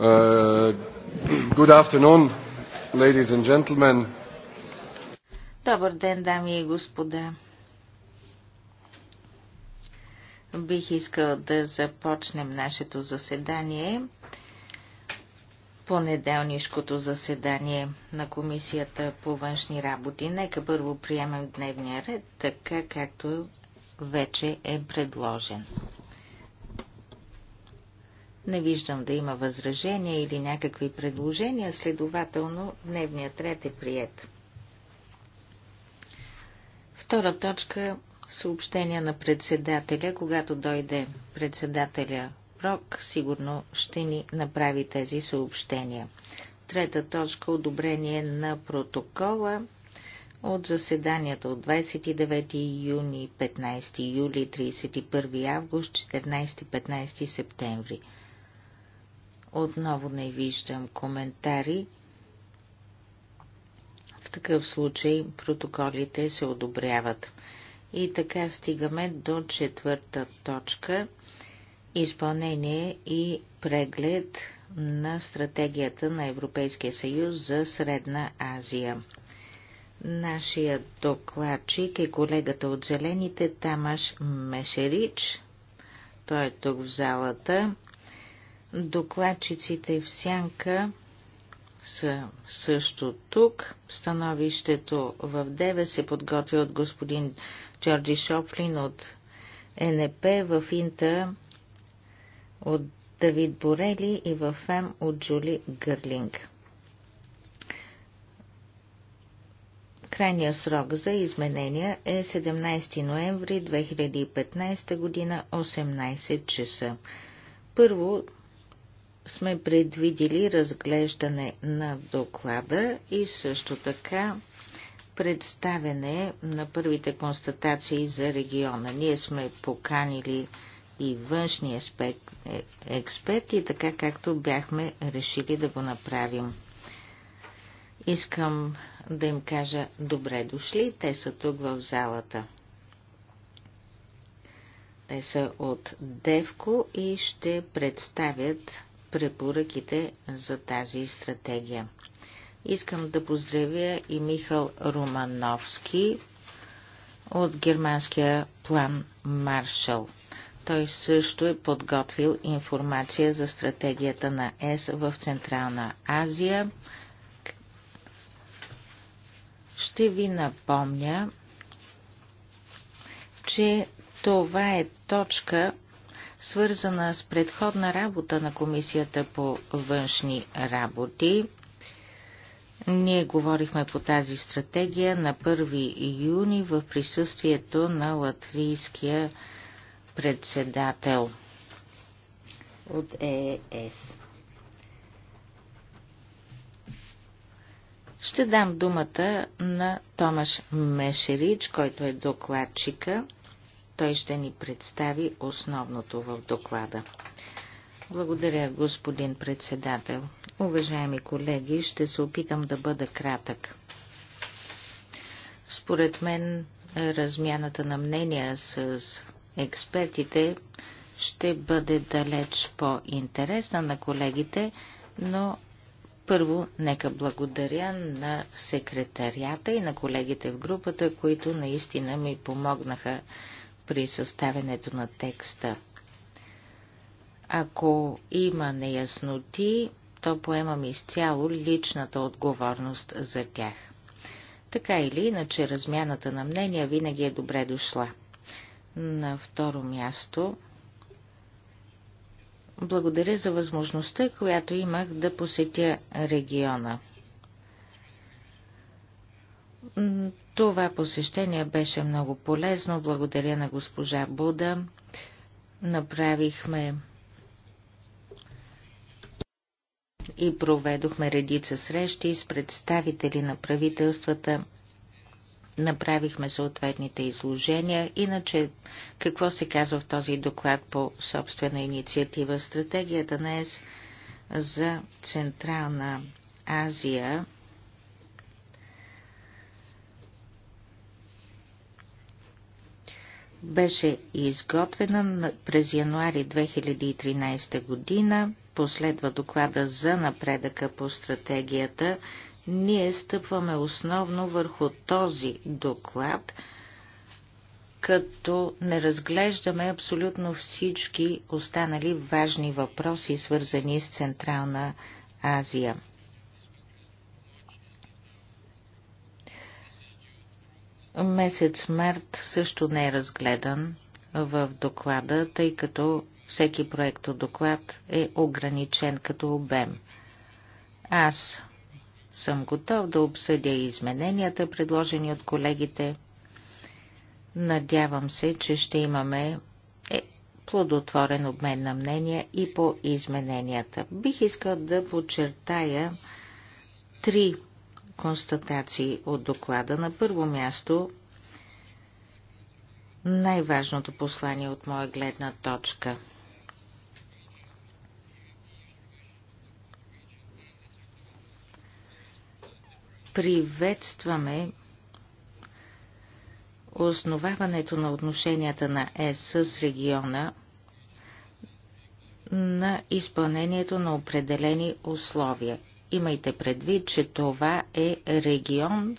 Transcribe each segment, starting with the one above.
Uh, good afternoon, ladies and gentlemen. Добър ден, дами и господа. Бих искал да започнем нашето заседание, понеделнишкото заседание на Комисията по външни работи. Нека първо приемем дневния ред, така както вече е предложен. Не виждам да има възражения или някакви предложения, следователно дневният ред е прият. Втора точка – съобщение на председателя. Когато дойде председателя прок, сигурно ще ни направи тези съобщения. Трета точка – одобрение на протокола от заседанията от 29 юни, 15 юли, 31 август, 14-15 септември – отново не виждам коментари. В такъв случай протоколите се одобряват. И така стигаме до четвърта точка изпълнение и преглед на стратегията на Европейския съюз за Средна Азия. Нашият докладчик е колегата от Зелените Тамаш Мешерич. Той е тук в залата. Докладчиците в сянка са също тук. Становището в 9 се подготвя от господин Джорджи Шоплин от НП в Инта от Давид Борели и в ФЕМ от Джули Гърлинг. Крайният срок за изменения е 17 ноември 2015 година 18 часа. Първо сме предвидели разглеждане на доклада и също така представяне на първите констатации за региона. Ние сме поканили и външни е, експерти, така както бяхме решили да го направим. Искам да им кажа добре дошли, те са тук в залата. Те са от Девко и ще представят препоръките за тази стратегия. Искам да поздравя и Михал Романовски от германския план Маршал. Той също е подготвил информация за стратегията на ЕС в Централна Азия. Ще ви напомня, че това е точка свързана с предходна работа на Комисията по външни работи. Ние говорихме по тази стратегия на 1 юни в присъствието на латвийския председател от ЕС. Е Ще дам думата на Томаш Мешерич, който е докладчика. Той ще ни представи основното в доклада. Благодаря, господин председател. Уважаеми колеги, ще се опитам да бъда кратък. Според мен, размяната на мнения с експертите ще бъде далеч по-интересна на колегите, но първо нека благодаря на секретарията и на колегите в групата, които наистина ми помогнаха при съставянето на текста. Ако има неясноти, то поемам изцяло личната отговорност за тях. Така или иначе, размяната на мнения винаги е добре дошла. На второ място, благодаря за възможността, която имах да посетя региона. Това посещение беше много полезно. Благодаря на госпожа Буда. Направихме и проведохме редица срещи с представители на правителствата. Направихме съответните изложения. Иначе, какво се казва в този доклад по собствена инициатива? Стратегията днес за Централна Азия беше изготвена през януари 2013 година, последва доклада за напредъка по стратегията. Ние стъпваме основно върху този доклад, като не разглеждаме абсолютно всички останали важни въпроси, свързани с Централна Азия. Месец март също не е разгледан в доклада, тъй като всеки проект от доклад е ограничен като обем. Аз съм готов да обсъдя измененията, предложени от колегите. Надявам се, че ще имаме е, плодотворен обмен на мнения и по измененията. Бих искал да подчертая три констатации от доклада. На първо място най-важното послание от моя гледна точка. Приветстваме основаването на отношенията на ЕС с региона на изпълнението на определени условия. Имайте предвид, че това е регион,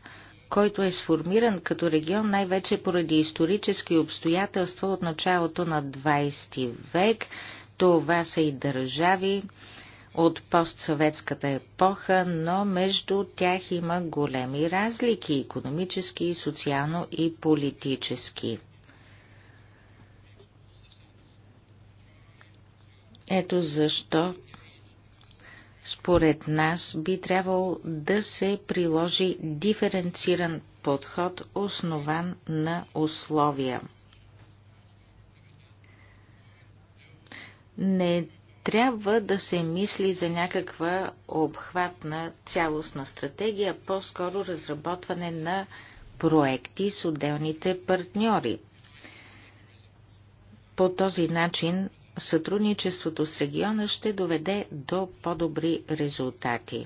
който е сформиран като регион най-вече поради исторически обстоятелства от началото на 20 век. Това са и държави от постсъветската епоха, но между тях има големи разлики економически, социално и политически. Ето защо според нас би трябвало да се приложи диференциран подход, основан на условия. Не трябва да се мисли за някаква обхватна цялостна стратегия, по-скоро разработване на проекти с отделните партньори. По този начин сътрудничеството с региона ще доведе до по-добри резултати.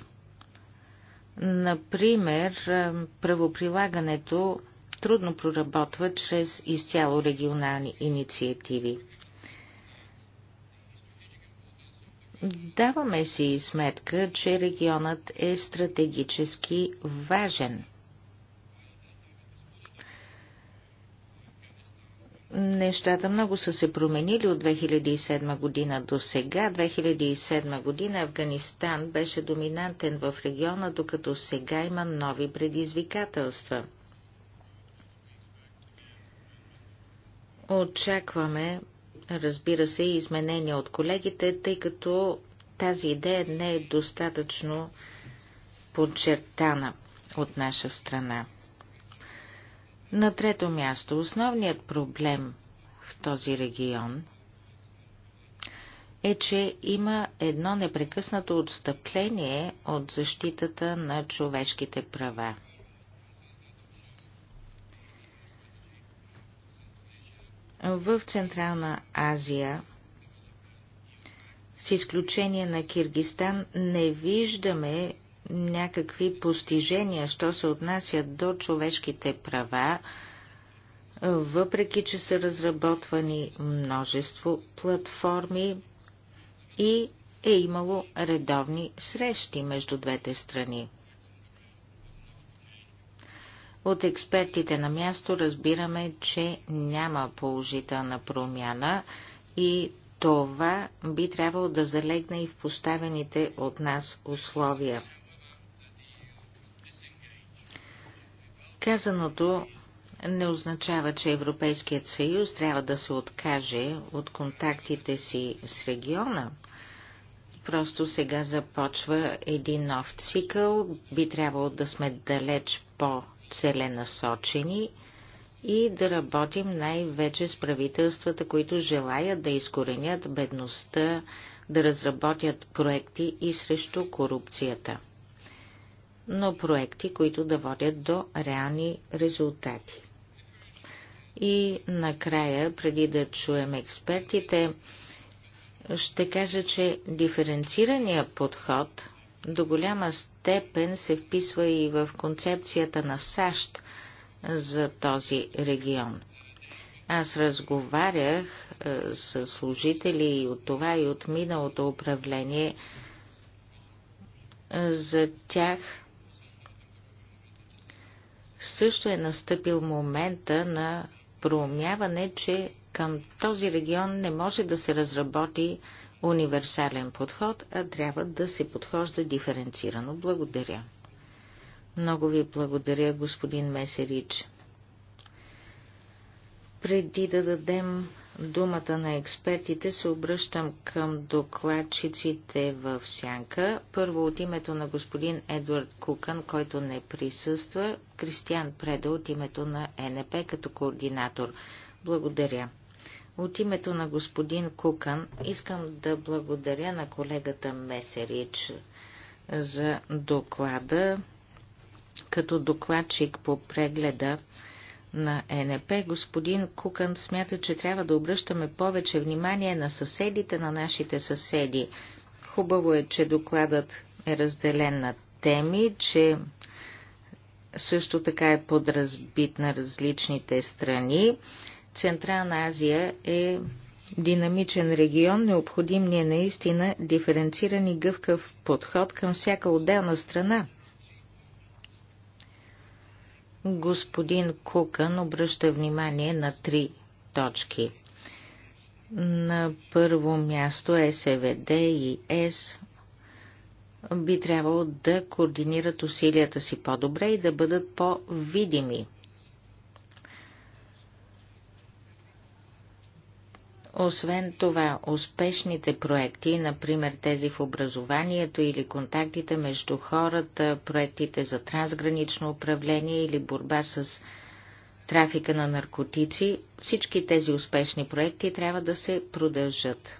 Например, е, правоприлагането трудно проработва чрез изцяло регионални инициативи. Даваме си сметка, че регионът е стратегически важен – Нещата много са се променили от 2007 година до сега. 2007 година Афганистан беше доминантен в региона, докато сега има нови предизвикателства. Очакваме, разбира се, изменения от колегите, тъй като тази идея не е достатъчно подчертана от наша страна. На трето място, основният проблем в този регион е, че има едно непрекъснато отстъпление от защитата на човешките права. В Централна Азия, с изключение на Киргистан, не виждаме някакви постижения, що се отнасят до човешките права, въпреки че са разработвани множество платформи и е имало редовни срещи между двете страни. От експертите на място разбираме, че няма положителна промяна и това би трябвало да залегне и в поставените от нас условия. Казаното не означава, че Европейският съюз трябва да се откаже от контактите си с региона. Просто сега започва един нов цикъл, би трябвало да сме далеч по-целенасочени и да работим най-вече с правителствата, които желаят да изкоренят бедността, да разработят проекти и срещу корупцията но проекти, които да водят до реални резултати. И накрая, преди да чуем експертите, ще кажа, че диференцирания подход до голяма степен се вписва и в концепцията на САЩ за този регион. Аз разговарях е, с служители и от това и от миналото управление. За тях също е настъпил момента на проумяване, че към този регион не може да се разработи универсален подход, а трябва да се подхожда диференцирано. Благодаря. Много ви благодаря, господин Месерич. Преди да дадем думата на експертите се обръщам към докладчиците в сянка. Първо от името на господин Едвард Кукън, който не присъства, Кристиан Преда от името на НП като координатор. Благодаря. От името на господин Кукън искам да благодаря на колегата Месерич за доклада. Като докладчик по прегледа на ЕНП, господин Кукън смята, че трябва да обръщаме повече внимание на съседите на нашите съседи. Хубаво е, че докладът е разделен на теми, че също така е подразбит на различните страни. Централна Азия е динамичен регион, необходим ни е наистина диференциран и гъвкав подход към всяка отделна страна – господин Кукън обръща внимание на три точки. На първо място СВД и С би трябвало да координират усилията си по-добре и да бъдат по-видими. Освен това, успешните проекти, например тези в образованието или контактите между хората, проектите за трансгранично управление или борба с трафика на наркотици, всички тези успешни проекти трябва да се продължат.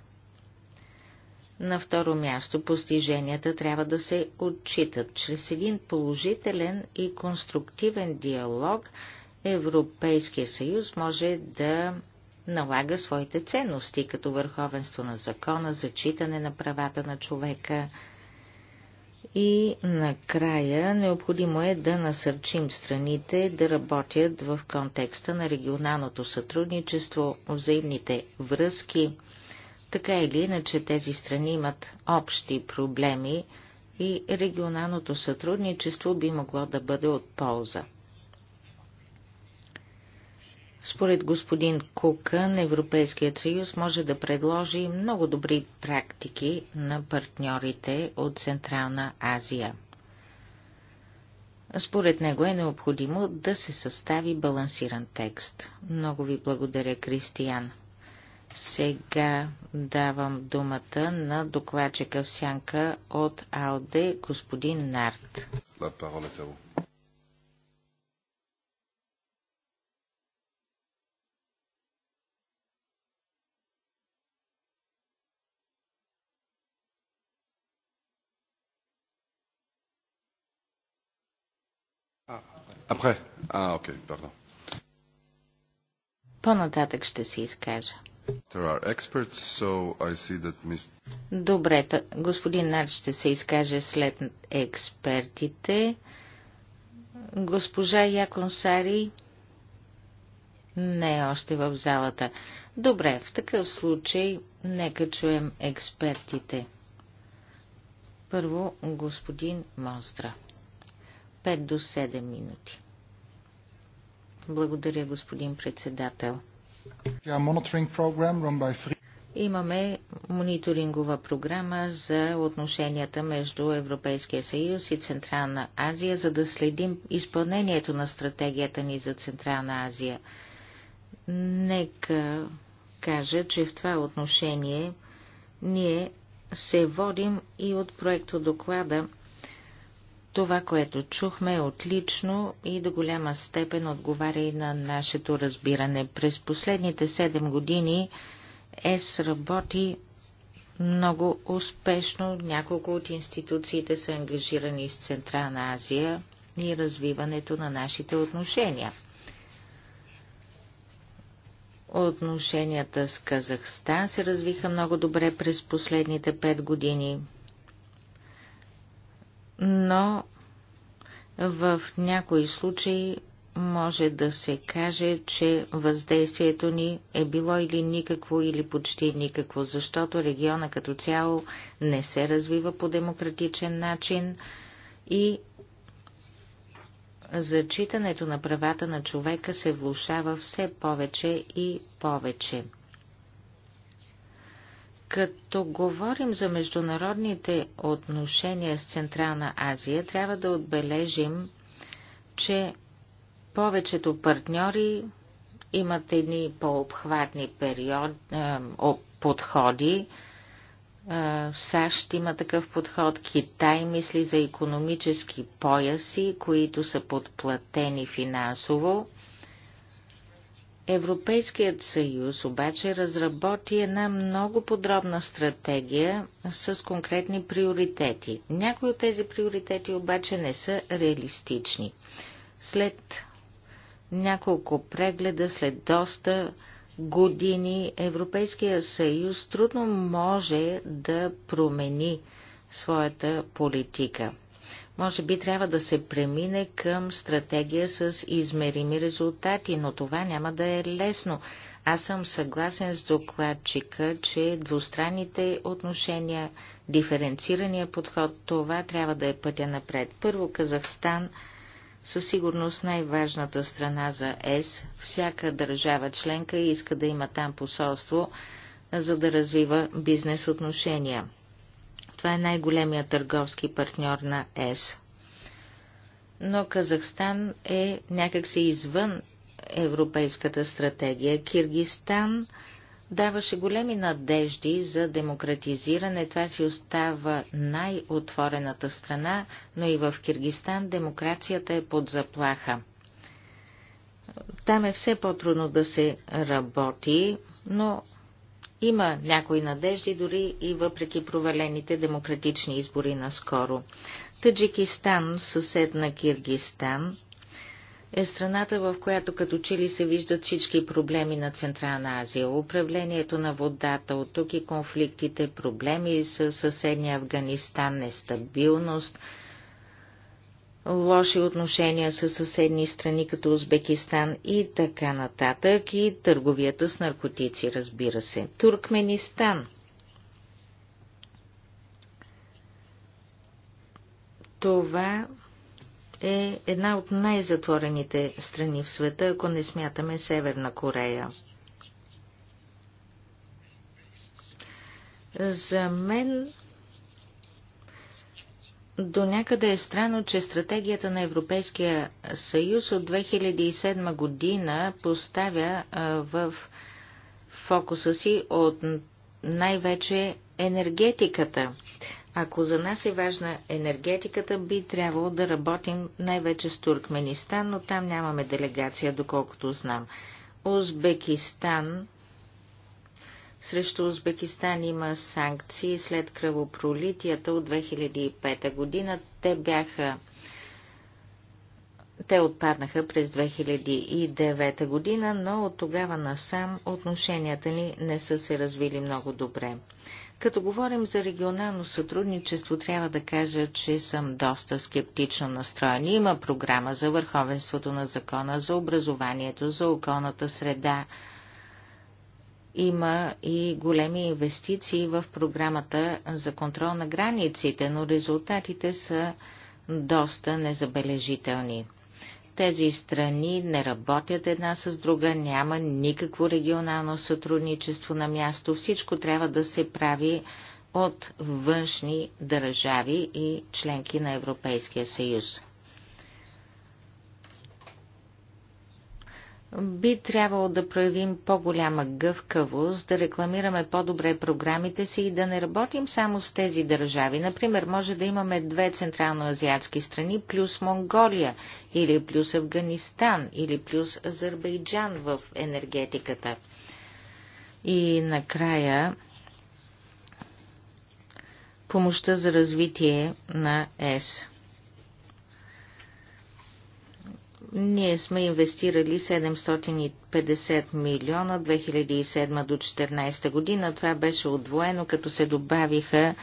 На второ място, постиженията трябва да се отчитат чрез един положителен и конструктивен диалог Европейския съюз може да налага своите ценности, като върховенство на закона, зачитане на правата на човека. И накрая необходимо е да насърчим страните да работят в контекста на регионалното сътрудничество, взаимните връзки. Така или иначе тези страни имат общи проблеми и регионалното сътрудничество би могло да бъде от полза. Според господин Кукън, Европейският съюз може да предложи много добри практики на партньорите от Централна Азия. Според него е необходимо да се състави балансиран текст. Много ви благодаря, Кристиян. Сега давам думата на докладчика в сянка от АЛДЕ, господин Нарт. Après. Ah, ok, pardon. По-нататък ще се изкажа. There are experts, so I see that mis... Добре, господин Нар ще се изкаже след експертите. Госпожа Яконсари не е още в залата. Добре, в такъв случай нека чуем експертите. Първо господин Монстра. 5 до 7 минути. Благодаря, господин председател. Имаме мониторингова програма за отношенията между Европейския съюз и Централна Азия, за да следим изпълнението на стратегията ни за Централна Азия. Нека кажа, че в това отношение ние се водим и от проекто доклада това, което чухме е отлично и до голяма степен отговаря и на нашето разбиране. През последните 7 години ЕС работи много успешно. Няколко от институциите са ангажирани с Централна Азия и развиването на нашите отношения. Отношенията с Казахстан се развиха много добре през последните 5 години но в някои случаи може да се каже, че въздействието ни е било или никакво, или почти никакво, защото региона като цяло не се развива по демократичен начин и зачитането на правата на човека се влушава все повече и повече. Като говорим за международните отношения с Централна Азия, трябва да отбележим, че повечето партньори имат едни по-обхватни период, е, подходи. Е, САЩ има такъв подход, Китай мисли за економически пояси, които са подплатени финансово. Европейският съюз обаче разработи една много подробна стратегия с конкретни приоритети. Някои от тези приоритети обаче не са реалистични. След няколко прегледа, след доста години, Европейския съюз трудно може да промени своята политика – може би трябва да се премине към стратегия с измерими резултати, но това няма да е лесно. Аз съм съгласен с докладчика, че двустранните отношения, диференцирания подход, това трябва да е пътя напред. Първо Казахстан със сигурност най-важната страна за ЕС. Всяка държава членка иска да има там посолство, за да развива бизнес отношения. Това е най-големия търговски партньор на ЕС. Но Казахстан е някакси извън европейската стратегия. Киргистан даваше големи надежди за демократизиране. Това си остава най-отворената страна, но и в Киргистан демокрацията е под заплаха. Там е все по-трудно да се работи, но има някои надежди дори и въпреки провалените демократични избори наскоро. Таджикистан, съсед на Киргистан, е страната, в която като че ли се виждат всички проблеми на Централна Азия, управлението на водата, от тук и конфликтите, проблеми с съседния Афганистан, нестабилност – лоши отношения с съседни страни като Узбекистан и така нататък и търговията с наркотици, разбира се. Туркменистан. Това е една от най-затворените страни в света, ако не смятаме Северна Корея. За мен до някъде е странно, че стратегията на Европейския съюз от 2007 година поставя в фокуса си от най-вече енергетиката. Ако за нас е важна енергетиката, би трябвало да работим най-вече с Туркменистан, но там нямаме делегация, доколкото знам. Узбекистан срещу Узбекистан има санкции след кръвопролитията от 2005 година. Те бяха те отпаднаха през 2009 година, но от тогава насам отношенията ни не са се развили много добре. Като говорим за регионално сътрудничество, трябва да кажа, че съм доста скептично настроен. Има програма за върховенството на закона, за образованието, за околната среда, има и големи инвестиции в програмата за контрол на границите, но резултатите са доста незабележителни. Тези страни не работят една с друга, няма никакво регионално сътрудничество на място, всичко трябва да се прави от външни държави и членки на Европейския съюз. Би трябвало да проявим по-голяма гъвкавост, да рекламираме по-добре програмите си и да не работим само с тези държави. Например, може да имаме две централноазиатски страни, плюс Монголия, или плюс Афганистан, или плюс Азербайджан в енергетиката. И накрая помощта за развитие на ЕС. Ние сме инвестирали 750 милиона 2007 до 2014 година. Това беше отвоено, като се добавиха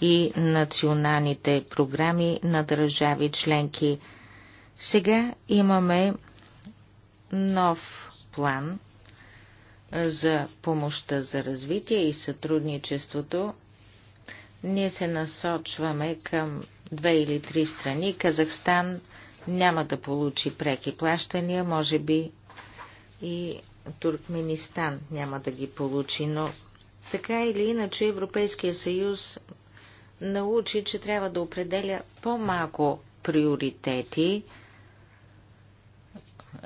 и националните програми на държави членки. Сега имаме нов план за помощта за развитие и сътрудничеството. Ние се насочваме към две или три страни Казахстан, няма да получи преки плащания, може би и Туркменистан няма да ги получи, но така или иначе Европейския съюз научи, че трябва да определя по-малко приоритети,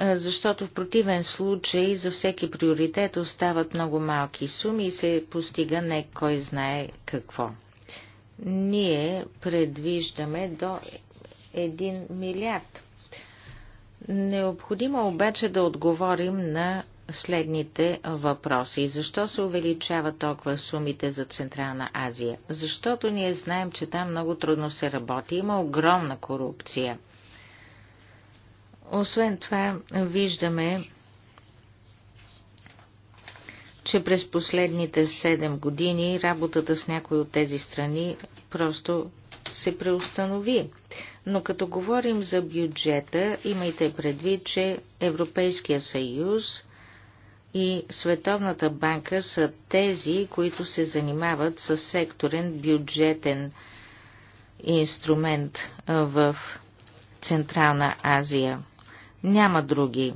защото в противен случай за всеки приоритет остават много малки суми и се постига не кой знае какво. Ние предвиждаме до 1 милиард. Необходимо е обаче да отговорим на следните въпроси. Защо се увеличава толкова сумите за Централна Азия? Защото ние знаем, че там много трудно се работи. Има огромна корупция. Освен това, виждаме, че през последните 7 години работата с някои от тези страни просто се преустанови. Но като говорим за бюджета, имайте предвид, че Европейския съюз и Световната банка са тези, които се занимават с секторен бюджетен инструмент в Централна Азия. Няма други.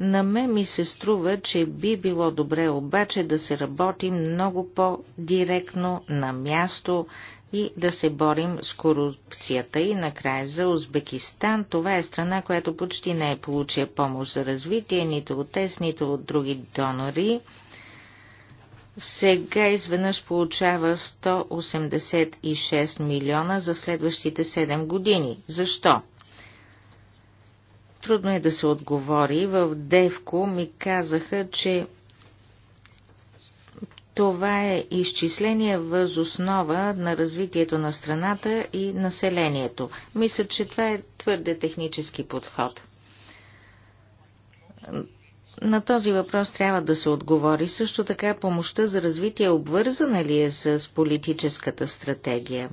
На мен ми се струва, че би било добре обаче да се работи много по-директно на място, и да се борим с корупцията. И накрая за Узбекистан. Това е страна, която почти не е получила помощ за развитие, нито от тез, нито от други донори. Сега изведнъж получава 186 милиона за следващите 7 години. Защо? Трудно е да се отговори. В Девко ми казаха, че това е изчисление въз основа на развитието на страната и населението. Мисля, че това е твърде технически подход. На този въпрос трябва да се отговори също така помощта за развитие е обвързана ли е с политическата стратегия.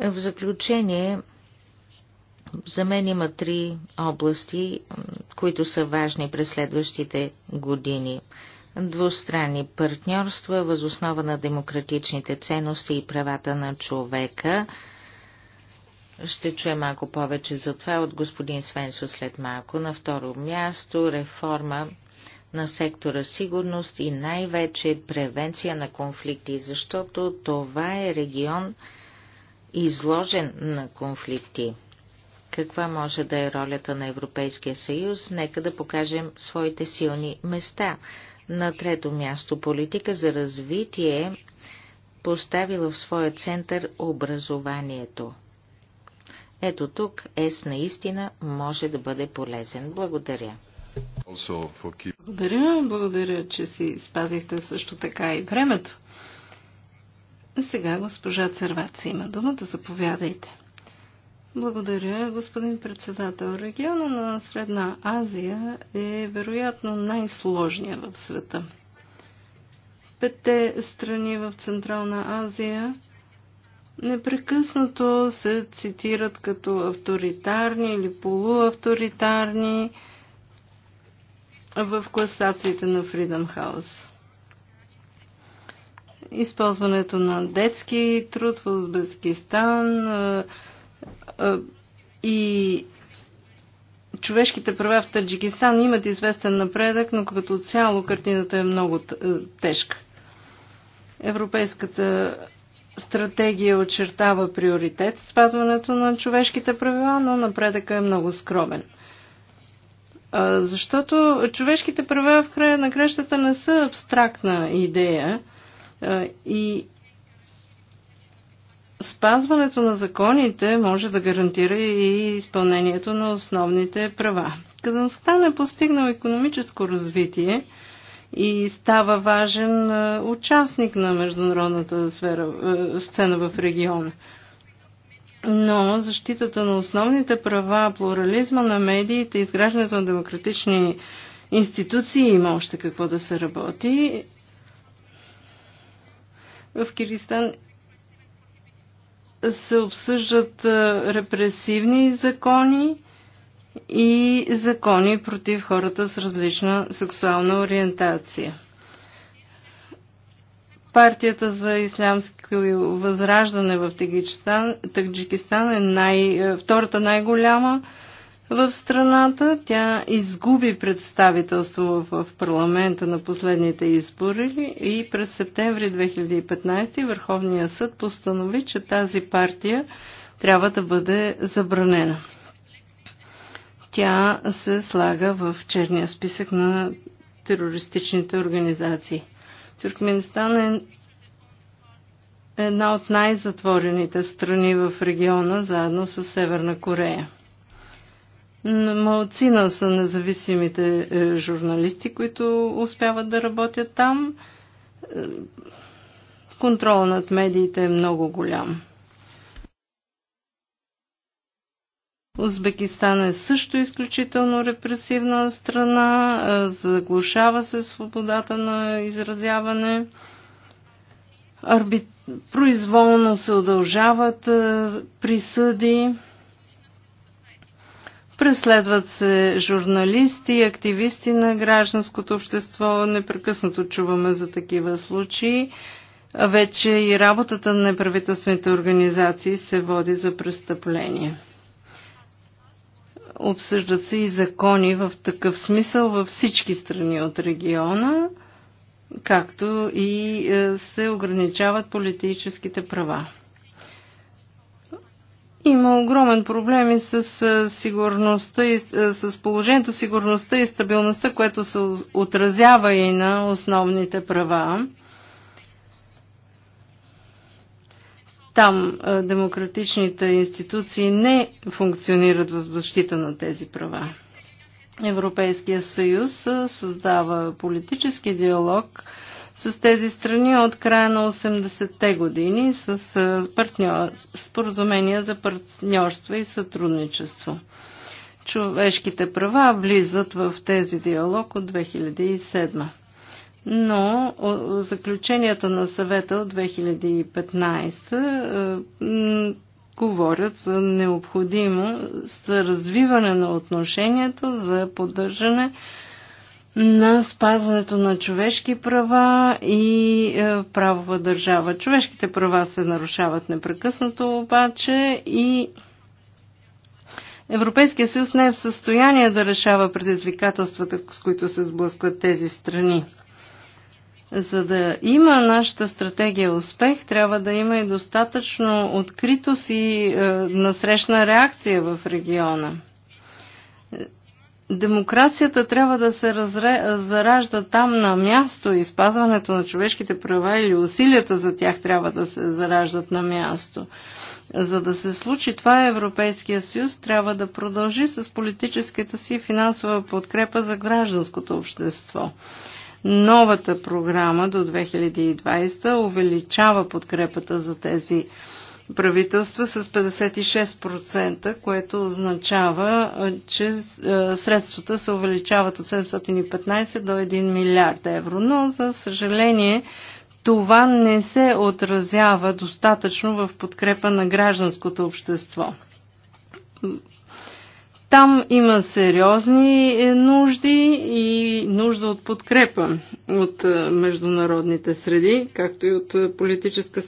В заключение, за мен има три области, които са важни през следващите години – двустранни партньорства възоснова на демократичните ценности и правата на човека. Ще чуем малко повече за това от господин Свенсо след малко. На второ място реформа на сектора сигурност и най-вече превенция на конфликти, защото това е регион изложен на конфликти. Каква може да е ролята на Европейския съюз? Нека да покажем своите силни места. На трето място политика за развитие поставила в своя център образованието. Ето тук ЕС наистина може да бъде полезен. Благодаря. Благодаря, благодаря, че си спазихте също така и времето. Сега госпожа Церваца има думата, заповядайте. Благодаря, господин председател. Региона на Средна Азия е вероятно най-сложния в света. Петте страни в Централна Азия непрекъснато се цитират като авторитарни или полуавторитарни в класациите на Freedom House. Използването на детски труд в Узбекистан, е, и човешките права в Таджикистан имат известен напредък, но като цяло картината е много е, тежка. Европейската стратегия очертава приоритет спазването на човешките правила, но напредъка е много скромен. Е, защото човешките права в края на кращата не са абстрактна идея и спазването на законите може да гарантира и изпълнението на основните права. Казанстан е постигнал економическо развитие и става важен е, участник на международната сфера, е, сцена в региона. Но защитата на основните права, плурализма на медиите, изграждането на демократични институции има още какво да се работи. В Киристан се обсъждат репресивни закони и закони против хората с различна сексуална ориентация. Партията за ислямско възраждане в Таджикистан е най, втората най-голяма в страната. Тя изгуби представителство в парламента на последните избори и през септември 2015 Върховния съд постанови, че тази партия трябва да бъде забранена. Тя се слага в черния списък на терористичните организации. Тюркменистан е една от най-затворените страни в региона, заедно с Северна Корея. Малцина са независимите е, журналисти, които успяват да работят там. Е, Контрол над медиите е много голям. Узбекистан е също изключително репресивна страна, е, заглушава се свободата на изразяване, арбит... произволно се удължават присъди. Преследват се журналисти, активисти на гражданското общество. Непрекъснато чуваме за такива случаи. Вече и работата на неправителствените организации се води за престъпление. Обсъждат се и закони в такъв смисъл във всички страни от региона, както и е, се ограничават политическите права. Има огромен проблем и с сигурността и с положението сигурността и стабилността, което се отразява и на основните права. Там демократичните институции не функционират в защита на тези права. Европейския съюз създава политически диалог – с тези страни от края на 80-те години с споразумения за партньорство и сътрудничество. Човешките права влизат в тези диалог от 2007. Но заключенията на съвета от 2015 говорят за необходимо за развиване на отношението, за поддържане на спазването на човешки права и е, правова държава. Човешките права се нарушават непрекъснато обаче и Европейския съюз не е в състояние да решава предизвикателствата, с които се сблъскват тези страни. За да има нашата стратегия успех, трябва да има и достатъчно откритост и е, насрещна реакция в региона. Демокрацията трябва да се разре, заражда там на място и спазването на човешките права или усилията за тях трябва да се зараждат на място. За да се случи това, Европейския съюз трябва да продължи с политическата си финансова подкрепа за гражданското общество. Новата програма до 2020 увеличава подкрепата за тези правителства с 56%, което означава, че средствата се увеличават от 715 до 1 милиард евро. Но, за съжаление, това не се отразява достатъчно в подкрепа на гражданското общество. Там има сериозни е, нужди и нужда от подкрепа от е, международните среди, както и от е, политическа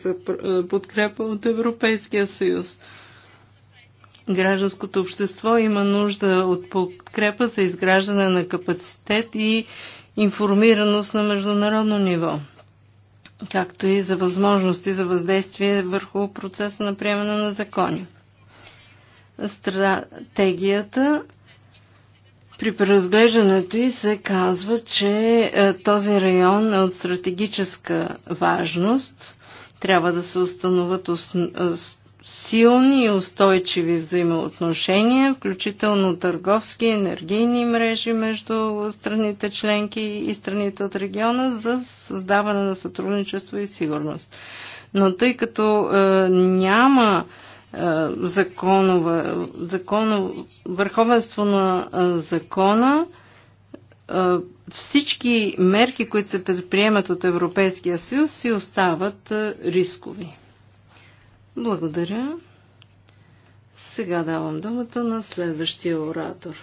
подкрепа от Европейския съюз. Гражданското общество има нужда от подкрепа за изграждане на капацитет и информираност на международно ниво, както и за възможности за въздействие върху процеса на приемане на закони стратегията при преразглеждането и се казва, че е, този район е от стратегическа важност. Трябва да се установят е, силни и устойчиви взаимоотношения, включително търговски и енергийни мрежи между страните членки и страните от региона за създаване на сътрудничество и сигурност. Но тъй като е, няма е, законова, законов, върховенство на закона, всички мерки, които се предприемат от Европейския съюз, си остават рискови. Благодаря. Сега давам думата на следващия оратор.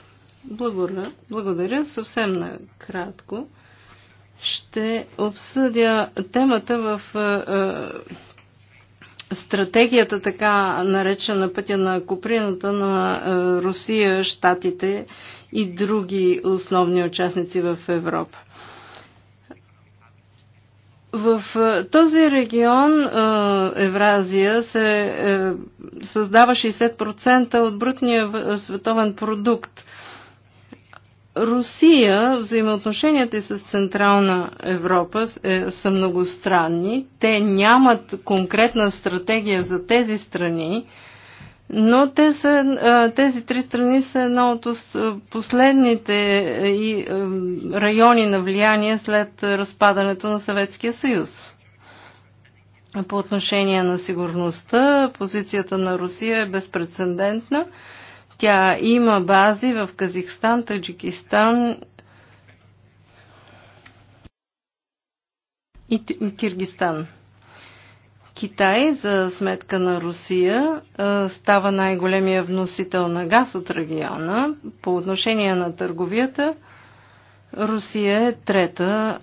Благодаря, благодаря. съвсем накратко. Ще обсъдя темата в стратегията, така наречена пътя на Куприната на е, Русия, Штатите и други основни участници в Европа. В е, този регион е, Евразия се създава 60% от брутния световен продукт. Русия, взаимоотношенията с Централна Европа е, са многостранни. Те нямат конкретна стратегия за тези страни, но те са, е, тези три страни са едно от е, последните е, райони на влияние след разпадането на Съветския съюз. По отношение на сигурността, позицията на Русия е безпредседентна. Тя има бази в Казахстан, Таджикистан и Киргистан. Китай за сметка на Русия става най-големия вносител на газ от региона. По отношение на търговията, Русия е трета,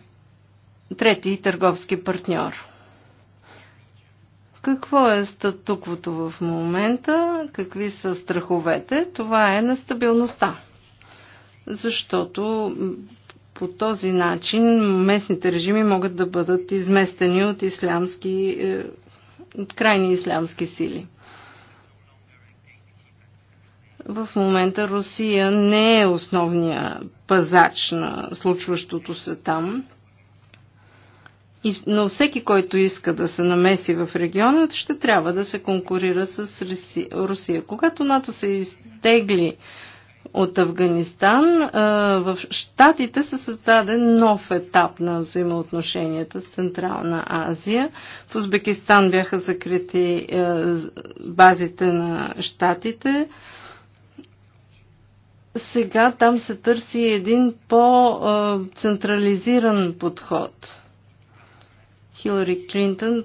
трети търговски партньор. Какво е статуквото в момента? Какви са страховете? Това е нестабилността. Защото по този начин местните режими могат да бъдат изместени от ислямски, е, от крайни ислямски сили. В момента Русия не е основния пазач на случващото се там. И, но всеки, който иска да се намеси в региона, ще трябва да се конкурира с Русия. Когато НАТО се изтегли от Афганистан, в Штатите се създаде нов етап на взаимоотношенията с Централна Азия. В Узбекистан бяха закрити базите на Штатите. Сега там се търси един по-централизиран подход. Хилари Клинтън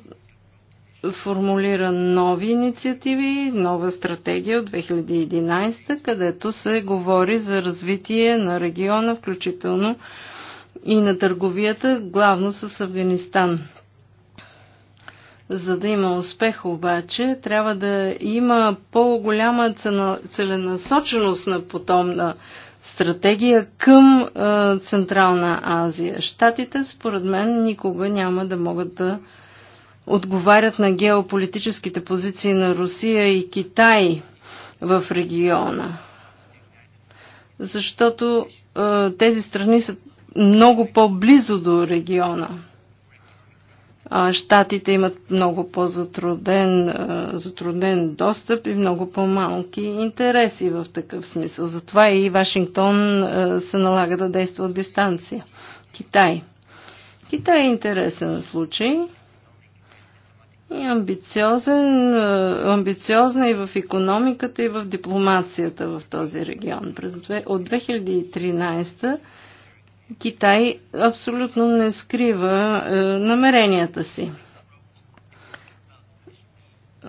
формулира нови инициативи, нова стратегия от 2011, където се говори за развитие на региона, включително и на търговията, главно с Афганистан. За да има успех обаче, трябва да има по-голяма целенасоченост на потомна. на стратегия към а, Централна Азия. Штатите, според мен, никога няма да могат да отговарят на геополитическите позиции на Русия и Китай в региона. Защото а, тези страни са много по-близо до региона. Штатите имат много по-затруднен затруднен достъп и много по-малки интереси в такъв смисъл. Затова и Вашингтон се налага да действа от дистанция. Китай. Китай е интересен случай и амбициозен, амбициозна и в економиката, и в дипломацията в този регион. От 2013 Китай абсолютно не скрива е, намеренията си.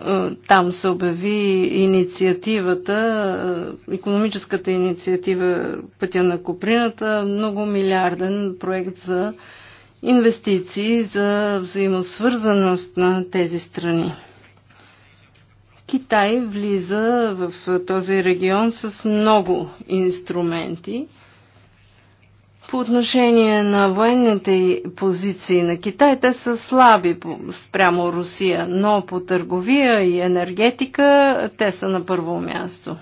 Е, там се обяви инициативата, е, економическата инициатива Пътя на Коприната, много милиарден проект за инвестиции, за взаимосвързаност на тези страни. Китай влиза в този регион с много инструменти – по отношение на военните позиции на Китай, те са слаби спрямо Русия, но по търговия и енергетика те са на първо място.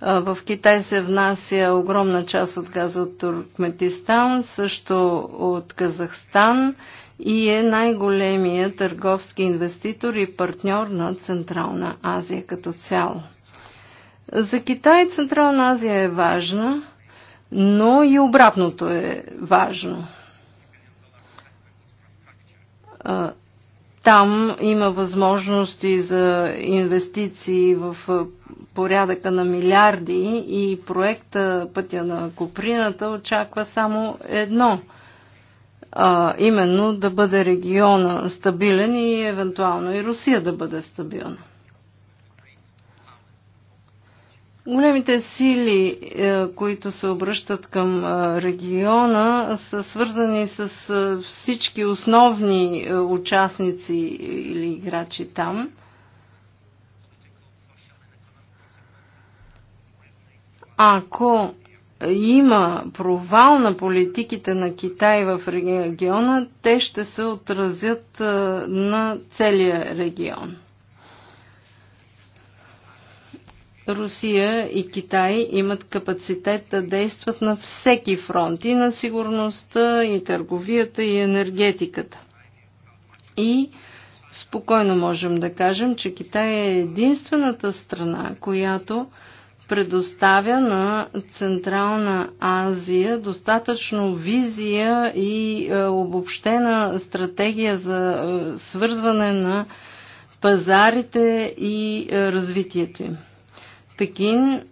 В Китай се внася огромна част от газа от Туркметистан, също от Казахстан и е най-големия търговски инвеститор и партньор на Централна Азия като цяло. За Китай Централна Азия е важна – но и обратното е важно. Там има възможности за инвестиции в порядъка на милиарди и проекта Пътя на Коприната очаква само едно а, именно да бъде региона стабилен и евентуално и Русия да бъде стабилна. Големите сили, е, които се обръщат към е, региона, са свързани с е, всички основни участници или играчи там. Ако има провал на политиките на Китай в региона, те ще се отразят на целия регион. Русия и Китай имат капацитет да действат на всеки фронт и на сигурността, и търговията, и енергетиката. И спокойно можем да кажем, че Китай е единствената страна, която предоставя на Централна Азия достатъчно визия и е, обобщена стратегия за е, свързване на пазарите и е, развитието им. Пекин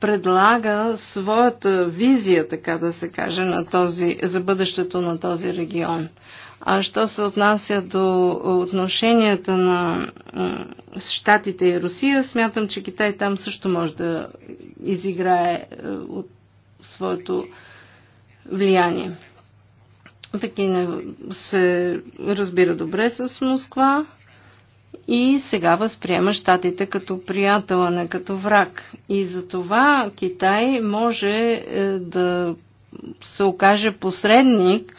предлага своята визия, така да се каже, на този, за бъдещето на този регион. А що се отнася до отношенията на Штатите и Русия, смятам, че Китай там също може да изиграе е, от своето влияние. Пекин е, се разбира добре с Москва и сега възприема щатите като приятел, а не като враг. И за това Китай може е, да се окаже посредник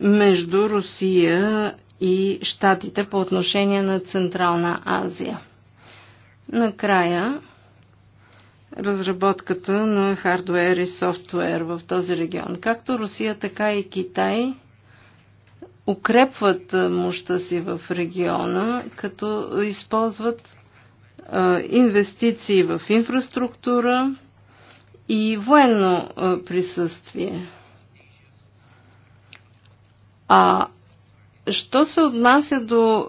между Русия и щатите по отношение на Централна Азия. Накрая, разработката на хардуер и софтуер в този регион. Както Русия, така и Китай укрепват мощта си в региона, като използват инвестиции в инфраструктура и военно присъствие. А що се отнася до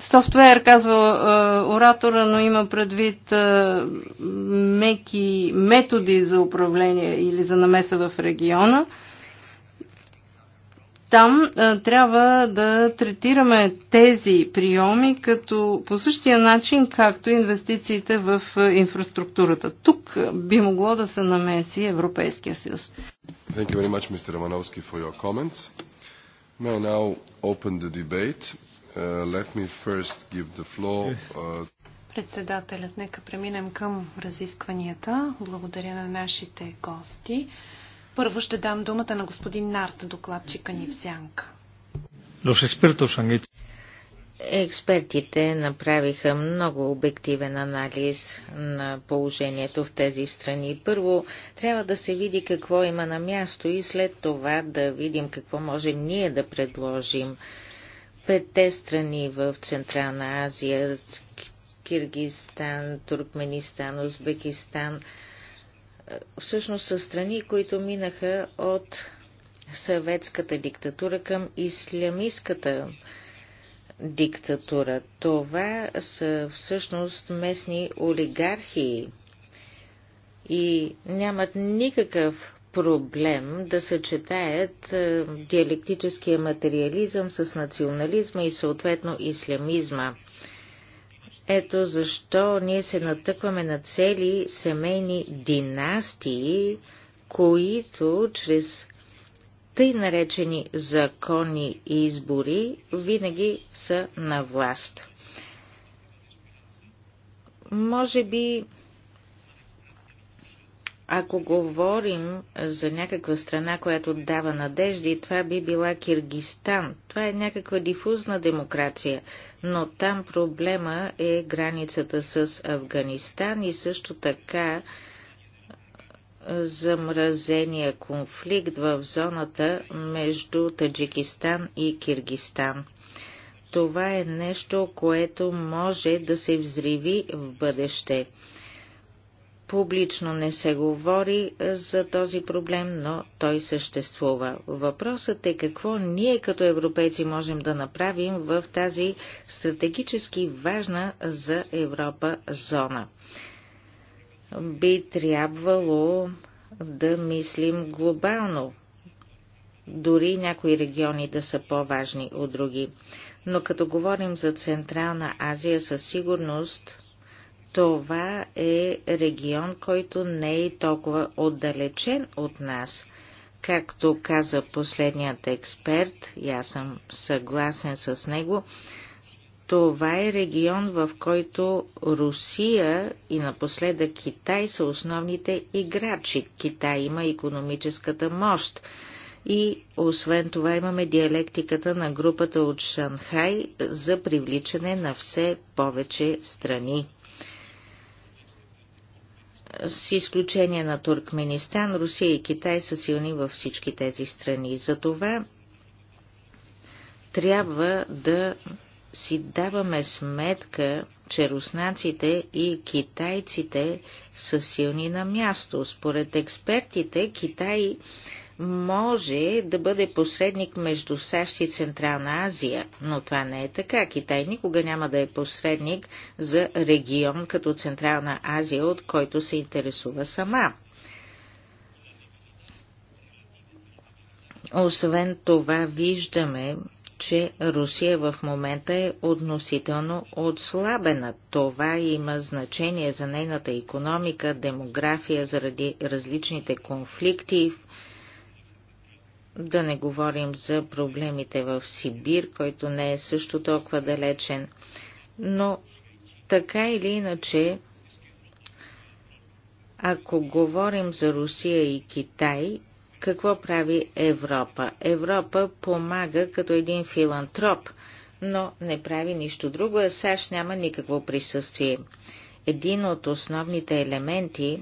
софтуер, казва оратора, но има предвид меки методи за управление или за намеса в региона – там а, трябва да третираме тези приеми като по същия начин, както инвестициите в инфраструктурата. Тук би могло да се намеси Европейския съюз. Thank you very much, Mr. for your comments. May I now open the debate? Uh, let me first give the floor uh, Председателят, нека преминем към разискванията. Благодаря на нашите гости. Първо ще дам думата на господин Нарт, докладчика ни в сянка. Експертите направиха много обективен анализ на положението в тези страни. Първо трябва да се види какво има на място и след това да видим какво можем ние да предложим. Петте страни в Централна Азия, Киргизстан, Туркменистан, Узбекистан – всъщност са страни, които минаха от съветската диктатура към ислямистката диктатура. Това са всъщност местни олигархии и нямат никакъв проблем да съчетаят е, диалектическия материализъм с национализма и съответно ислямизма. Ето защо ние се натъкваме на цели семейни династии, които чрез тъй наречени закони и избори винаги са на власт. Може би ако говорим за някаква страна, която дава надежди, това би била Киргистан. Това е някаква дифузна демокрация, но там проблема е границата с Афганистан и също така замразения конфликт в зоната между Таджикистан и Киргистан. Това е нещо, което може да се взриви в бъдеще. Публично не се говори е, за този проблем, но той съществува. Въпросът е какво ние като европейци можем да направим в тази стратегически важна за Европа зона. Би трябвало да мислим глобално, дори някои региони да са по-важни от други. Но като говорим за Централна Азия, със сигурност това е регион, който не е толкова отдалечен от нас. Както каза последният експерт, и аз съм съгласен с него, това е регион, в който Русия и напоследък Китай са основните играчи. Китай има економическата мощ. И освен това имаме диалектиката на групата от Шанхай за привличане на все повече страни. С изключение на Туркменистан, Русия и Китай са силни във всички тези страни. Затова трябва да си даваме сметка, че руснаците и китайците са силни на място. Според експертите, Китай може да бъде посредник между САЩ и Централна Азия, но това не е така. Китай никога няма да е посредник за регион като Централна Азия, от който се интересува сама. Освен това виждаме, че Русия в момента е относително отслабена. Това има значение за нейната економика, демография, заради различните конфликти, да не говорим за проблемите в Сибир, който не е също толкова далечен. Но така или иначе, ако говорим за Русия и Китай, какво прави Европа? Европа помага като един филантроп, но не прави нищо друго, а САЩ няма никакво присъствие. Един от основните елементи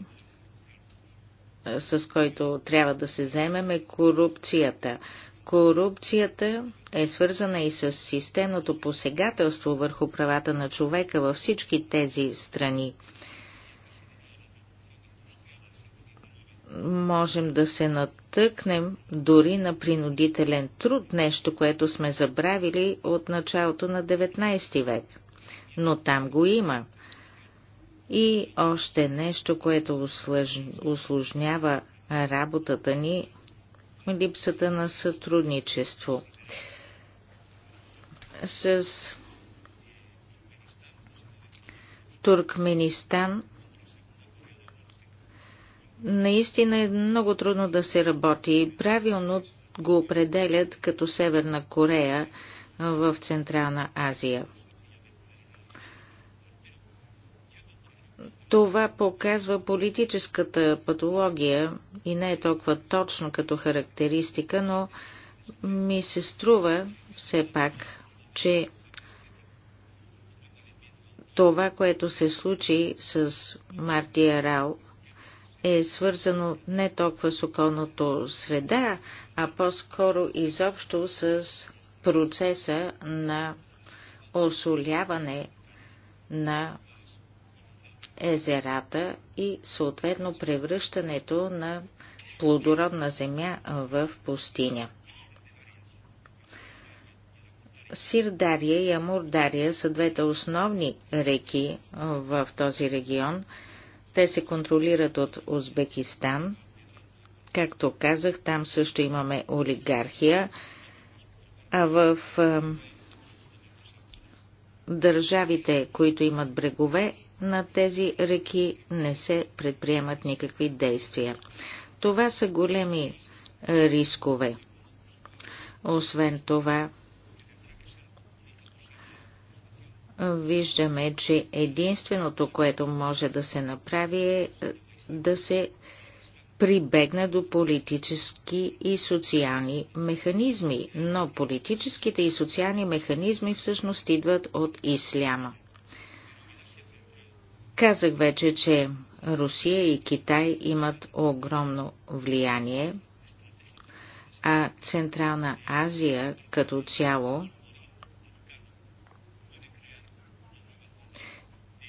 с който трябва да се вземем е корупцията. Корупцията е свързана и с системното посегателство върху правата на човека във всички тези страни. Можем да се натъкнем дори на принудителен труд, нещо, което сме забравили от началото на 19 век. Но там го има. И още нещо, което осложнява работата ни – липсата на сътрудничество. С Туркменистан наистина е много трудно да се работи. Правилно го определят като Северна Корея в Централна Азия – Това показва политическата патология и не е толкова точно като характеристика, но ми се струва все пак, че това, което се случи с Мартия Рао, е свързано не толкова с околното среда, а по-скоро изобщо с процеса на осоляване на езерата и съответно превръщането на плодородна земя в пустиня. Сирдария и Амурдария са двете основни реки в този регион. Те се контролират от Узбекистан. Както казах, там също имаме олигархия. А в държавите, които имат брегове, на тези реки не се предприемат никакви действия. Това са големи рискове. Освен това, виждаме, че единственото, което може да се направи е, е да се прибегна до политически и социални механизми, но политическите и социални механизми всъщност идват от исляма. Казах вече, че Русия и Китай имат огромно влияние, а Централна Азия като цяло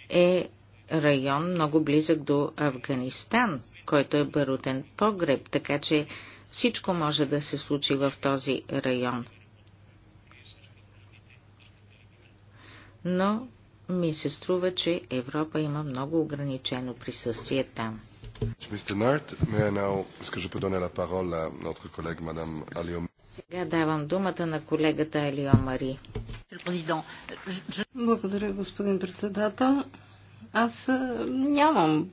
е район много близък до Афганистан, който е барутен погреб, така че всичко може да се случи в този район. Но ми се струва, че Европа има много ограничено присъствие там. Сега давам думата на колегата Алио Мари. Благодаря, господин председател. Аз нямам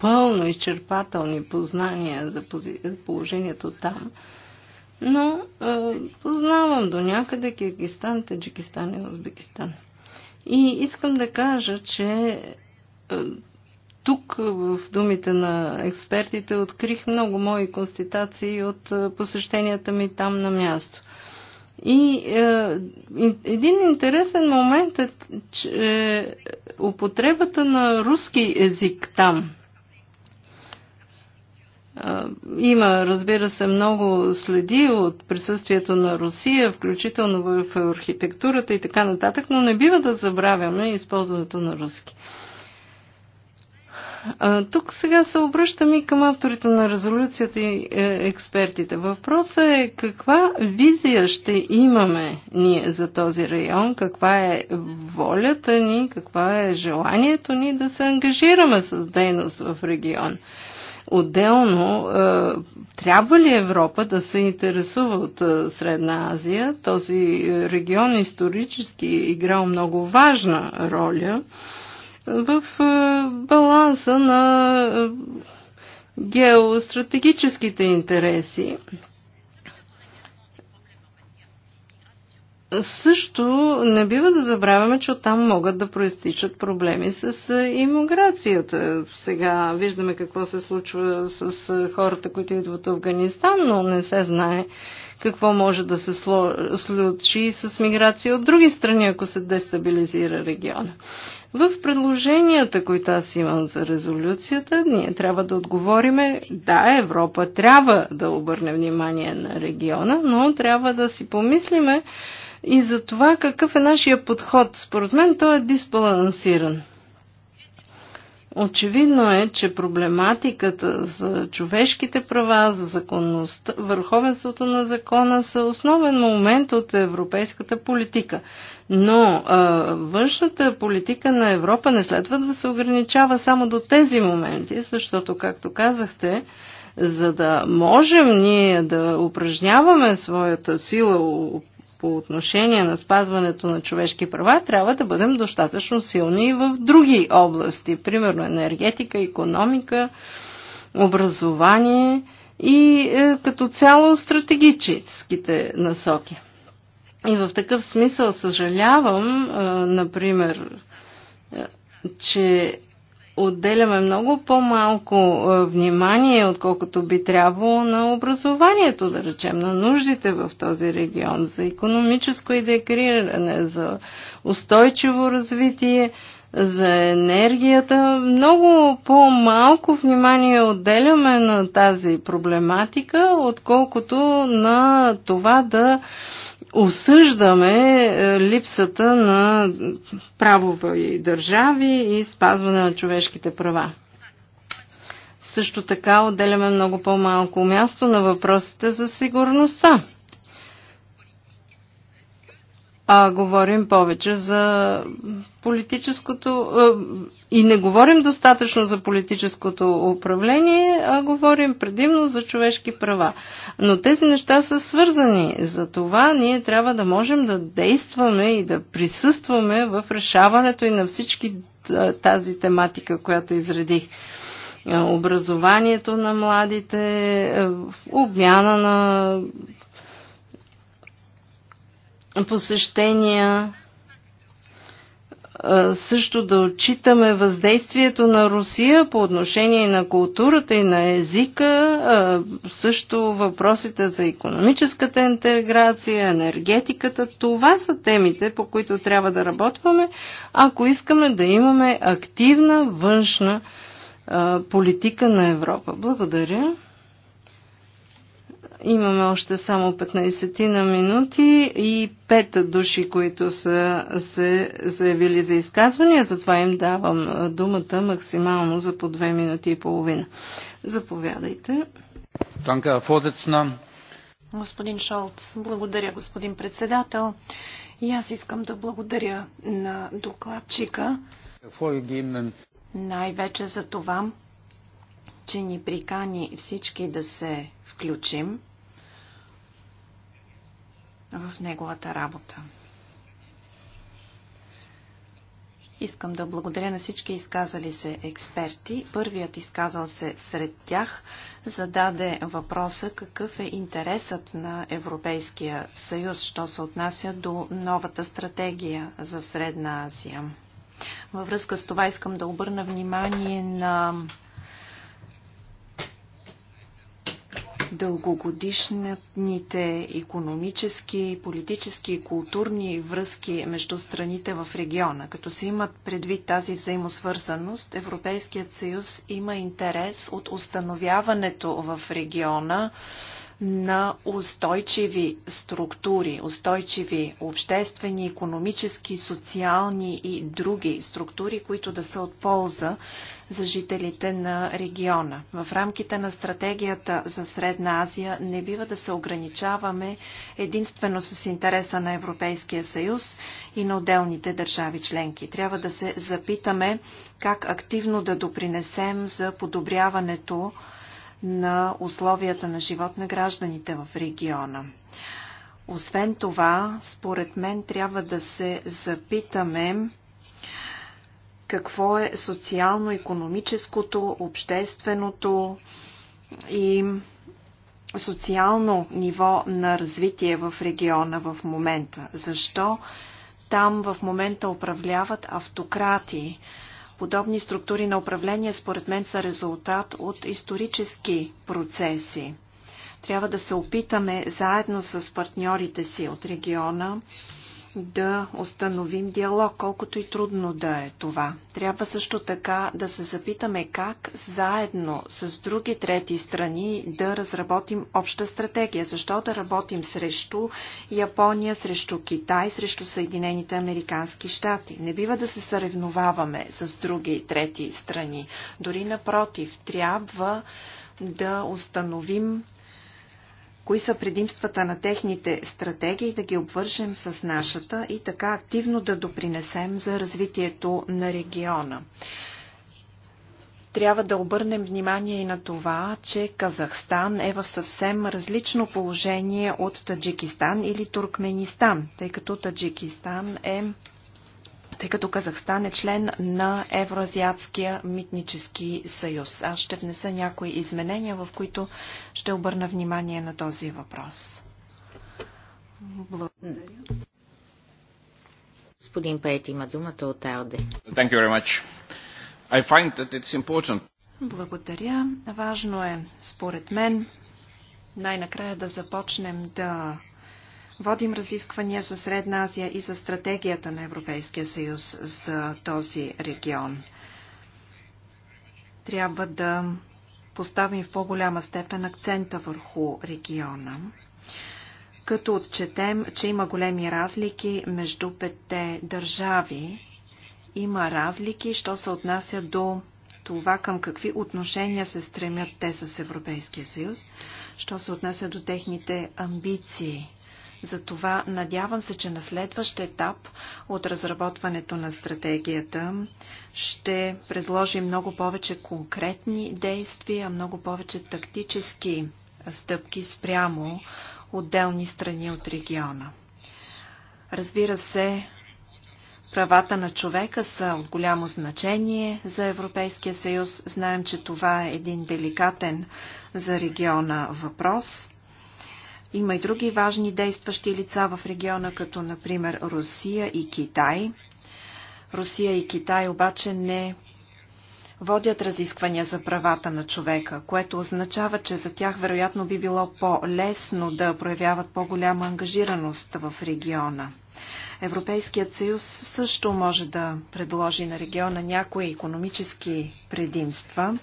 пълно изчерпателни познания за положението там, но познавам до някъде Киргистан, Таджикистан и Узбекистан. И искам да кажа, че е, тук в думите на експертите открих много мои констатации от е, посещенията ми там на място. И е, един интересен момент е, че е, употребата на руски език там – има, разбира се, много следи от присъствието на Русия, включително в архитектурата и така нататък, но не бива да забравяме използването на руски. Тук сега се обръщам и към авторите на резолюцията и е, експертите. Въпросът е каква визия ще имаме ние за този район, каква е волята ни, каква е желанието ни да се ангажираме с дейност в регион. Отделно, е, трябва ли Европа да се интересува от е, Средна Азия? Този е, регион исторически играл много важна роля в баланса на геостратегическите интереси. Също не бива да забравяме, че оттам могат да проистичат проблеми с иммиграцията. Сега виждаме какво се случва с хората, които идват в Афганистан, но не се знае какво може да се случи с миграция от други страни, ако се дестабилизира региона. В предложенията, които аз имам за резолюцията, ние трябва да отговориме, да, Европа трябва да обърне внимание на региона, но трябва да си помислиме, и за това какъв е нашия подход. Според мен той е дисбалансиран. Очевидно е, че проблематиката за човешките права, за законността, върховенството на закона са основен момент от европейската политика. Но а, външната политика на Европа не следва да се ограничава само до тези моменти, защото, както казахте, за да можем ние да упражняваме своята сила, по отношение на спазването на човешки права, трябва да бъдем достатъчно силни и в други области, примерно енергетика, економика, образование и е, като цяло стратегическите насоки. И в такъв смисъл съжалявам, е, например, е, че отделяме много по-малко е, внимание, отколкото би трябвало на образованието, да речем, на нуждите в този регион, за економическо интегриране, за устойчиво развитие, за енергията. Много по-малко внимание отделяме на тази проблематика, отколкото на това да осъждаме е, липсата на правова и държави и спазване на човешките права. Също така отделяме много по-малко място на въпросите за сигурността а говорим повече за политическото и не говорим достатъчно за политическото управление, а говорим предимно за човешки права. Но тези неща са свързани. За това ние трябва да можем да действаме и да присъстваме в решаването и на всички тази тематика, която изредих образованието на младите, обмяна на посещения, също да отчитаме въздействието на Русия по отношение на културата и на езика, също въпросите за економическата интеграция, енергетиката. Това са темите, по които трябва да работваме, ако искаме да имаме активна външна политика на Европа. Благодаря. Имаме още само 15 на минути и пет души, които са се заявили за изказвания, затова им давам думата максимално за по 2 минути и половина. Заповядайте. фозецна. Господин Шолц, благодаря, господин председател. И аз искам да благодаря на докладчика. Най-вече за това, че ни прикани всички да се включим в неговата работа. Искам да благодаря на всички изказали се експерти. Първият изказал се сред тях зададе въпроса какъв е интересът на Европейския съюз, що се отнася до новата стратегия за Средна Азия. Във връзка с това искам да обърна внимание на дългогодишните економически, политически и културни връзки между страните в региона. Като се имат предвид тази взаимосвързаност, Европейският съюз има интерес от установяването в региона на устойчиви структури, устойчиви обществени, економически, социални и други структури, които да са от полза за жителите на региона. В рамките на стратегията за Средна Азия не бива да се ограничаваме единствено с интереса на Европейския съюз и на отделните държави членки. Трябва да се запитаме как активно да допринесем за подобряването на условията на живот на гражданите в региона. Освен това, според мен трябва да се запитаме какво е социално-економическото, общественото и социално ниво на развитие в региона в момента. Защо там в момента управляват автократи? Подобни структури на управление според мен са резултат от исторически процеси. Трябва да се опитаме заедно с партньорите си от региона да установим диалог, колкото и трудно да е това. Трябва също така да се запитаме как заедно с други трети страни да разработим обща стратегия. Защо да работим срещу Япония, срещу Китай, срещу Съединените Американски щати? Не бива да се съревноваваме с други трети страни. Дори напротив, трябва да установим кои са предимствата на техните стратегии, да ги обвържем с нашата и така активно да допринесем за развитието на региона. Трябва да обърнем внимание и на това, че Казахстан е в съвсем различно положение от Таджикистан или Туркменистан, тъй като Таджикистан е тъй като Казахстан е член на Евроазиатския митнически съюз. Аз ще внеса някои изменения, в които ще обърна внимание на този въпрос. Благодаря. Господин Пейт има думата от АЛДЕ. Благодаря. Важно е, според мен, най-накрая да започнем да Водим разисквания за Средна Азия и за стратегията на Европейския съюз за този регион. Трябва да поставим в по-голяма степен акцента върху региона, като отчетем, че има големи разлики между петте държави. Има разлики, що се отнася до това към какви отношения се стремят те с Европейския съюз, що се отнася до техните амбиции. Затова надявам се, че на следващ етап от разработването на стратегията ще предложи много повече конкретни действия, много повече тактически стъпки спрямо отделни страни от региона. Разбира се, правата на човека са от голямо значение за Европейския съюз. Знаем, че това е един деликатен за региона въпрос. Има и други важни действащи лица в региона, като например Русия и Китай. Русия и Китай обаче не водят разисквания за правата на човека, което означава, че за тях вероятно би било по-лесно да проявяват по-голяма ангажираност в региона. Европейският съюз също може да предложи на региона някои економически предимства.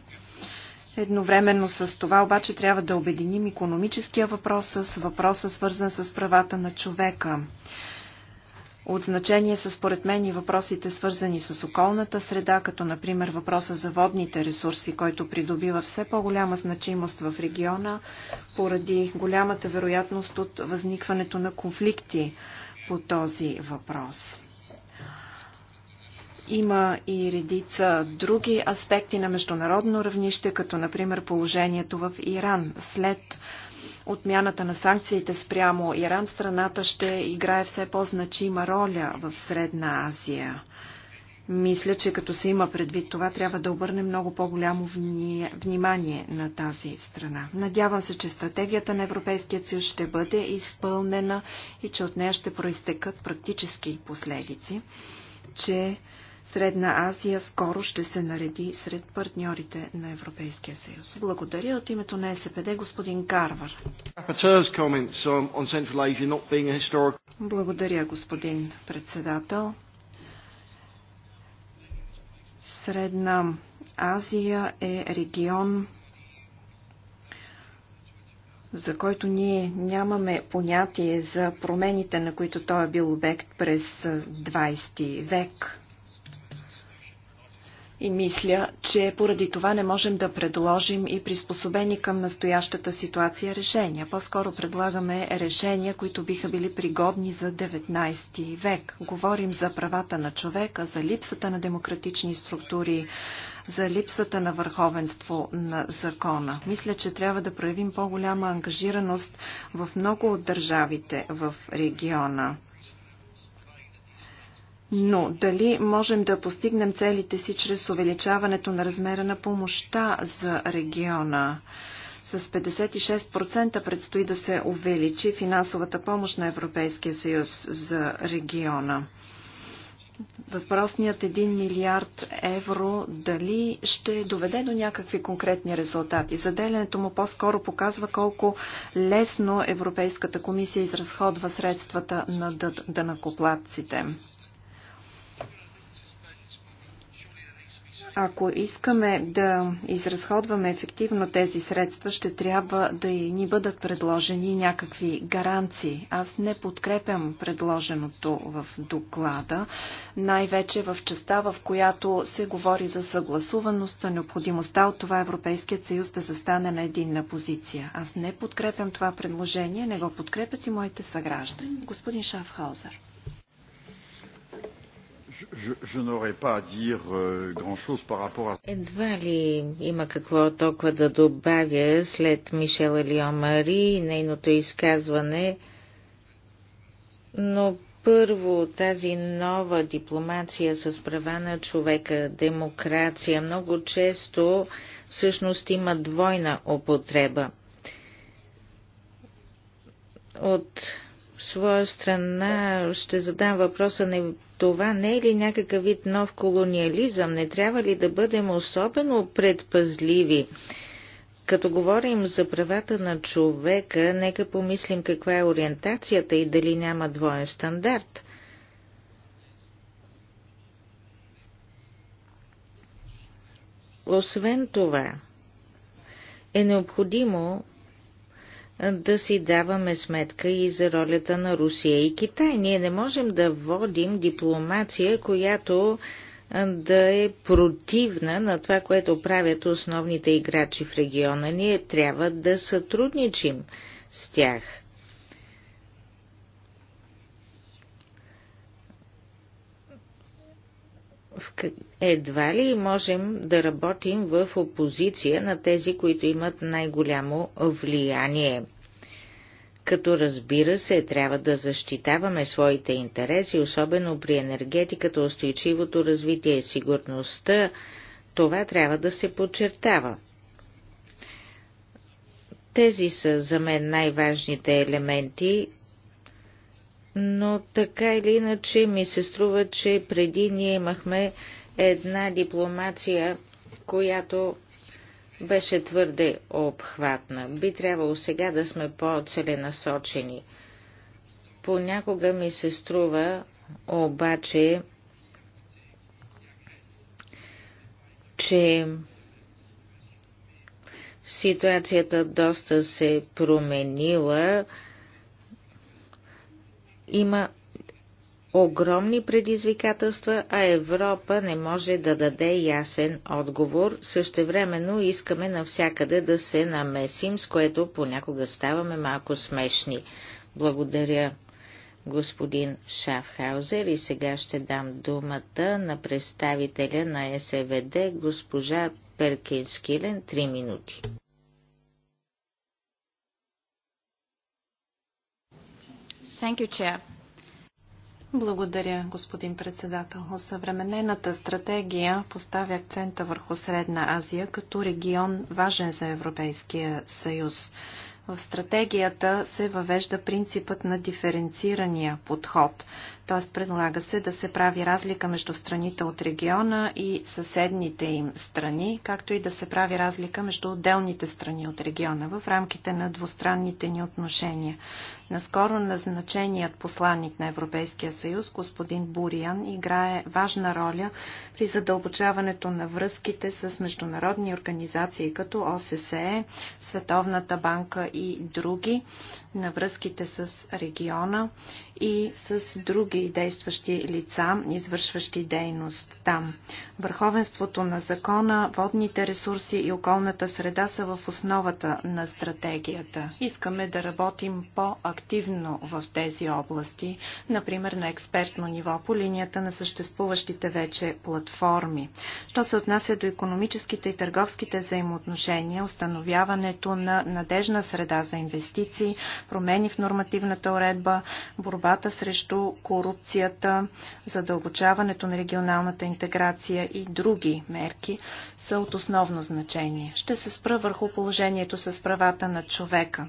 Едновременно с това обаче трябва да обединим економическия въпрос с въпроса свързан с правата на човека. От значение са според мен и въпросите свързани с околната среда, като например въпроса за водните ресурси, който придобива все по-голяма значимост в региона поради голямата вероятност от възникването на конфликти по този въпрос. Има и редица други аспекти на международно равнище, като например положението в Иран. След отмяната на санкциите спрямо Иран, страната ще играе все по-значима роля в Средна Азия. Мисля, че като се има предвид това, трябва да обърне много по-голямо внимание на тази страна. Надявам се, че стратегията на Европейския съюз ще бъде изпълнена и че от нея ще проистекат практически последици, че Средна Азия скоро ще се нареди сред партньорите на Европейския съюз. Благодаря от името на СПД господин Карвар. Благодаря, господин председател. Средна Азия е регион, за който ние нямаме понятие за промените, на които той е бил обект през 20 век. И мисля, че поради това не можем да предложим и приспособени към настоящата ситуация решения. По-скоро предлагаме решения, които биха били пригодни за 19 век. Говорим за правата на човека, за липсата на демократични структури, за липсата на върховенство на закона. Мисля, че трябва да проявим по-голяма ангажираност в много от държавите в региона. Но дали можем да постигнем целите си чрез увеличаването на размера на помощта за региона? С 56% предстои да се увеличи финансовата помощ на Европейския съюз за региона. Въпросният 1 милиард евро дали ще доведе до някакви конкретни резултати? Заделянето му по-скоро показва колко лесно Европейската комисия изразходва средствата на дънакоплатците. Ако искаме да изразходваме ефективно тези средства, ще трябва да ни бъдат предложени някакви гаранции. Аз не подкрепям предложеното в доклада, най-вече в частта, в която се говори за съгласуваност, за необходимостта от това Европейският съюз да застане на единна позиция. Аз не подкрепям това предложение, не го подкрепят и моите съграждани. Господин Шафхаузер. Euh, Едва ли има какво толкова да добавя след Мишел Елио Мари и нейното изказване, но първо тази нова дипломация с права на човека, демокрация, много често всъщност има двойна употреба. От своя страна ще задам въпроса, не, това не е ли някакъв вид нов колониализъм? Не трябва ли да бъдем особено предпазливи? Като говорим за правата на човека, нека помислим каква е ориентацията и дали няма двоен стандарт. Освен това, е необходимо да си даваме сметка и за ролята на Русия и Китай. Ние не можем да водим дипломация, която да е противна на това, което правят основните играчи в региона. Ние трябва да сътрудничим с тях – едва ли можем да работим в опозиция на тези, които имат най-голямо влияние. Като разбира се, трябва да защитаваме своите интереси, особено при енергетиката, устойчивото развитие и сигурността. Това трябва да се подчертава. Тези са за мен най-важните елементи но така или иначе ми се струва, че преди ние имахме една дипломация, която беше твърде обхватна. Би трябвало сега да сме по-целенасочени. Понякога ми се струва обаче, че ситуацията доста се променила има огромни предизвикателства, а Европа не може да даде ясен отговор. Същевременно искаме навсякъде да се намесим, с което понякога ставаме малко смешни. Благодаря, господин Шафхаузер. И сега ще дам думата на представителя на СВД, госпожа Перкинскилен, 3 минути. Thank you, Chair. Благодаря, господин председател. Съвременената стратегия поставя акцента върху Средна Азия като регион важен за Европейския съюз. В стратегията се въвежда принципът на диференцирания подход – т.е. предлага се да се прави разлика между страните от региона и съседните им страни, както и да се прави разлика между отделните страни от региона в рамките на двустранните ни отношения. Наскоро назначеният посланник на Европейския съюз, господин Буриан, играе важна роля при задълбочаването на връзките с международни организации като ОССЕ, Световната банка и други, на връзките с региона и с други действащи лица, извършващи дейност там. Върховенството на закона, водните ресурси и околната среда са в основата на стратегията. Искаме да работим по-активно в тези области, например на експертно ниво по линията на съществуващите вече платформи. Що се отнася до економическите и търговските взаимоотношения, установяването на надежна среда за инвестиции, промени в нормативната уредба, борбата срещу корупцията, задълбочаването на регионалната интеграция и други мерки са от основно значение. Ще се спра върху положението с правата на човека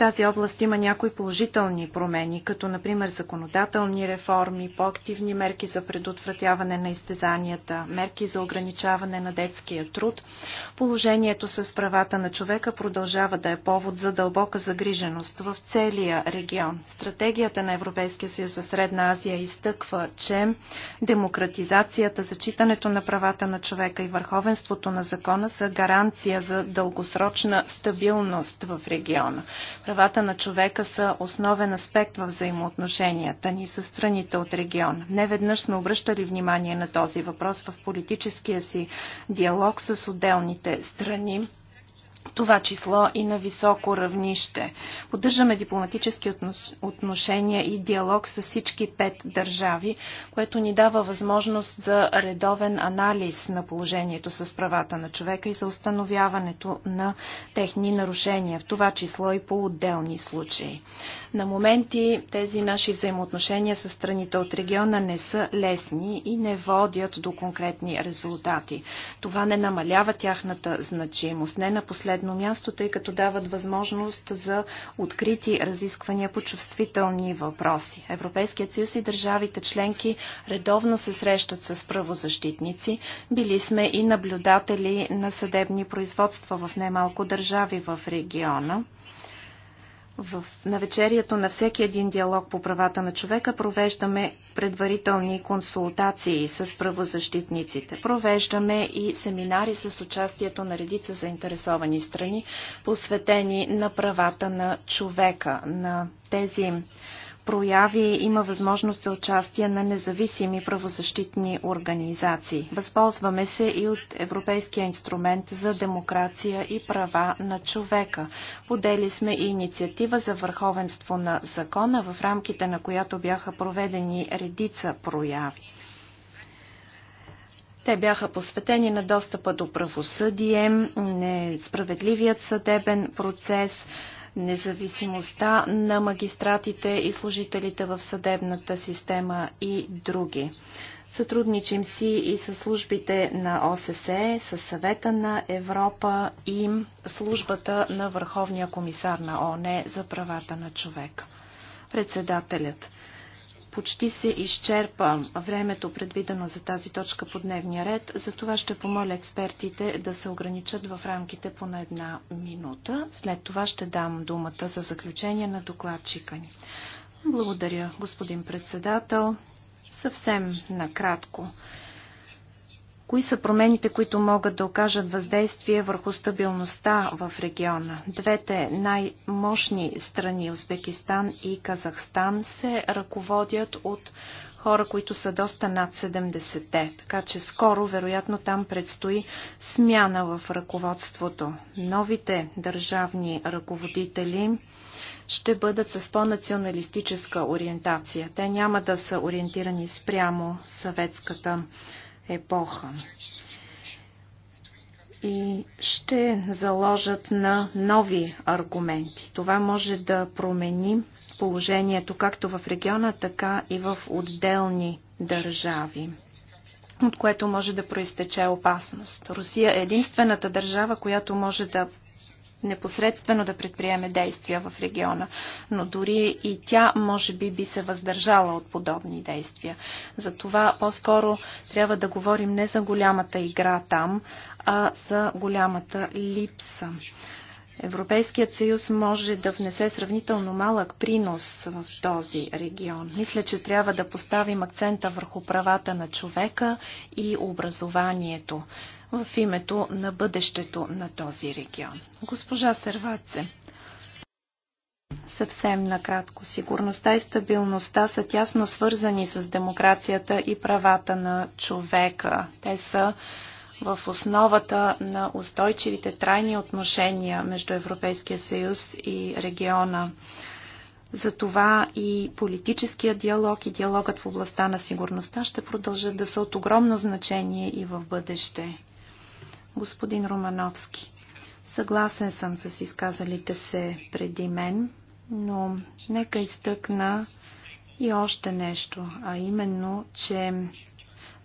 тази област има някои положителни промени, като например законодателни реформи, по-активни мерки за предотвратяване на изтезанията, мерки за ограничаване на детския труд. Положението с правата на човека продължава да е повод за дълбока загриженост в целия регион. Стратегията на Европейския съюз за Средна Азия изтъква, че демократизацията, зачитането на правата на човека и върховенството на закона са гаранция за дългосрочна стабилност в региона. Правата на човека са основен аспект в взаимоотношенията ни с страните от региона. Не веднъж сме обръщали внимание на този въпрос в политическия си диалог с отделните страни това число и на високо равнище. Поддържаме дипломатически отношения и диалог с всички пет държави, което ни дава възможност за редовен анализ на положението с правата на човека и за установяването на техни нарушения, в това число и по отделни случаи. На моменти тези наши взаимоотношения с страните от региона не са лесни и не водят до конкретни резултати. Това не намалява тяхната значимост. Не на последните едно място, тъй като дават възможност за открити разисквания по чувствителни въпроси. Европейският съюз и държавите членки редовно се срещат с правозащитници. Били сме и наблюдатели на съдебни производства в немалко държави в региона. В навечерието на всеки един диалог по правата на човека провеждаме предварителни консултации с правозащитниците. Провеждаме и семинари с участието на редица заинтересовани страни, посветени на правата на човека, на тези прояви има възможност за участие на независими правозащитни организации. Възползваме се и от Европейския инструмент за демокрация и права на човека. Подели сме и инициатива за върховенство на закона, в рамките на която бяха проведени редица прояви. Те бяха посветени на достъпа до правосъдие, несправедливият съдебен процес, независимостта на магистратите и служителите в съдебната система и други. Сътрудничим си и с службите на ОССЕ, с съвета на Европа и службата на Върховния комисар на ОНЕ за правата на човека. Председателят почти се изчерпа времето предвидено за тази точка по дневния ред. За това ще помоля експертите да се ограничат в рамките по на една минута. След това ще дам думата за заключение на докладчика ни. Благодаря, господин председател. Съвсем накратко. Кои са промените, които могат да окажат въздействие върху стабилността в региона? Двете най-мощни страни, Узбекистан и Казахстан, се ръководят от хора, които са доста над 70-те. Така че скоро, вероятно, там предстои смяна в ръководството. Новите държавни ръководители ще бъдат с по-националистическа ориентация. Те няма да са ориентирани спрямо съветската епоха и ще заложат на нови аргументи. Това може да промени положението както в региона, така и в отделни държави от което може да проистече опасност. Русия е единствената държава, която може да непосредствено да предприеме действия в региона, но дори и тя може би би се въздържала от подобни действия. Затова по-скоро трябва да говорим не за голямата игра там, а за голямата липса. Европейският съюз може да внесе сравнително малък принос в този регион. Мисля, че трябва да поставим акцента върху правата на човека и образованието в името на бъдещето на този регион. Госпожа Сервадзе, съвсем накратко. Сигурността и стабилността са тясно свързани с демокрацията и правата на човека. Те са в основата на устойчивите трайни отношения между Европейския съюз и региона. Затова и политическия диалог и диалогът в областта на сигурността ще продължат да са от огромно значение и в бъдеще. Господин Романовски, съгласен съм с изказалите се преди мен, но нека изтъкна и още нещо, а именно, че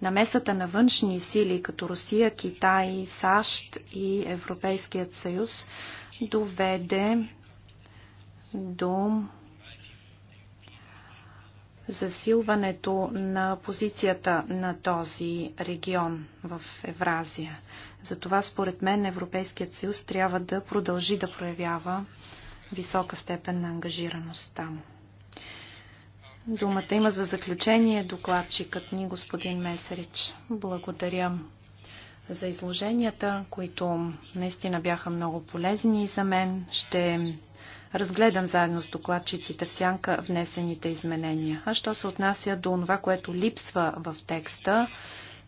намесата на външни сили, като Русия, Китай, САЩ и Европейският съюз, доведе до засилването на позицията на този регион в Евразия. Затова според мен Европейският съюз трябва да продължи да проявява висока степен на ангажираност там. Думата има за заключение докладчикът ни, господин Месерич. Благодаря за изложенията, които наистина бяха много полезни за мен. Ще разгледам заедно с докладчиците в сянка внесените изменения. А що се отнася до това, което липсва в текста,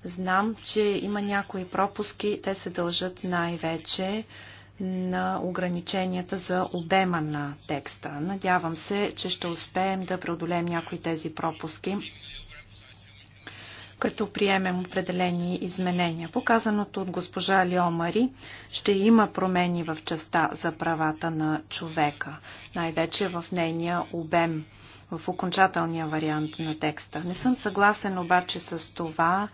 Знам, че има някои пропуски, те се дължат най-вече на ограниченията за обема на текста. Надявам се, че ще успеем да преодолеем някои тези пропуски, като приемем определени изменения. Показаното от госпожа Лиомари ще има промени в частта за правата на човека, най-вече в нейния обем в окончателния вариант на текста. Не съм съгласен обаче с това,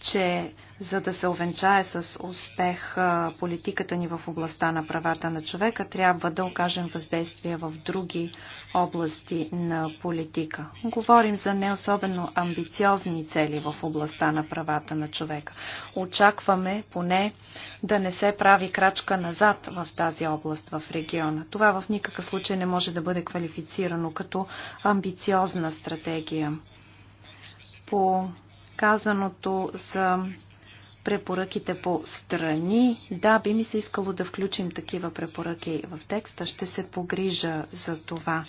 че за да се овенчае с успех политиката ни в областта на правата на човека, трябва да окажем въздействие в други области на политика. Говорим за не особено амбициозни цели в областта на правата на човека. Очакваме поне да не се прави крачка назад в тази област в региона. Това в никакъв случай не може да бъде квалифицирано като амбициозна стратегия. По казаното за препоръките по страни. Да, би ми се искало да включим такива препоръки в текста. Ще се погрижа за това.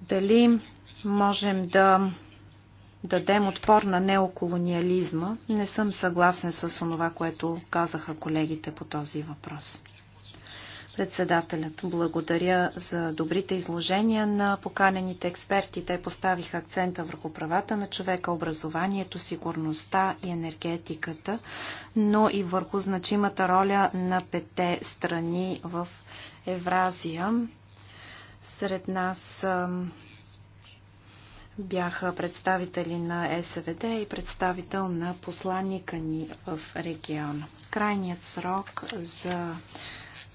Дали можем да дадем отпор на неоколониализма, не съм съгласен с онова, което казаха колегите по този въпрос. Председателят, благодаря за добрите изложения на поканените експерти. Те поставиха акцента върху правата на човека, образованието, сигурността и енергетиката, но и върху значимата роля на пете страни в Евразия. Сред нас бяха представители на СВД и представител на посланника ни в региона. Крайният срок за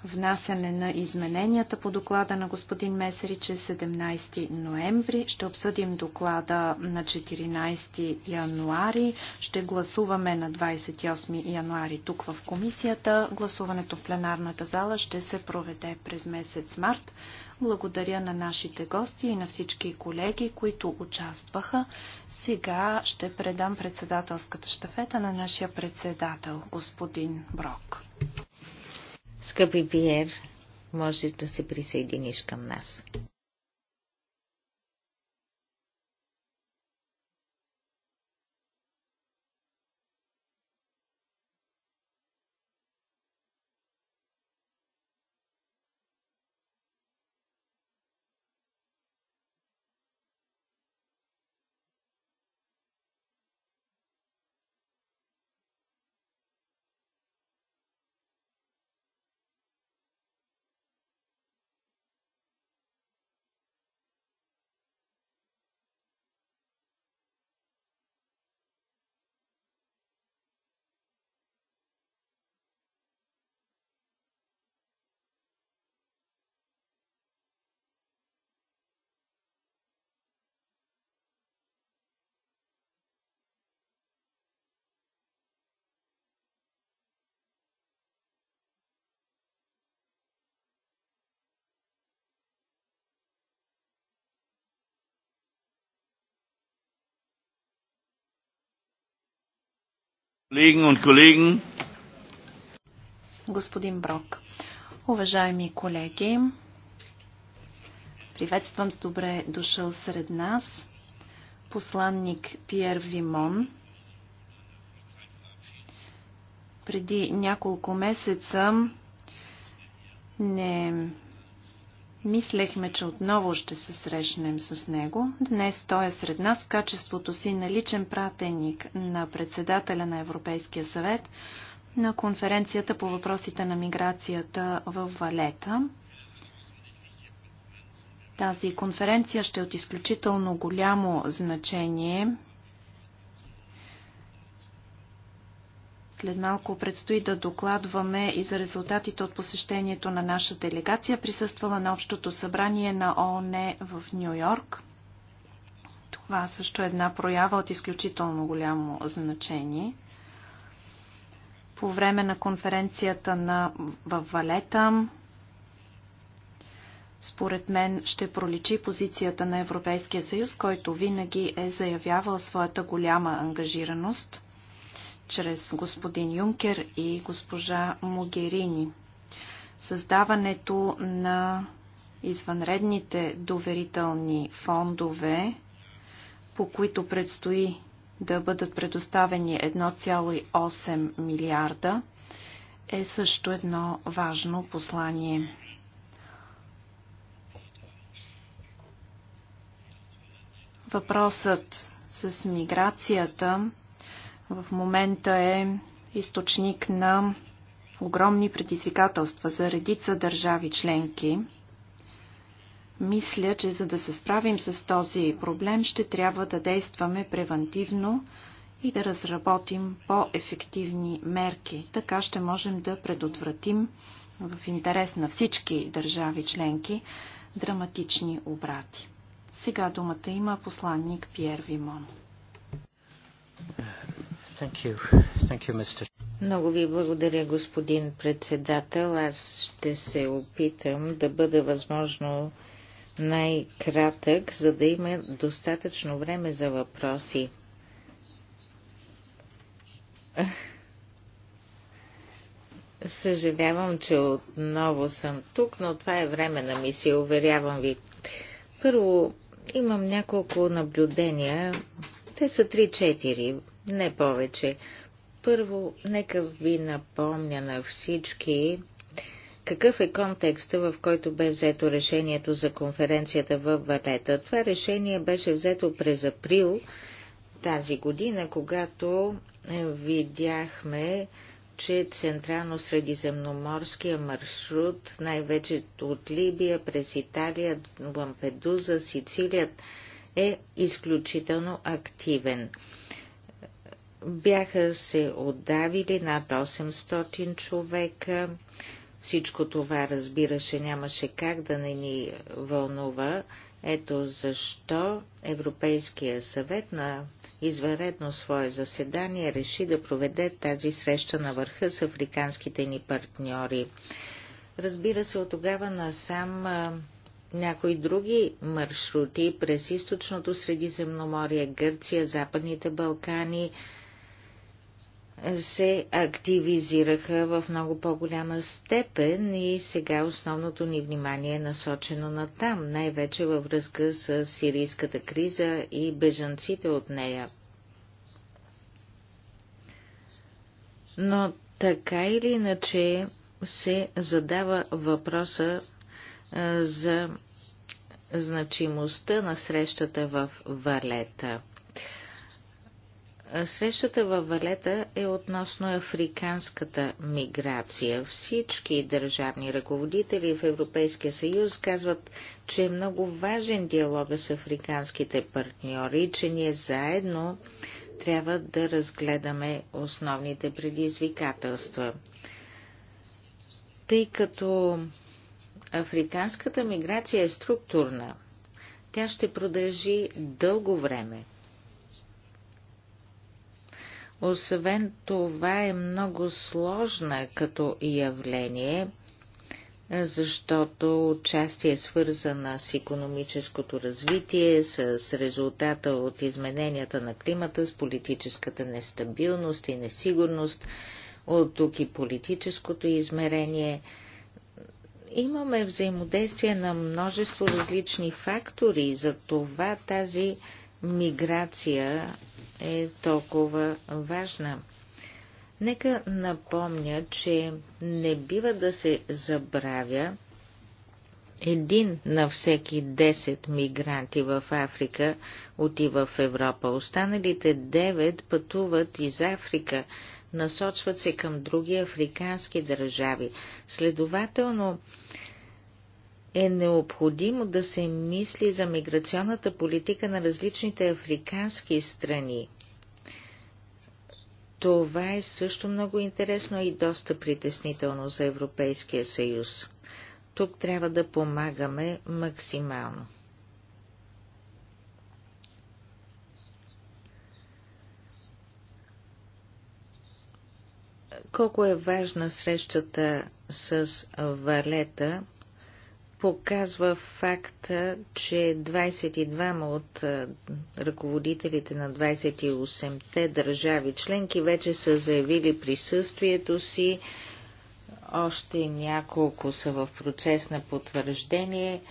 внасяне на измененията по доклада на господин Месерич е 17 ноември. Ще обсъдим доклада на 14 януари. Ще гласуваме на 28 януари тук в комисията. Гласуването в пленарната зала ще се проведе през месец март. Благодаря на нашите гости и на всички колеги, които участваха. Сега ще предам председателската щафета на нашия председател, господин Брок. Скъпи Пиер, можеш да се присъединиш към нас. Господин Брок, уважаеми колеги, приветствам с добре дошъл сред нас посланник Пьер Вимон. Преди няколко месеца не Мислехме, че отново ще се срещнем с него. Днес той е сред нас в качеството си на личен пратеник на председателя на Европейския съвет на конференцията по въпросите на миграцията в Валета. Тази конференция ще е от изключително голямо значение След малко предстои да докладваме и за резултатите от посещението на наша делегация, присъствала на Общото събрание на ООН в Нью Йорк. Това също е една проява от изключително голямо значение. По време на конференцията на, в Валета, според мен ще проличи позицията на Европейския съюз, който винаги е заявявал своята голяма ангажираност – чрез господин Юнкер и госпожа Могерини. Създаването на извънредните доверителни фондове, по които предстои да бъдат предоставени 1,8 милиарда, е също едно важно послание. Въпросът с миграцията в момента е източник на огромни предизвикателства за редица държави членки. Мисля, че за да се справим с този проблем, ще трябва да действаме превентивно и да разработим по-ефективни мерки. Така ще можем да предотвратим в интерес на всички държави членки драматични обрати. Сега думата има посланник Пьер Вимон. Thank you. Thank you, Много ви благодаря, господин председател. Аз ще се опитам да бъда възможно най-кратък, за да има достатъчно време за въпроси. Съжалявам, че отново съм тук, но това е време на мисия, уверявам ви. Първо, имам няколко наблюдения. Те са 3-4 не повече. Първо, нека ви напомня на всички какъв е контекста, в който бе взето решението за конференцията в Валета. Това решение беше взето през април тази година, когато видяхме, че Централно-Средиземноморския маршрут, най-вече от Либия през Италия, Лампедуза, Сицилия, е изключително активен. Бяха се отдавили над 800 човека. Всичко това, разбираше, нямаше как да не ни вълнува. Ето защо Европейския съвет на извънредно свое заседание реши да проведе тази среща на върха с африканските ни партньори. Разбира се, от тогава насам някои други маршрути през източното Средиземноморие, Гърция, Западните Балкани се активизираха в много по-голяма степен и сега основното ни внимание е насочено на там, най-вече във връзка с сирийската криза и бежанците от нея. Но така или иначе се задава въпроса за значимостта на срещата в Валета – Срещата във Валета е относно африканската миграция. Всички държавни ръководители в Европейския съюз казват, че е много важен диалога с африканските партньори, и че ние заедно трябва да разгледаме основните предизвикателства. Тъй като африканската миграция е структурна, тя ще продължи дълго време – освен това е много сложна като явление, защото отчасти е свързана с економическото развитие, с резултата от измененията на климата, с политическата нестабилност и несигурност, от тук и политическото измерение. Имаме взаимодействие на множество различни фактори, за това тази миграция е толкова важна. Нека напомня, че не бива да се забравя един на всеки 10 мигранти в Африка отива в Европа. Останалите 9 пътуват из Африка, насочват се към други африкански държави. Следователно, е необходимо да се мисли за миграционната политика на различните африкански страни. Това е също много интересно и доста притеснително за Европейския съюз. Тук трябва да помагаме максимално. Колко е важна срещата с Валета показва факта, че 22 от ръководителите на 28-те държави членки вече са заявили присъствието си. Още няколко са в процес на потвърждение.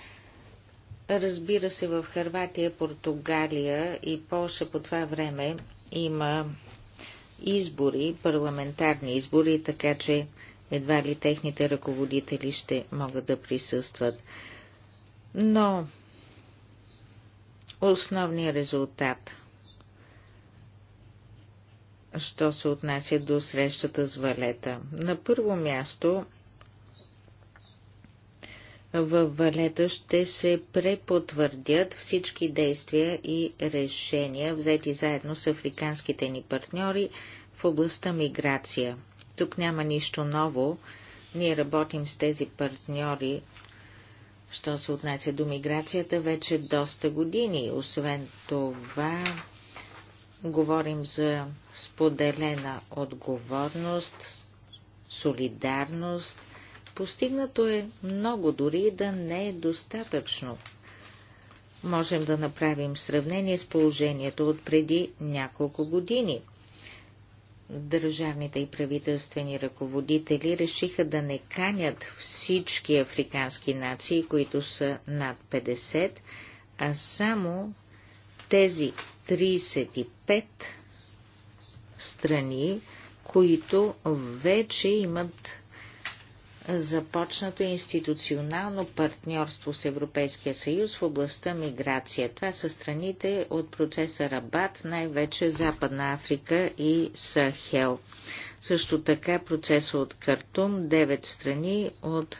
Разбира се, в Харватия, Португалия и Польша по това време има избори, парламентарни избори, така че едва ли техните ръководители ще могат да присъстват. Но основният резултат, що се отнася до срещата с Валета. На първо място в Валета ще се препотвърдят всички действия и решения, взети заедно с африканските ни партньори в областта миграция. Тук няма нищо ново. Ние работим с тези партньори, що се отнася до миграцията, вече доста години. Освен това, говорим за споделена отговорност, солидарност. Постигнато е много, дори да не е достатъчно. Можем да направим сравнение с положението от преди няколко години – държавните и правителствени ръководители решиха да не канят всички африкански нации, които са над 50, а само тези 35 страни, които вече имат започнато институционално партньорство с Европейския съюз в областта миграция. Това са страните от процеса Рабат, най-вече Западна Африка и Сахел. Също така процеса от Картум, 9 страни от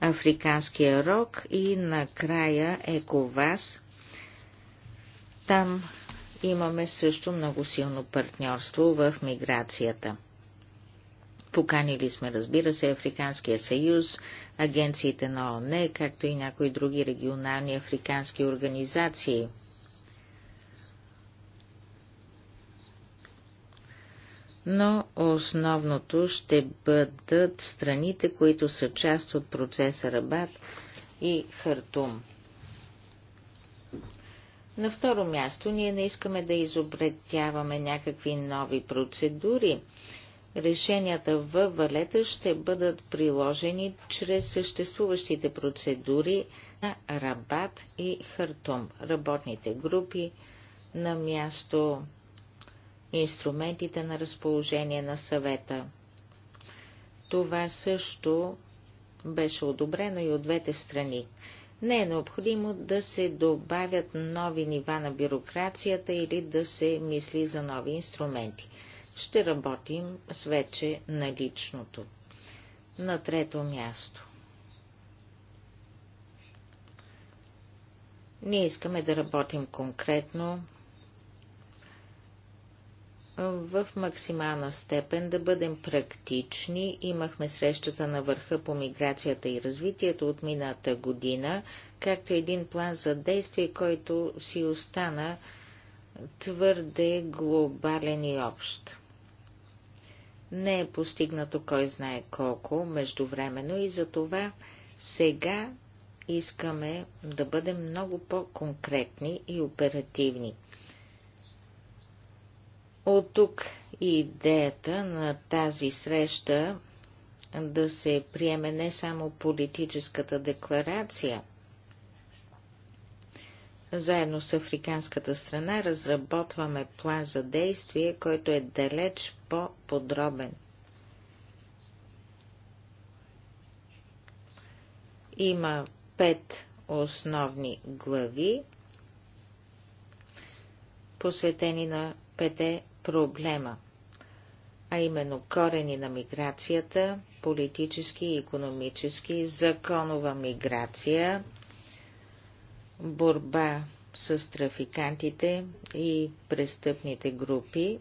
Африканския рок и накрая Ековас. Там имаме също много силно партньорство в миграцията. Поканили сме, разбира се, Африканския съюз, агенциите на ООН, както и някои други регионални африкански организации. но основното ще бъдат страните, които са част от процеса Рабат и Хартум. На второ място, ние не искаме да изобретяваме някакви нови процедури. Решенията в Валета ще бъдат приложени чрез съществуващите процедури на Рабат и Хартум, работните групи на място, инструментите на разположение на съвета. Това също беше одобрено и от двете страни. Не е необходимо да се добавят нови нива на бюрокрацията или да се мисли за нови инструменти ще работим с вече наличното. На трето място. Ние искаме да работим конкретно, в максимална степен да бъдем практични. Имахме срещата на върха по миграцията и развитието от мината година, както един план за действие, който си остана твърде глобален и общ. Не е постигнато кой знае колко междувременно и за това сега искаме да бъдем много по-конкретни и оперативни. От тук и идеята на тази среща да се приеме не само политическата декларация – заедно с африканската страна разработваме план за действие, който е далеч по-подробен. Има пет основни глави, посветени на пете проблема, а именно корени на миграцията, политически и економически, законова миграция – борба с трафикантите и престъпните групи,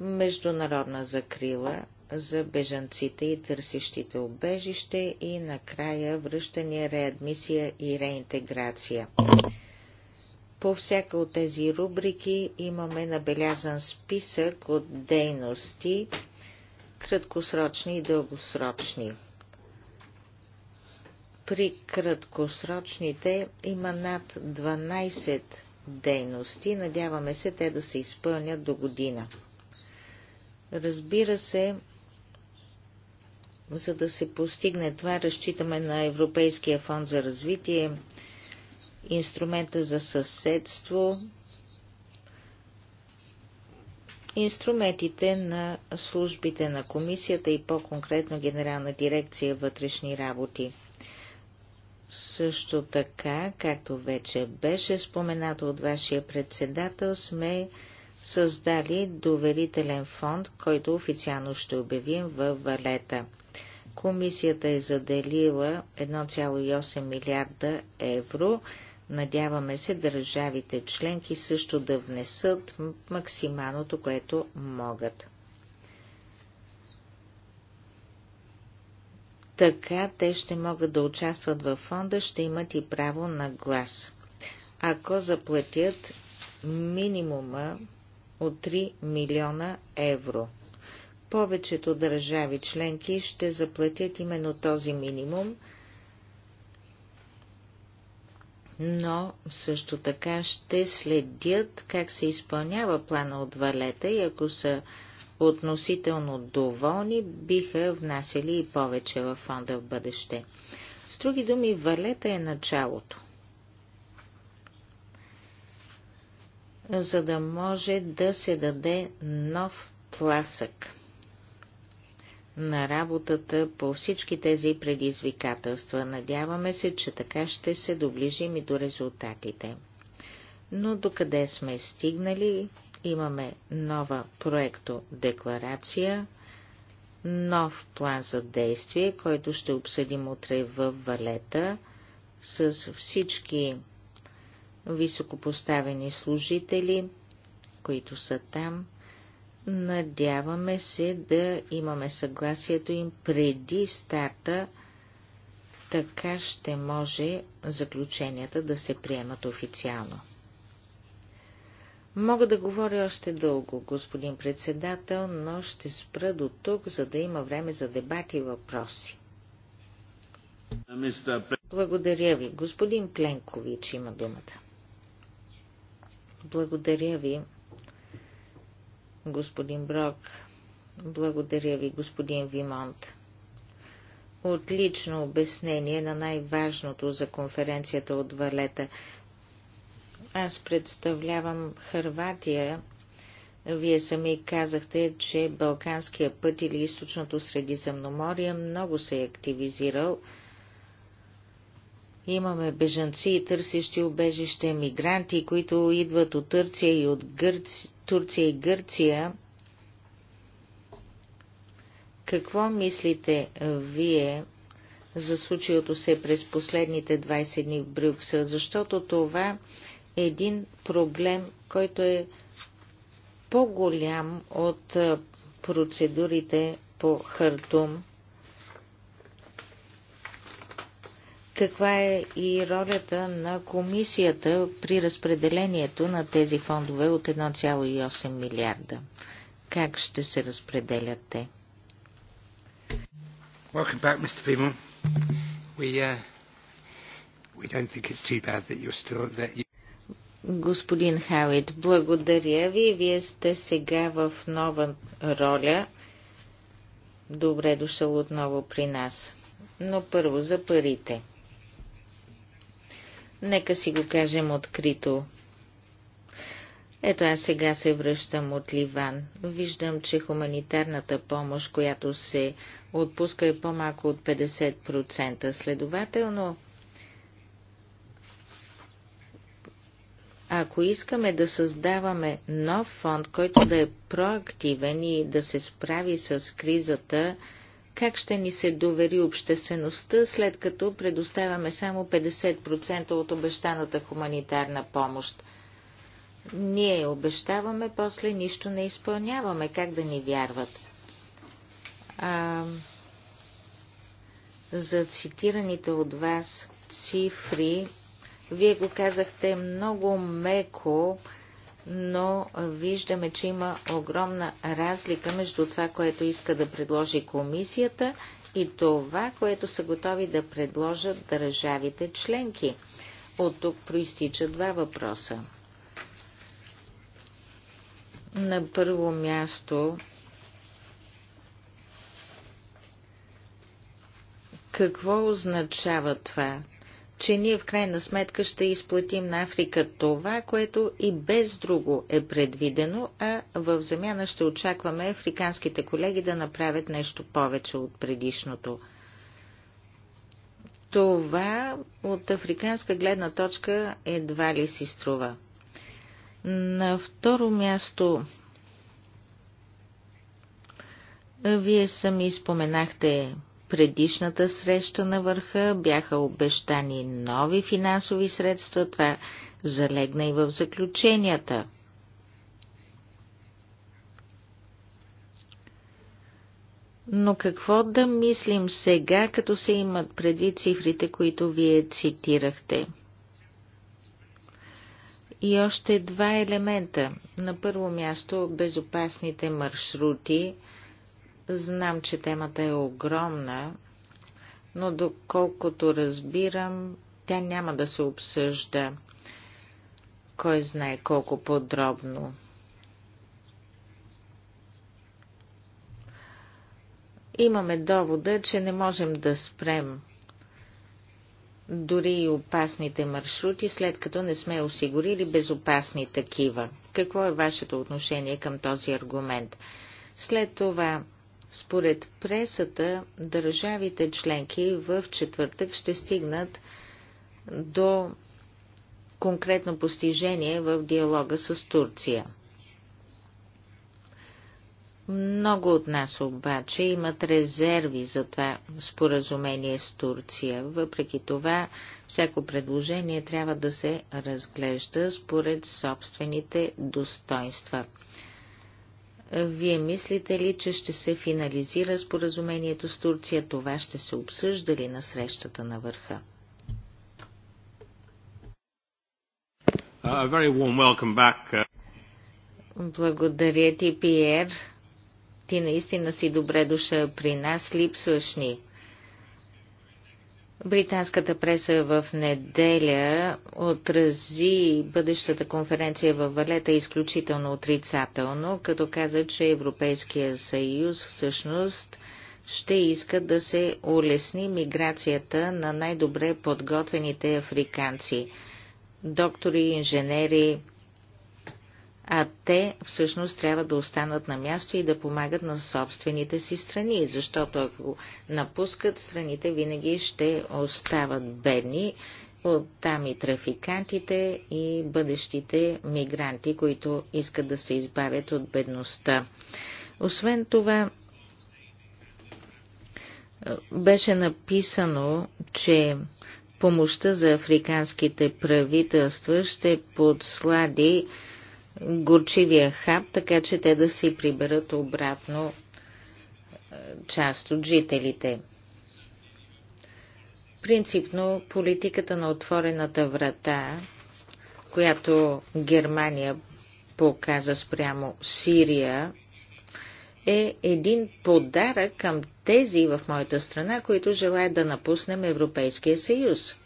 международна закрила за бежанците и търсещите убежище и накрая връщане, реадмисия и реинтеграция. По всяка от тези рубрики имаме набелязан списък от дейности, краткосрочни и дългосрочни. При краткосрочните има над 12 дейности. Надяваме се те да се изпълнят до година. Разбира се, за да се постигне това, разчитаме на Европейския фонд за развитие, инструмента за съседство, инструментите на службите на комисията и по-конкретно Генерална дирекция вътрешни работи. Също така, както вече беше споменато от вашия председател, сме създали доверителен фонд, който официално ще обявим в Валета. Комисията е заделила 1,8 милиарда евро. Надяваме се държавите членки също да внесат максималното, което могат. Така те ще могат да участват във фонда, ще имат и право на глас. Ако заплатят минимума от 3 милиона евро. Повечето държави членки ще заплатят именно този минимум, но също така ще следят как се изпълнява плана от валета и ако са относително доволни, биха внасяли и повече във фонда в бъдеще. С други думи, валета е началото. За да може да се даде нов тласък на работата по всички тези предизвикателства. Надяваме се, че така ще се доближим и до резултатите. Но докъде сме стигнали, Имаме нова проекто декларация, нов план за действие, който ще обсъдим утре в Валета с всички високопоставени служители, които са там. Надяваме се да имаме съгласието им преди старта, така ще може заключенията да се приемат официално. Мога да говоря още дълго, господин председател, но ще спра до тук, за да има време за дебати и въпроси. Благодаря ви. Господин Пленкович има думата. Благодаря ви, господин Брок. Благодаря ви, господин Вимонт. Отлично обяснение на най-важното за конференцията от Валета – аз представлявам Харватия. Вие сами казахте, че Балканския път или източното Средиземноморие много се е активизирал. Имаме бежанци и търсещи убежище, мигранти, които идват от Турция и от Гърци... Турция и Гърция. Какво мислите вие за случилото се през последните 20 дни в Брюксел? Защото това един проблем, който е по-голям от процедурите по Хартум. Каква е и ролята на комисията при разпределението на тези фондове от 1,8 милиарда? Как ще се разпределят те? Welcome back, Mr. We, uh, we don't think it's too bad that you're still that you Господин Хауит, благодаря ви. Вие сте сега в нова роля. Добре дошъл отново при нас. Но първо за парите. Нека си го кажем открито. Ето аз сега се връщам от Ливан. Виждам, че хуманитарната помощ, която се отпуска е по-малко от 50%. Следователно, Ако искаме да създаваме нов фонд, който да е проактивен и да се справи с кризата, как ще ни се довери обществеността, след като предоставяме само 50% от обещаната хуманитарна помощ? Ние обещаваме, после нищо не изпълняваме. Как да ни вярват? А, за цитираните от вас цифри вие го казахте много меко, но виждаме, че има огромна разлика между това, което иска да предложи комисията и това, което са готови да предложат държавите членки. От тук проистича два въпроса. На първо място, какво означава това? че ние в крайна сметка ще изплатим на Африка това, което и без друго е предвидено, а в замяна ще очакваме африканските колеги да направят нещо повече от предишното. Това от африканска гледна точка едва ли си струва. На второ място, вие сами споменахте предишната среща на върха бяха обещани нови финансови средства, това залегна и в заключенията. Но какво да мислим сега, като се имат преди цифрите, които вие цитирахте? И още два елемента. На първо място безопасните маршрути – Знам, че темата е огромна, но доколкото разбирам, тя няма да се обсъжда кой знае колко подробно. Имаме довода, че не можем да спрем дори и опасните маршрути, след като не сме осигурили безопасни такива. Какво е вашето отношение към този аргумент? След това според пресата, държавите членки в четвъртък ще стигнат до конкретно постижение в диалога с Турция. Много от нас обаче имат резерви за това споразумение с Турция. Въпреки това, всяко предложение трябва да се разглежда според собствените достоинства. Вие мислите ли, че ще се финализира споразумението с Турция? Това ще се обсъжда ли на срещата на върха? Uh, Благодаря ти, Пиер. Ти наистина си добре душа при нас, липсваш ни. Британската преса в неделя отрази бъдещата конференция във Валета изключително отрицателно, като каза, че Европейския съюз всъщност ще иска да се улесни миграцията на най-добре подготвените африканци – доктори, инженери, а те всъщност трябва да останат на място и да помагат на собствените си страни, защото ако напускат, страните винаги ще остават бедни, оттам и трафикантите и бъдещите мигранти, които искат да се избавят от бедността. Освен това, беше написано, че помощта за африканските правителства ще подслади горчивия хаб, така че те да си приберат обратно част от жителите. Принципно политиката на отворената врата, която Германия показа спрямо Сирия, е един подарък към тези в моята страна, които желаят да напуснем Европейския съюз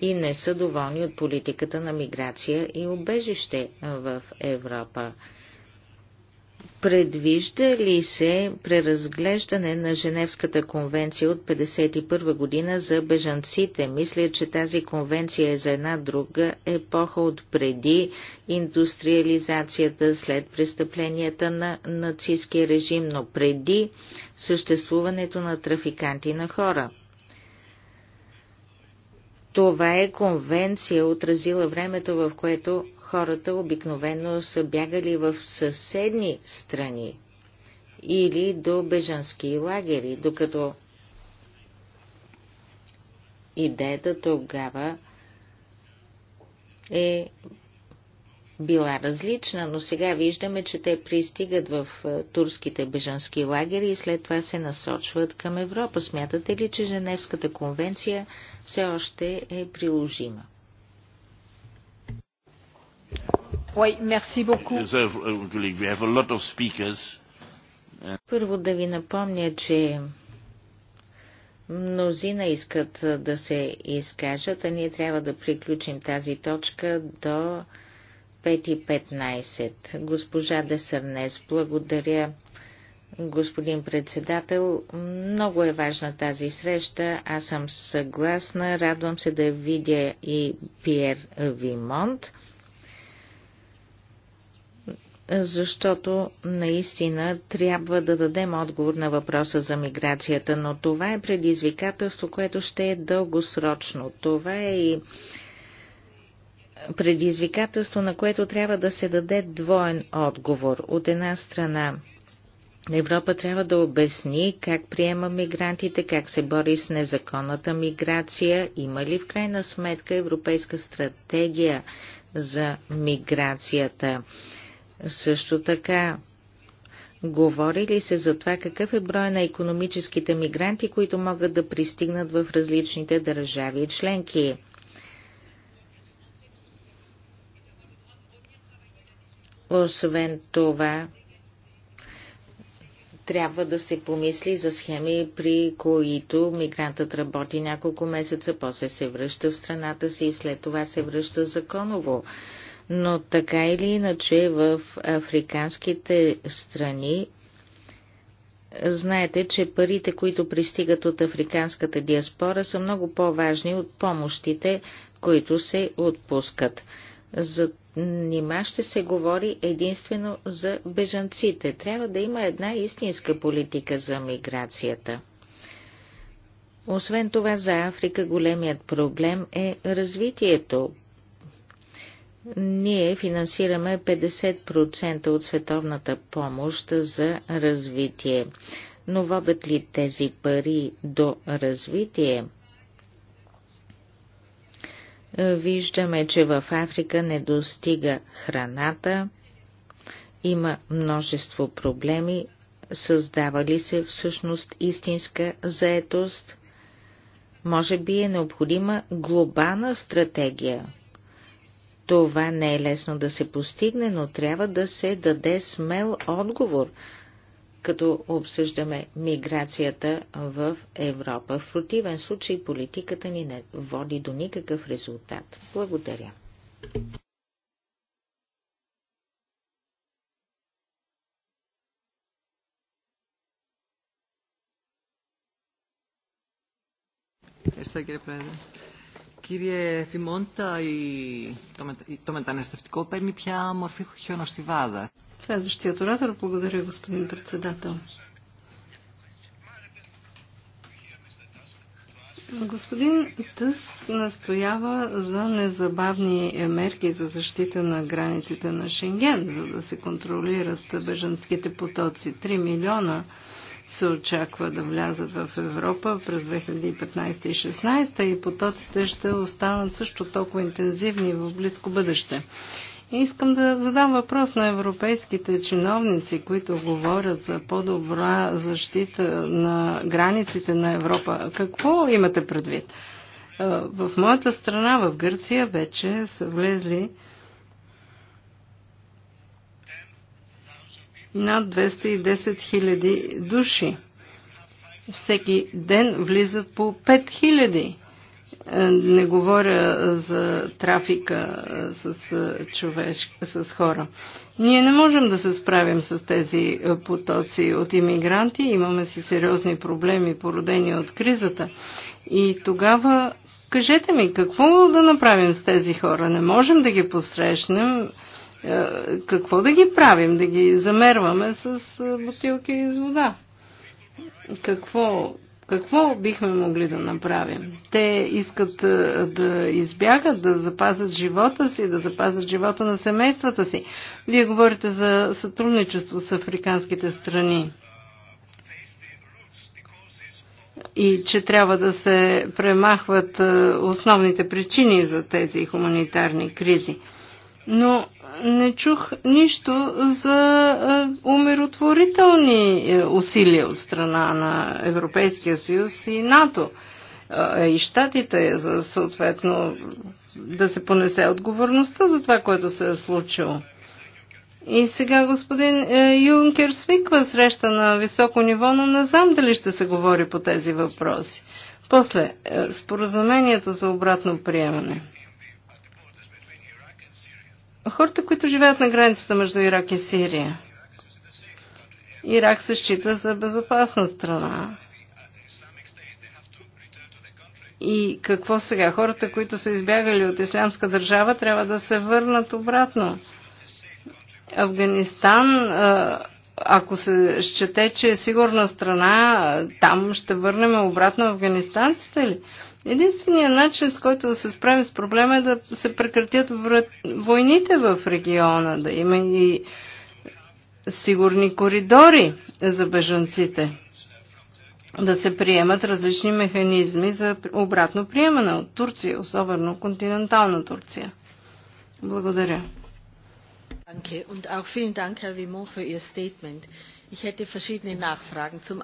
и не са доволни от политиката на миграция и обежище в Европа. Предвижда ли се преразглеждане на Женевската конвенция от 1951 година за бежанците? Мисля, че тази конвенция е за една друга епоха от преди индустриализацията, след престъпленията на нацистския режим, но преди съществуването на трафиканти на хора. Това е конвенция, отразила времето, в което хората обикновено са бягали в съседни страни или до бежански лагери, докато идеята тогава е била различна, но сега виждаме, че те пристигат в е, турските бежански лагери и след това се насочват към Европа. Смятате ли, че Женевската конвенция все още е приложима? Oui, merci beaucoup. Uh, Първо да ви напомня, че мнозина искат да се изкажат, а ние трябва да приключим тази точка до 5.15. Госпожа Десърнес, благодаря, господин председател. Много е важна тази среща. Аз съм съгласна. Радвам се да видя и Пьер Вимонт, защото наистина трябва да дадем отговор на въпроса за миграцията, но това е предизвикателство, което ще е дългосрочно. Това е и предизвикателство, на което трябва да се даде двоен отговор. От една страна, Европа трябва да обясни как приема мигрантите, как се бори с незаконната миграция, има ли в крайна сметка европейска стратегия за миграцията. Също така, говори ли се за това какъв е брой на економическите мигранти, които могат да пристигнат в различните държави и членки? Освен това, трябва да се помисли за схеми, при които мигрантът работи няколко месеца, после се връща в страната си и след това се връща законово. Но така или иначе в африканските страни знаете, че парите, които пристигат от африканската диаспора, са много по-важни от помощите, които се отпускат. За Нима ще се говори единствено за бежанците. Трябва да има една истинска политика за миграцията. Освен това за Африка големият проблем е развитието. Ние финансираме 50% от световната помощ за развитие. Но водят ли тези пари до развитие? Виждаме, че в Африка не достига храната, има множество проблеми, създава ли се всъщност истинска заетост? Може би е необходима глобална стратегия. Това не е лесно да се постигне, но трябва да се даде смел отговор – като обсъждаме миграцията в Европа. В противен случай политиката ни не води до никакъв резултат. Благодаря. κύριε Θημόντα, το, μετα... το μεταναστευτικό παίρνει πια μορφή χιονοστιβάδα. Следващият оратор. Благодаря, господин председател. Господин Тъст настоява за незабавни мерки за защита на границите на Шенген, за да се контролират бежанските потоци. 3 милиона се очаква да влязат в Европа през 2015 и 2016 и потоците ще останат също толкова интензивни в близко бъдеще. Искам да задам въпрос на европейските чиновници, които говорят за по-добра защита на границите на Европа. Какво имате предвид? Е, в моята страна, в Гърция, вече са влезли над 210 хиляди души. Всеки ден влизат по 5 хиляди. Е, не говоря е, за трафика е, с, човеш с хора. Ние не можем да се справим с тези потоци от иммигранти. Имаме си сериозни проблеми, породени от кризата. И тогава кажете ми, какво да направим с тези хора? Не можем да ги посрещнем. Какво да ги правим? Да ги замерваме с бутилки из вода? Какво какво бихме могли да направим? Те искат да избягат, да запазят живота си, да запазят живота на семействата си. Вие говорите за сътрудничество с африканските страни и че трябва да се премахват основните причини за тези хуманитарни кризи. Но не чух нищо за е, умиротворителни е, усилия от страна на Европейския съюз и НАТО е, и щатите за съответно да се понесе отговорността за това, което се е случило. И сега господин Юнкер свиква среща на високо ниво, но не знам дали ще се говори по тези въпроси. После, споразуменията за обратно приемане хората, които живеят на границата между Ирак и Сирия. Ирак се счита за безопасна страна. И какво сега? Хората, които са избягали от ислямска държава, трябва да се върнат обратно. Афганистан, ако се счете, че е сигурна страна, там ще върнем обратно афганистанците ли? Единственият начин, с който да се справим с проблема е да се прекратят войните в региона, да има и сигурни коридори за бежанците, да се приемат различни механизми за обратно приемане от Турция, особено континентална Турция. Благодаря. Danke und auch vielen Dank, Herr Vimon, für Ihr Statement. Ich hätte verschiedene Nachfragen. Zum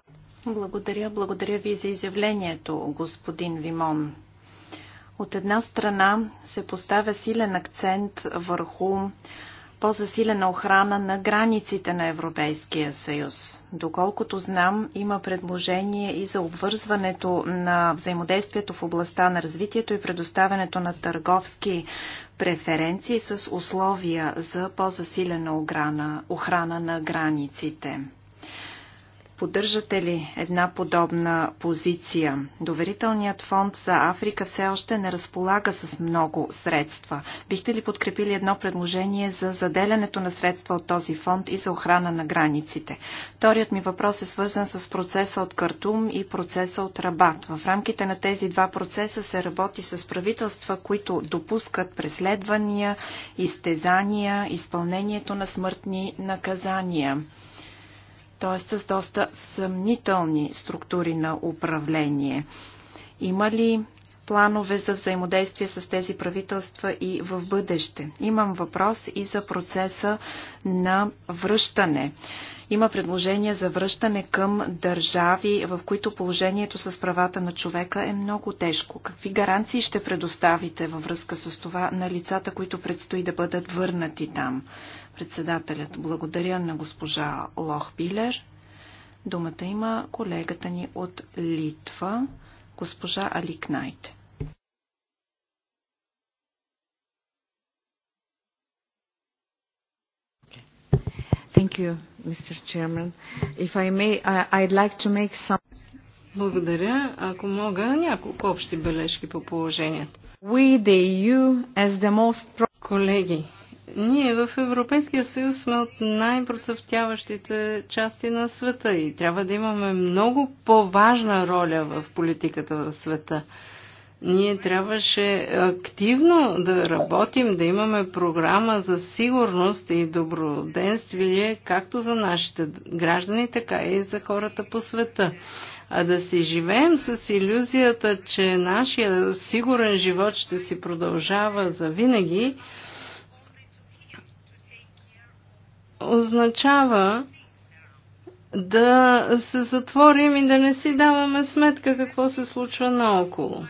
благодаря, благодаря ви за изявлението, господин Вимон. От една страна се поставя силен акцент върху по-засилена охрана на границите на Европейския съюз. Доколкото знам, има предложение и за обвързването на взаимодействието в областта на развитието и предоставянето на търговски преференции с условия за по-засилена охрана на границите. Поддържате ли една подобна позиция? Доверителният фонд за Африка все още не разполага с много средства. Бихте ли подкрепили едно предложение за заделянето на средства от този фонд и за охрана на границите? Вторият ми въпрос е свързан с процеса от Картум и процеса от Рабат. В рамките на тези два процеса се работи с правителства, които допускат преследвания, изтезания, изпълнението на смъртни наказания т.е. с доста съмнителни структури на управление. Има ли планове за взаимодействие с тези правителства и в бъдеще? Имам въпрос и за процеса на връщане. Има предложение за връщане към държави, в които положението с правата на човека е много тежко. Какви гаранции ще предоставите във връзка с това на лицата, които предстои да бъдат върнати там? Председателят благодаря на госпожа Лохбилер. Думата има колегата ни от Литва, госпожа Аликнайте. Thank you, Mr. Chairman. If I may, I'd like to make some... Благодаря. Ако мога, няколко общи бележки по положението. We, the EU, as the most... Колеги, ние в Европейския съюз сме от най-процъфтяващите части на света и трябва да имаме много по-важна роля в политиката в света. Ние трябваше активно да работим, да имаме програма за сигурност и доброденствие, както за нашите граждани, така и за хората по света. А да си живеем с иллюзията, че нашия сигурен живот ще си продължава за винаги, означава да се затворим и да не си даваме сметка какво се случва наоколо.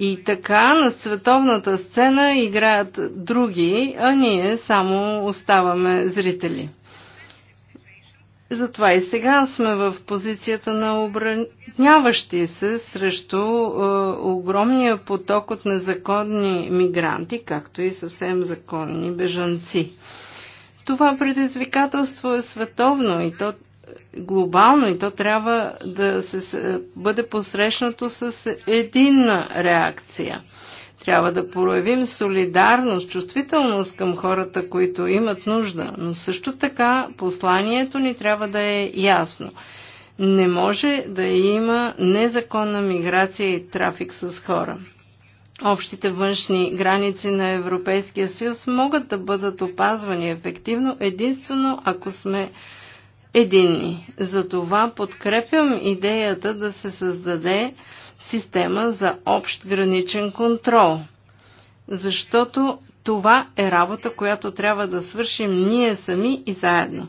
И така на световната сцена играят други, а ние само оставаме зрители. Затова и сега сме в позицията на обраняващи се срещу е, огромния поток от незаконни мигранти, както и съвсем законни бежанци. Това предизвикателство е световно и то глобално и то трябва да се, е, бъде посрещнато с единна реакция – трябва да проявим солидарност, чувствителност към хората, които имат нужда, но също така посланието ни трябва да е ясно. Не може да има незаконна миграция и трафик с хора. Общите външни граници на Европейския съюз могат да бъдат опазвани ефективно единствено ако сме единни. Затова подкрепям идеята да се създаде система за общ граничен контрол. Защото това е работа, която трябва да свършим ние сами и заедно.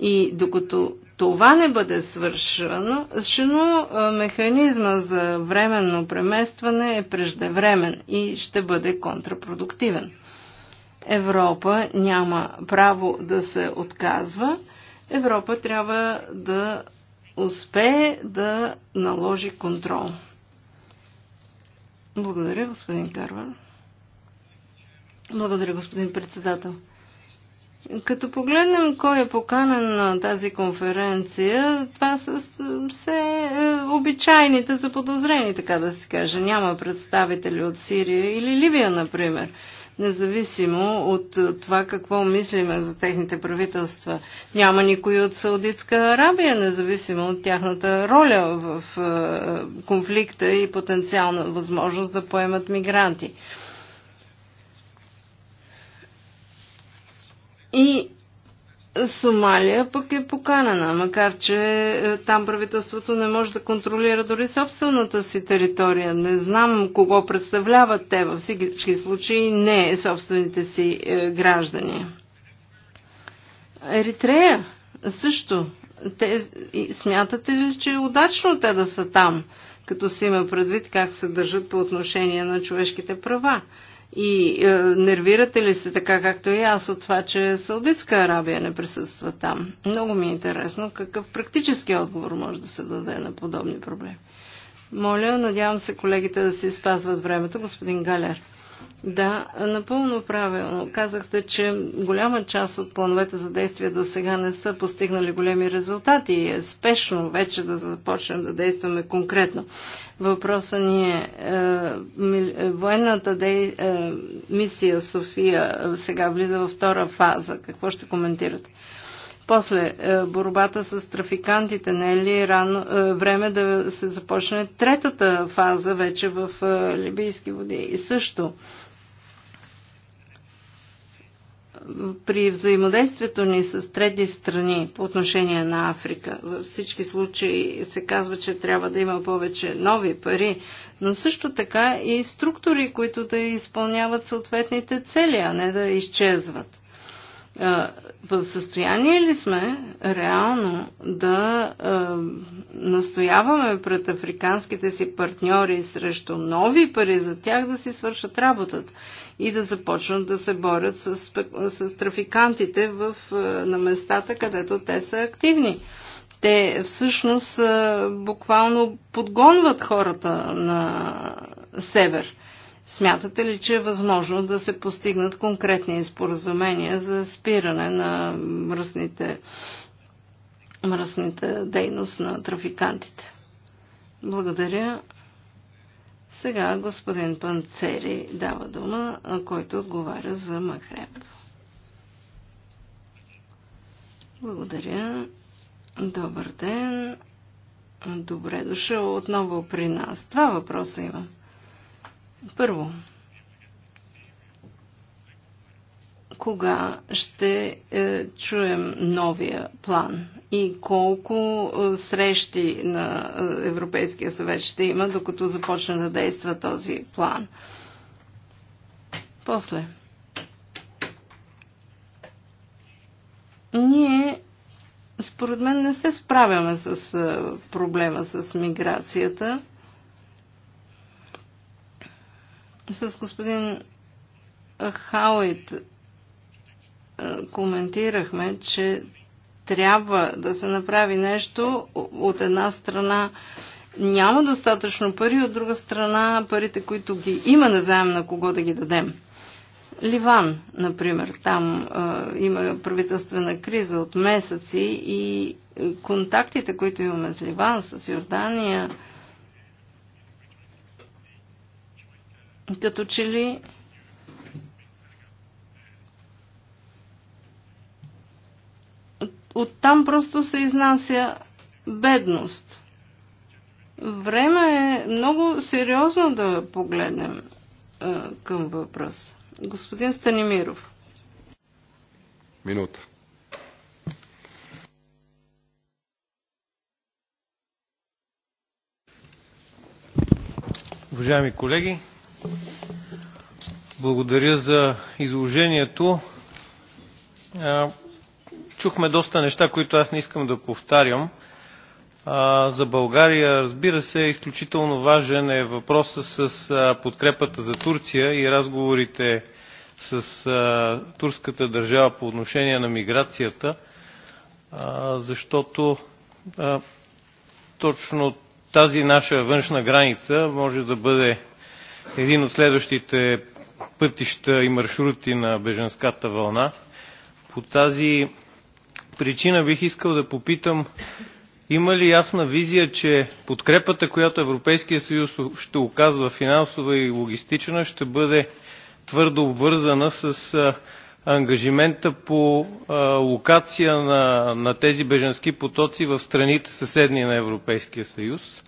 И докато това не бъде свършено, защото механизма за временно преместване е преждевремен и ще бъде контрапродуктивен. Европа няма право да се отказва. Европа трябва да успее да наложи контрол. Благодаря, господин Карвар. Благодаря, господин председател. Като погледнем кой е поканен на тази конференция, това са все е, обичайните заподозрени, така да се каже. Няма представители от Сирия или Ливия, например независимо от това какво мислиме за техните правителства. Няма никой от Саудитска Арабия, независимо от тяхната роля в е, конфликта и потенциална възможност да поемат мигранти. И Сомалия пък е поканена, макар че е, там правителството не може да контролира дори собствената си територия. Не знам кого представляват те във всички случаи, не е собствените си е, граждани. Еритрея също. Те, смятате ли, че е удачно те да са там, като си има предвид как се държат по отношение на човешките права? И е, нервирате ли се така, както и аз, от това, че Саудитска Арабия не присъства там? Много ми е интересно какъв практически отговор може да се даде на подобни проблеми. Моля, надявам се колегите да си спазват времето. Господин Галер. Да, напълно правилно. Казахте, че голяма част от плановете за действие до сега не са постигнали големи резултати и е спешно вече да започнем да действаме конкретно. Въпросът ни е, е, е военната дей, е, мисия София сега влиза във втора фаза. Какво ще коментирате? После е, борбата с трафикантите, не е ли рано, е, време да се започне третата фаза вече в е, либийски води? И също при взаимодействието ни с трети страни по отношение на Африка, във всички случаи се казва, че трябва да има повече нови пари, но също така и структури, които да изпълняват съответните цели, а не да изчезват в състояние ли сме реално да настояваме пред африканските си партньори срещу нови пари за тях да си свършат работата и да започнат да се борят с, с трафикантите в, на местата, където те са активни? Те всъщност буквално подгонват хората на север. Смятате ли, че е възможно да се постигнат конкретни споразумения за спиране на мръсните, мръсните дейност на трафикантите? Благодаря. Сега господин Панцери дава дума, който отговаря за Махреб. Благодаря. Добър ден. Добре дошъл отново при нас. Два въпроса имам. Първо, кога ще е, чуем новия план и колко е, срещи на е, Европейския съвет ще има, докато започне да действа този план. После. Ние, според мен, не се справяме с е, проблема с миграцията. с господин Хауит е, коментирахме, че трябва да се направи нещо. От една страна няма достатъчно пари, от друга страна парите, които ги има, не на кого да ги дадем. Ливан, например, там а, е, има правителствена криза от месеци и е, контактите, които имаме с Ливан, с Йордания, Като че ли оттам просто се изнася бедност. Време е много сериозно да погледнем а, е, към въпрос. Господин Станимиров. Минута. Уважаеми колеги, благодаря за изложението. Чухме доста неща, които аз не искам да повтарям. За България, разбира се, изключително важен е въпросът с подкрепата за Турция и разговорите с турската държава по отношение на миграцията, защото точно тази наша външна граница може да бъде един от следващите пътища и маршрути на беженската вълна. По тази причина бих искал да попитам има ли ясна визия, че подкрепата, която Европейския съюз ще оказва финансова и логистична, ще бъде твърдо обвързана с ангажимента по локация на, на тези беженски потоци в страните съседни на Европейския съюз?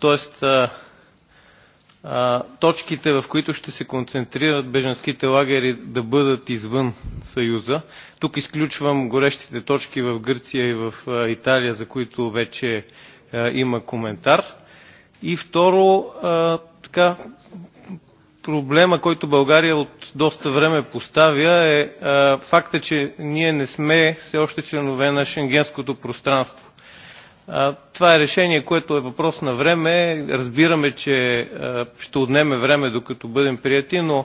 Тоест, точките, в които ще се концентрират беженските лагери да бъдат извън Съюза. Тук изключвам горещите точки в Гърция и в Италия, за които вече има коментар. И второ, така, проблема, който България от доста време поставя е факта, че ние не сме все още членове на шенгенското пространство. Това е решение, което е въпрос на време. Разбираме, че ще отнеме време, докато бъдем прияти, но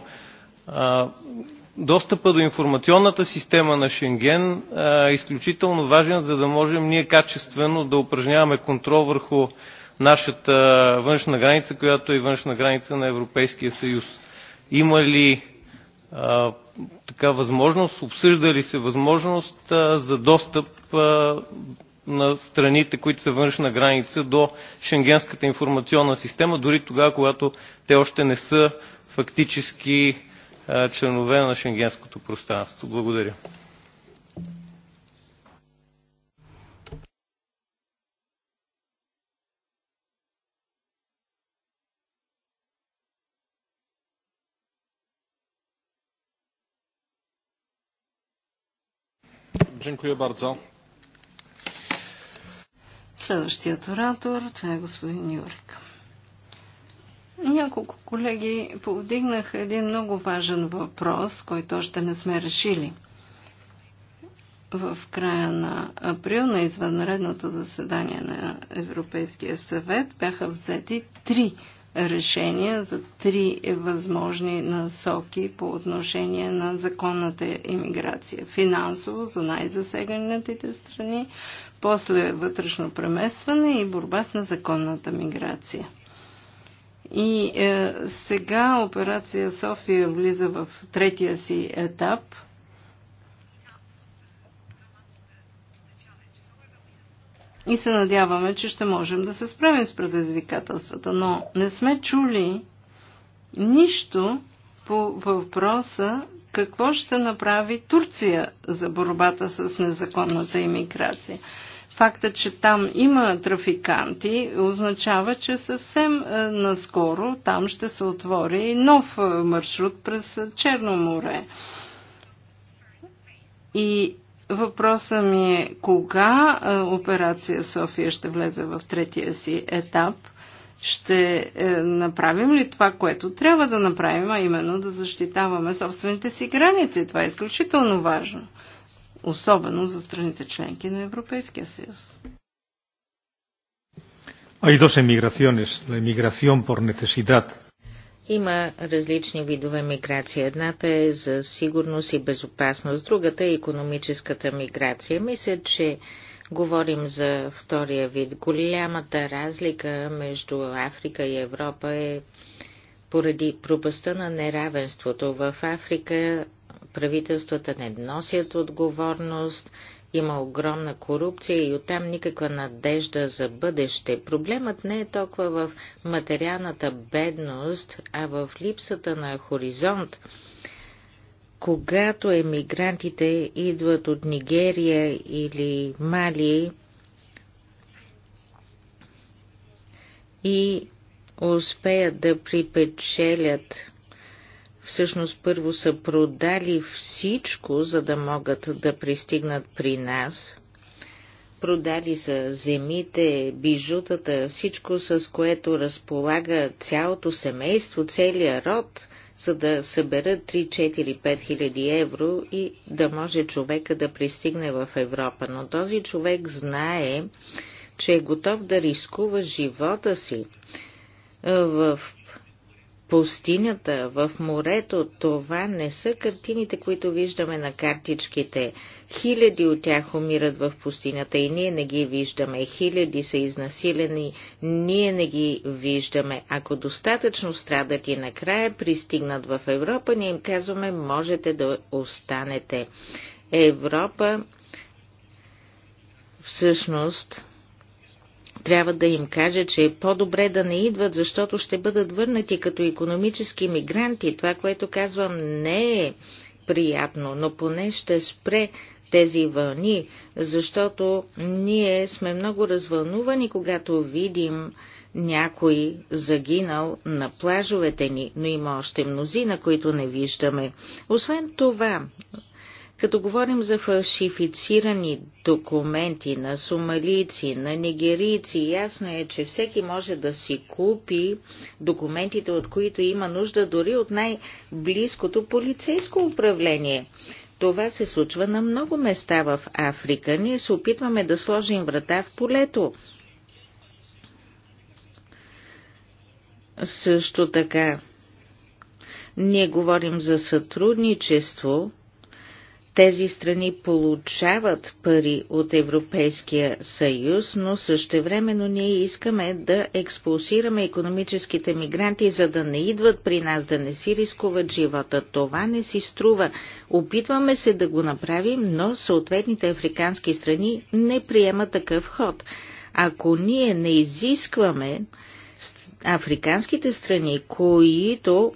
достъпа до информационната система на Шенген е изключително важен, за да можем ние качествено да упражняваме контрол върху нашата външна граница, която е външна граница на Европейския съюз. Има ли а, така възможност, обсъжда ли се възможност а, за достъп а, на страните, които са външна граница до Шенгенската информационна система, дори тогава, когато те още не са фактически е, членове на Шенгенското пространство. Благодаря. Dziękuję bardzo. Следващият оратор, това е господин Юрик. Няколко колеги повдигнаха един много важен въпрос, който още не сме решили. В края на април на извънредното заседание на Европейския съвет бяха взети три решения за три възможни насоки по отношение на законната иммиграция. Финансово за най-засегнатите страни, после вътрешно преместване и борба с незаконната миграция. И е, сега операция София влиза в третия си етап – и се надяваме, че ще можем да се справим с предизвикателствата, но не сме чули нищо по въпроса какво ще направи Турция за борбата с незаконната иммиграция. Факта, че там има трафиканти, означава, че съвсем е, наскоро там ще се отвори нов е, маршрут през Черно море. И Въпроса ми е кога операция София ще влезе в третия си етап? Ще е, направим ли това, което трябва да направим, а именно да защитаваме собствените си граници? Това е изключително важно, особено за страните членки на Европейския съюз. Hay dos emigraciones, la emigración por necesidad има различни видове миграция. Едната е за сигурност и безопасност, другата е економическата миграция. Мисля, че говорим за втория вид. Голямата разлика между Африка и Европа е поради пропаста на неравенството. В Африка правителствата не носят отговорност, има огромна корупция и оттам никаква надежда за бъдеще. Проблемът не е толкова в материалната бедност, а в липсата на хоризонт. Когато емигрантите идват от Нигерия или Мали и успеят да припечелят всъщност първо са продали всичко, за да могат да пристигнат при нас. Продали са земите, бижутата, всичко с което разполага цялото семейство, целият род, за да съберат 3-4-5 хиляди евро и да може човека да пристигне в Европа. Но този човек знае, че е готов да рискува живота си в пустинята, в морето, това не са картините, които виждаме на картичките. Хиляди от тях умират в пустинята и ние не ги виждаме. Хиляди са изнасилени, ние не ги виждаме. Ако достатъчно страдат и накрая пристигнат в Европа, ние им казваме, можете да останете. Европа всъщност трябва да им кажа, че е по-добре да не идват, защото ще бъдат върнати като економически мигранти. Това, което казвам, не е приятно, но поне ще спре тези вълни, защото ние сме много развълнувани, когато видим някой загинал на плажовете ни, но има още мнозина, които не виждаме. Освен това, като говорим за фалшифицирани документи на сумалийци, на нигерийци, ясно е, че всеки може да си купи документите, от които има нужда дори от най-близкото полицейско управление. Това се случва на много места в Африка. Ние се опитваме да сложим врата в полето. Също така, ние говорим за сътрудничество тези страни получават пари от Европейския съюз, но същевременно ние искаме да експулсираме економическите мигранти, за да не идват при нас, да не си рискуват живота. Това не си струва. Опитваме се да го направим, но съответните африкански страни не приемат такъв ход. Ако ние не изискваме африканските страни, които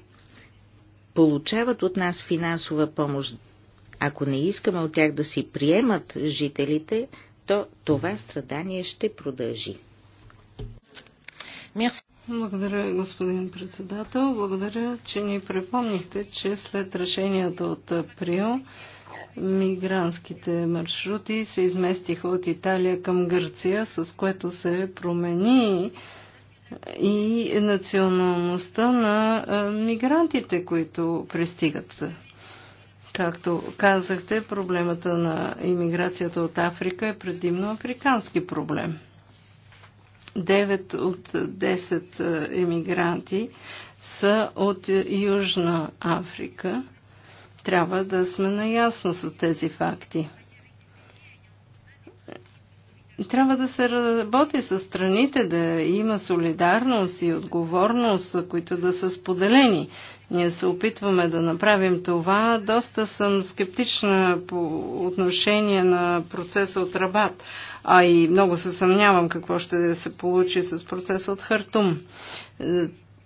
получават от нас финансова помощ ако не искаме от тях да си приемат жителите, то това страдание ще продължи. Благодаря, господин председател. Благодаря, че ни припомнихте, че след решението от април мигрантските маршрути се изместиха от Италия към Гърция, с което се промени и националността на мигрантите, които пристигат. Както казахте, проблемата на иммиграцията от Африка е предимно африкански проблем. 9 от 10 иммигранти е, са от е, Южна Африка. Трябва да сме наясно с тези факти. Трябва да се работи с страните, да има солидарност и отговорност, които да са споделени. Ние се опитваме да направим това. Доста съм скептична по отношение на процеса от Рабат, а и много се съмнявам какво ще се получи с процеса от Хартум. Е,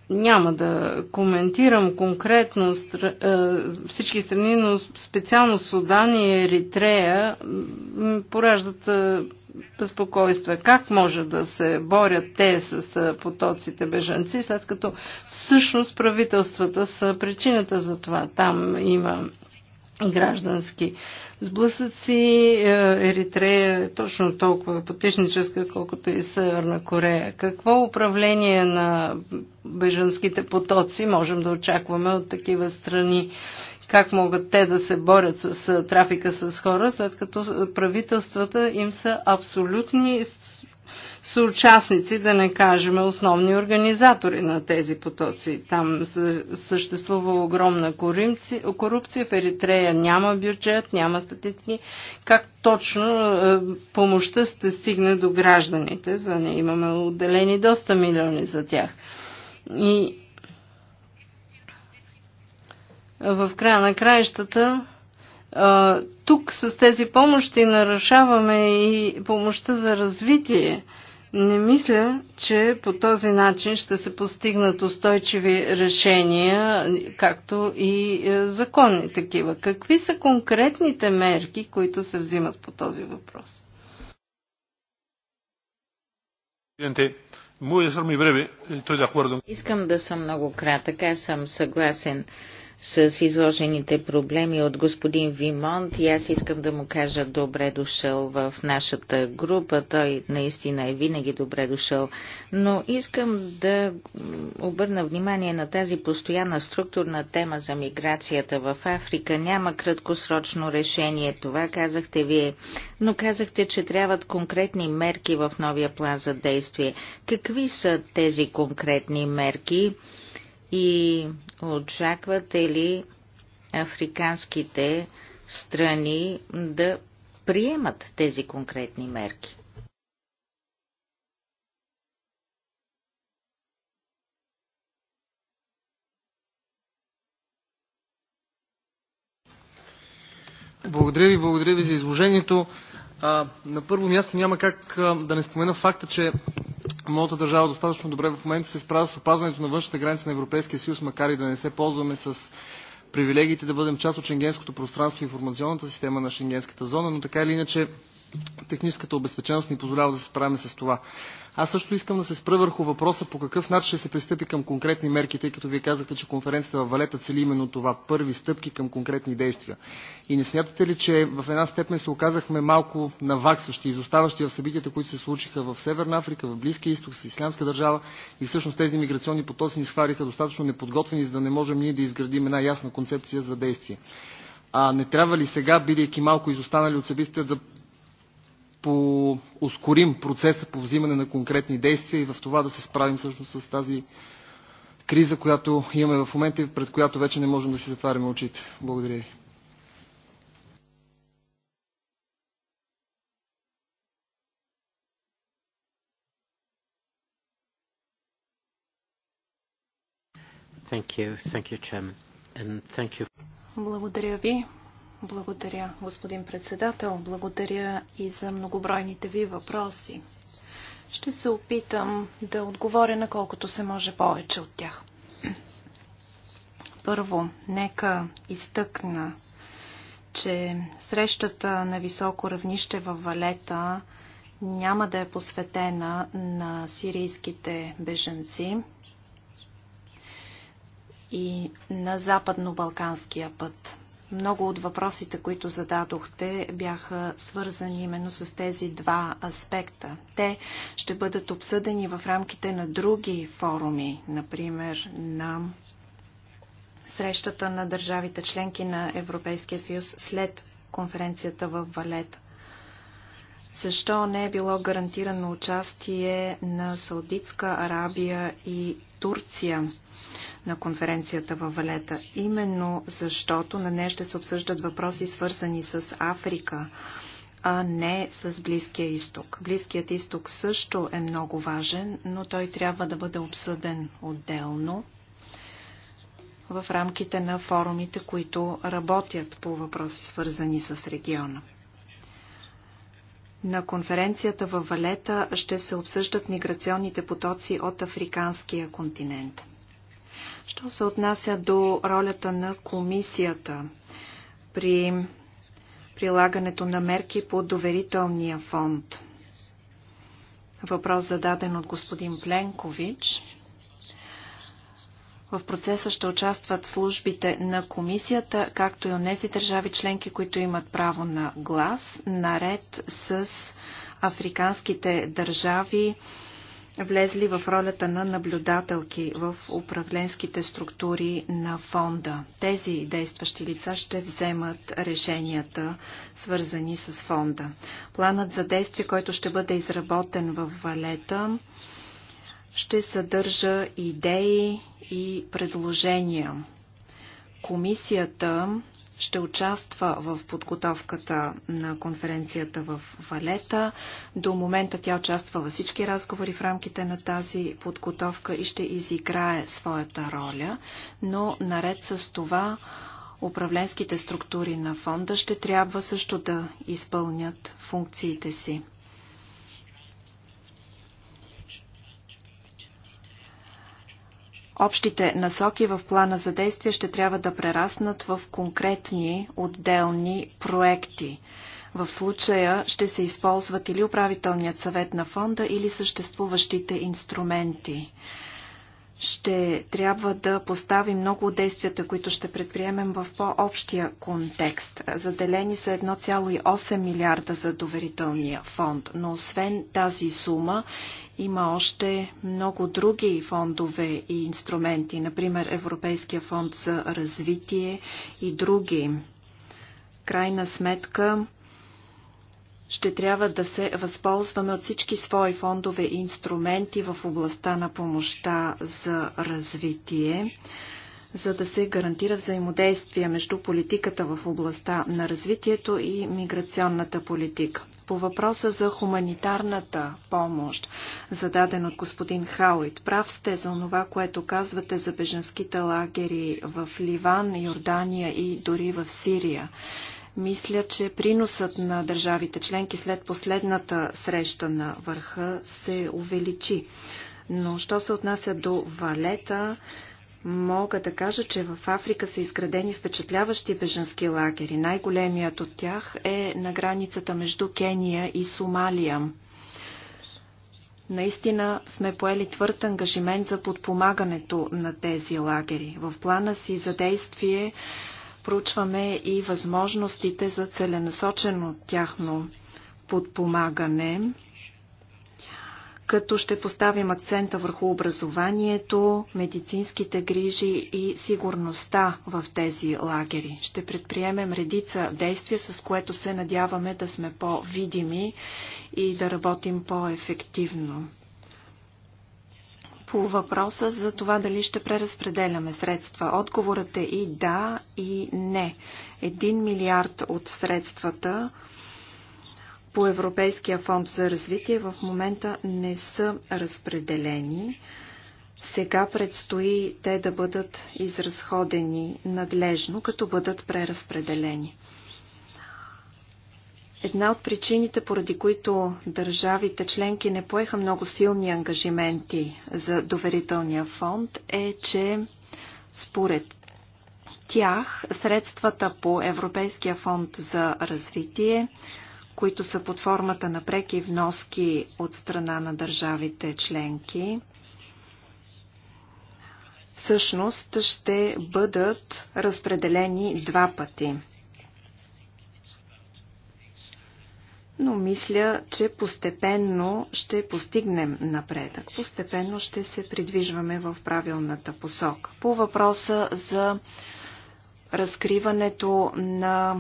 няма да коментирам конкретно е, всички страни, но специално Судан и Еритрея пораждат е, безпокойства. Как може да се борят те с потоците бежанци, след като всъщност правителствата са причината за това. Там има граждански сблъсъци. Е, Еритрея е точно толкова потишническа, колкото и Северна Корея. Какво управление на бежанските потоци можем да очакваме от такива страни? Как могат те да се борят с трафика с хора, след като правителствата им са абсолютни съучастници, да не кажем основни организатори на тези потоци. Там съществува огромна корупция, в Еритрея няма бюджет, няма статистики. Как точно е, помощта ще стигне до гражданите, за не имаме отделени доста милиони за тях. И в края на краищата тук с тези помощи нарушаваме и помощта за развитие. Не мисля, че по този начин ще се постигнат устойчиви решения, както и е, законни такива. Какви са конкретните мерки, които се взимат по този въпрос? Е е Искам да съм много кратък. Аз съм съгласен с изложените проблеми от господин Вимонт и аз искам да му кажа добре дошъл в нашата група. Той наистина е винаги добре дошъл, но искам да обърна внимание на тази постоянна структурна тема за миграцията в Африка. Няма краткосрочно решение, това казахте вие, но казахте, че трябват конкретни мерки в новия план за действие. Какви са тези конкретни мерки? и очаквате ли африканските страни да приемат тези конкретни мерки? Благодаря ви, благодаря ви за изложението. А, на първо място няма как а, да не спомена факта, че моята държава достатъчно добре в момента се справя с опазването на външната граница на Европейския съюз, макар и да не се ползваме с привилегиите да бъдем част от шенгенското пространство и информационната система на шенгенската зона, но така или иначе техническата обезпеченост ни позволява да се справим с това. Аз също искам да се спра върху въпроса по какъв начин ще се пристъпи към конкретни мерки, тъй като вие казахте, че конференцията в Валета цели именно това – първи стъпки към конкретни действия. И не смятате ли, че в една степен се оказахме малко наваксващи, изоставащи в събитията, които се случиха в Северна Африка, в Близкия изток, с Ислямска държава и всъщност тези миграционни потоци ни свариха достатъчно неподготвени, за да не можем ние да изградим една ясна концепция за действие. А не трябва ли сега, бидейки малко изостанали от събитията, да по, ускорим процеса по взимане на конкретни действия и в това да се справим всъщност с тази криза, която имаме в момента и пред която вече не можем да си затваряме очите. Благодаря ви. Thank you. Thank you, Chairman. And thank you. Благодаря ви. Благодаря, господин председател. Благодаря и за многобройните ви въпроси. Ще се опитам да отговоря на колкото се може повече от тях. Първо, нека изтъкна, че срещата на високо равнище в Валета няма да е посветена на сирийските беженци и на западно-балканския път. Много от въпросите, които зададохте, бяха свързани именно с тези два аспекта. Те ще бъдат обсъдени в рамките на други форуми, например на срещата на държавите членки на Европейския съюз след конференцията в Валет, Защо не е било гарантирано участие на Саудитска Арабия и Турция? на конференцията във Валета, именно защото на нея ще се обсъждат въпроси свързани с Африка, а не с Близкия изток. Близкият изток също е много важен, но той трябва да бъде обсъден отделно в рамките на форумите, които работят по въпроси свързани с региона. На конференцията във Валета ще се обсъждат миграционните потоци от африканския континент. Що се отнася до ролята на комисията при прилагането на мерки по доверителния фонд? Въпрос зададен от господин Пленкович. В процеса ще участват службите на комисията, както и онези държави членки, които имат право на глас, наред с африканските държави, влезли в ролята на наблюдателки в управленските структури на фонда. Тези действащи лица ще вземат решенията, свързани с фонда. Планът за действие, който ще бъде изработен в Валета, ще съдържа идеи и предложения. Комисията ще участва в подготовката на конференцията в Валета. До момента тя участва във всички разговори в рамките на тази подготовка и ще изиграе своята роля, но наред с това управленските структури на фонда ще трябва също да изпълнят функциите си. Общите насоки в плана за действие ще трябва да прераснат в конкретни отделни проекти. В случая ще се използват или управителният съвет на фонда, или съществуващите инструменти ще трябва да поставим много от действията, които ще предприемем в по-общия контекст. Заделени са 1,8 милиарда за доверителния фонд, но освен тази сума има още много други фондове и инструменти, например Европейския фонд за развитие и други. Крайна сметка, ще трябва да се възползваме от всички свои фондове и инструменти в областта на помощта за развитие, за да се гарантира взаимодействие между политиката в областта на развитието и миграционната политика. По въпроса за хуманитарната помощ, зададен от господин Хауит, прав сте за това, което казвате за беженските лагери в Ливан, Йордания и дори в Сирия мисля, че приносът на държавите членки след последната среща на върха се увеличи. Но що се отнася до валета, мога да кажа, че в Африка са изградени впечатляващи беженски лагери. Най-големият от тях е на границата между Кения и Сомалия. Наистина сме поели твърд ангажимент за подпомагането на тези лагери. В плана си за действие Проучваме и възможностите за целенасочено тяхно подпомагане, като ще поставим акцента върху образованието, медицинските грижи и сигурността в тези лагери. Ще предприемем редица действия, с което се надяваме да сме по-видими и да работим по-ефективно. По въпроса за това дали ще преразпределяме средства, отговорът е и да, и не. Един милиард от средствата по Европейския фонд за развитие в момента не са разпределени. Сега предстои те да бъдат изразходени надлежно, като бъдат преразпределени. Една от причините, поради които държавите членки не поеха много силни ангажименти за доверителния фонд е, че според тях средствата по Европейския фонд за развитие, които са под формата на преки вноски от страна на държавите членки, всъщност ще бъдат разпределени два пъти – но мисля, че постепенно ще постигнем напредък. Постепенно ще се придвижваме в правилната посока. По въпроса за разкриването на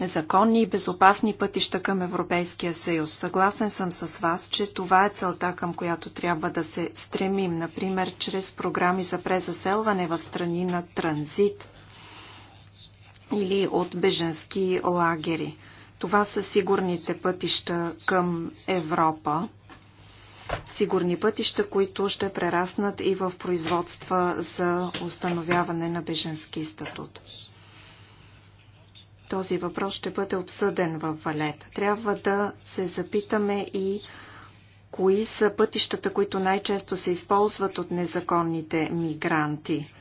законни и безопасни пътища към Европейския съюз. Съгласен съм с вас, че това е целта, към която трябва да се стремим, например, чрез програми за презаселване в страни на транзит или от беженски лагери. Това са сигурните пътища към Европа. Сигурни пътища, които ще прераснат и в производства за установяване на беженски статут. Този въпрос ще бъде обсъден в Валета. Трябва да се запитаме и кои са пътищата, които най-често се използват от незаконните мигранти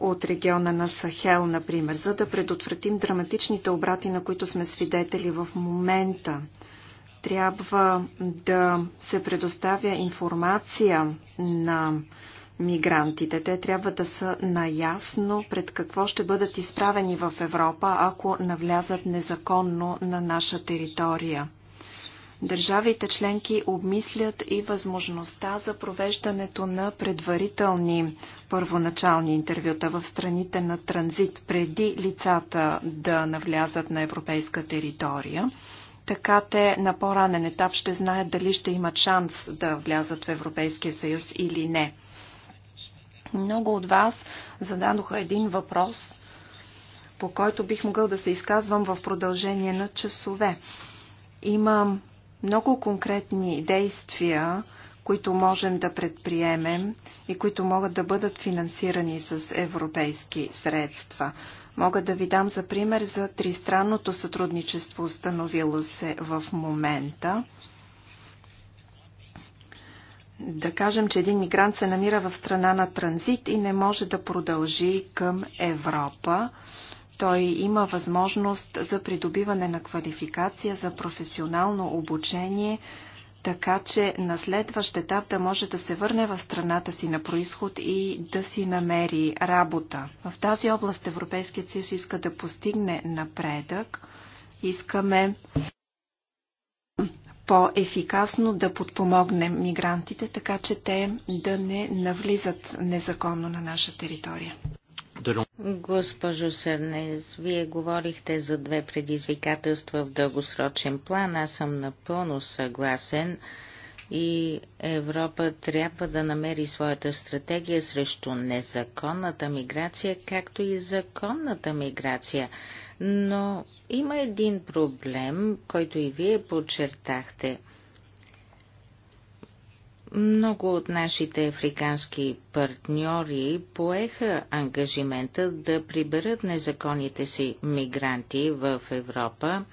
от региона на Сахел, например, за да предотвратим драматичните обрати, на които сме свидетели в момента. Трябва да се предоставя информация на мигрантите. Те трябва да са наясно пред какво ще бъдат изправени в Европа, ако навлязат незаконно на наша територия. Държавите членки обмислят и възможността за провеждането на предварителни първоначални интервюта в страните на транзит преди лицата да навлязат на европейска територия. Така те на по-ранен етап ще знаят дали ще имат шанс да влязат в Европейския съюз или не. Много от вас зададоха един въпрос, по който бих могъл да се изказвам в продължение на часове. Има много конкретни действия, които можем да предприемем и които могат да бъдат финансирани с европейски средства. Мога да ви дам за пример за тристранното сътрудничество, установило се в момента. Да кажем, че един мигрант се намира в страна на транзит и не може да продължи към Европа. Той има възможност за придобиване на квалификация, за професионално обучение, така че на следващ етап да може да се върне в страната си на происход и да си намери работа. В тази област Европейският съюз иска да постигне напредък. Искаме по-ефикасно да подпомогнем мигрантите, така че те да не навлизат незаконно на наша територия. Госпожо Сърнес, вие говорихте за две предизвикателства в дългосрочен план. Аз съм напълно съгласен и Европа трябва да намери своята стратегия срещу незаконната миграция, както и законната миграция. Но има един проблем, който и вие подчертахте – много от нашите африкански партньори поеха ангажимента да приберат незаконните си мигранти в Европа,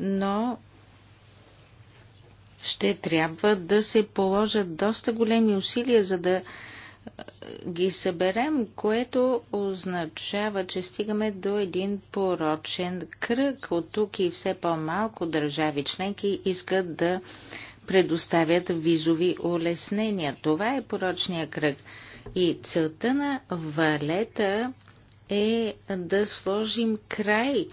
но ще трябва да се положат доста големи усилия, за да ги съберем, което означава, че стигаме до един порочен кръг. От тук и все по-малко държави членки искат да предоставят визови улеснения. Това е порочния кръг. И целта на валета е да сложим край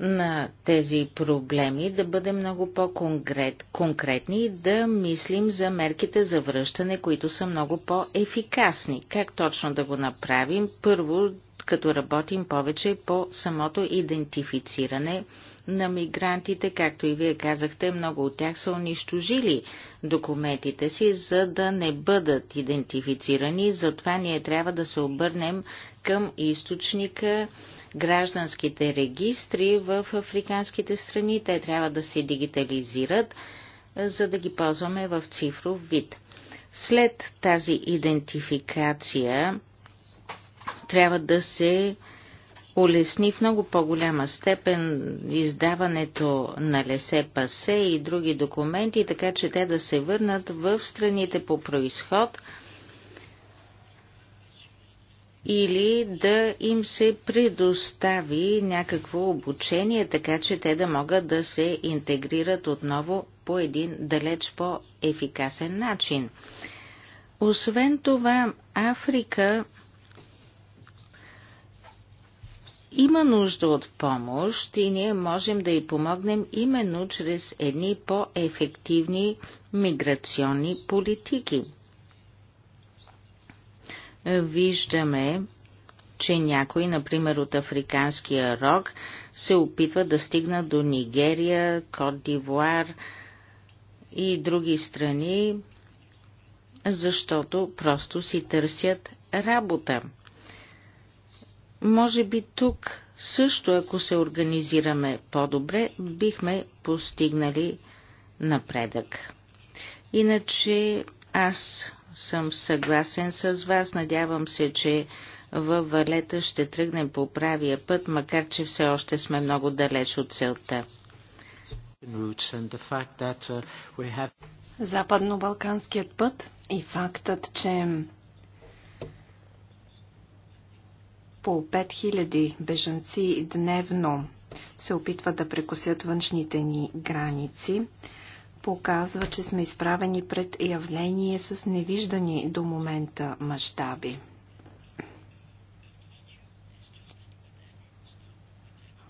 на тези проблеми, да бъдем много по-конкретни и да мислим за мерките за връщане, които са много по-ефикасни. Как точно да го направим? Първо, като работим повече по самото идентифициране на мигрантите, както и вие казахте, много от тях са унищожили документите си, за да не бъдат идентифицирани. Затова ние трябва да се обърнем към източника гражданските регистри в африканските страни. Те трябва да се дигитализират, за да ги ползваме в цифров вид. След тази идентификация трябва да се улесни в много по-голяма степен издаването на лесе пасе и други документи, така че те да се върнат в страните по происход или да им се предостави някакво обучение, така че те да могат да се интегрират отново по един далеч по-ефикасен начин. Освен това, Африка има нужда от помощ и ние можем да й помогнем именно чрез едни по-ефективни миграционни политики. Виждаме, че някои, например от Африканския рог, се опитват да стигнат до Нигерия, Кот Дивуар и други страни, защото просто си търсят работа. Може би тук също, ако се организираме по-добре, бихме постигнали напредък. Иначе аз съм съгласен с вас. Надявам се, че във валета ще тръгнем по правия път, макар че все още сме много далеч от целта. Западно-балканският път и фактът, че По 5000 бежанци дневно се опитват да прекосят външните ни граници. Показва, че сме изправени пред явление с невиждани до момента мащаби.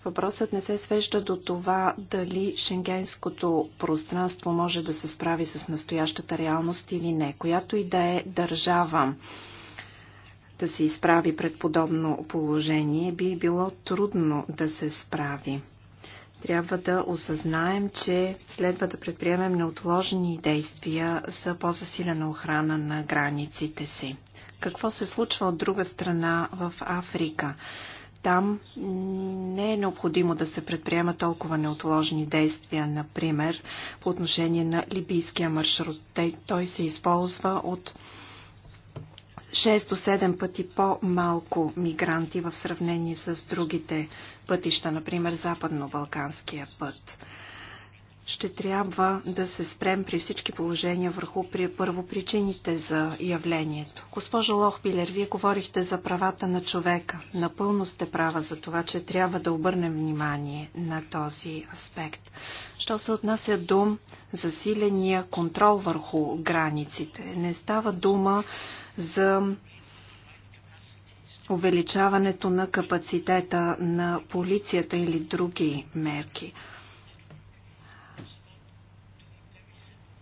Въпросът не се свежда до това дали шенгенското пространство може да се справи с настоящата реалност или не, която и да е държава да се изправи пред подобно положение, би било трудно да се справи. Трябва да осъзнаем, че следва да предприемем неотложни действия за по-засилена охрана на границите си. Какво се случва от друга страна в Африка? Там не е необходимо да се предприема толкова неотложни действия, например, по отношение на либийския маршрут. Той се използва от 6-7 пъти по-малко мигранти в сравнение с другите пътища, например Западно-Балканския път. Ще трябва да се спрем при всички положения върху при първопричините за явлението. Госпожо Лохпилер, вие говорихте за правата на човека. Напълно сте права за това, че трябва да обърнем внимание на този аспект. Що се отнася до засиления контрол върху границите? Не става дума за увеличаването на капацитета на полицията или други мерки.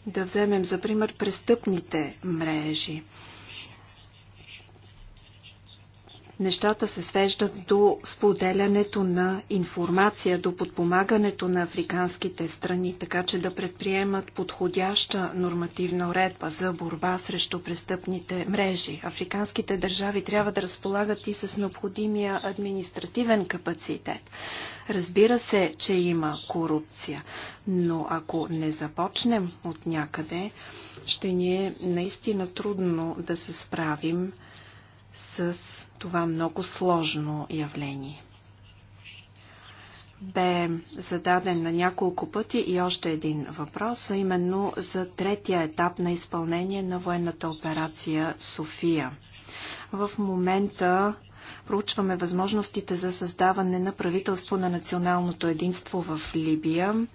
Да вземем за пример престъпните мрежи нещата се свеждат до споделянето на информация, до подпомагането на африканските страни, така че да предприемат подходяща нормативна уредба за борба срещу престъпните мрежи. Африканските държави трябва да разполагат и с необходимия административен капацитет. Разбира се, че има корупция, но ако не започнем от някъде, ще ни е наистина трудно да се справим с това много сложно явление. Бе зададен на няколко пъти и още един въпрос, а именно за третия етап на изпълнение на военната операция София. В момента проучваме възможностите за създаване на правителство на националното единство в Либия.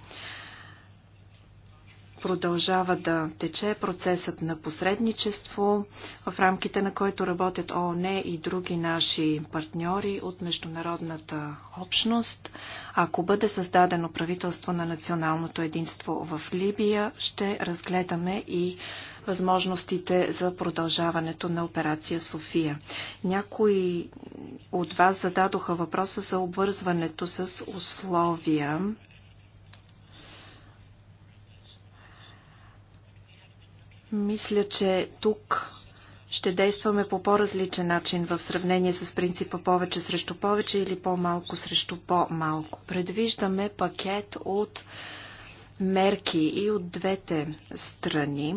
Продължава да тече процесът на посредничество, в рамките на който работят ООН и други наши партньори от международната общност. Ако бъде създадено правителство на националното единство в Либия, ще разгледаме и възможностите за продължаването на операция София. Някои от вас зададоха въпроса за обвързването с условия Мисля, че тук ще действаме по по-различен начин в сравнение с принципа повече срещу повече или по-малко срещу по-малко. Предвиждаме пакет от мерки и от двете страни,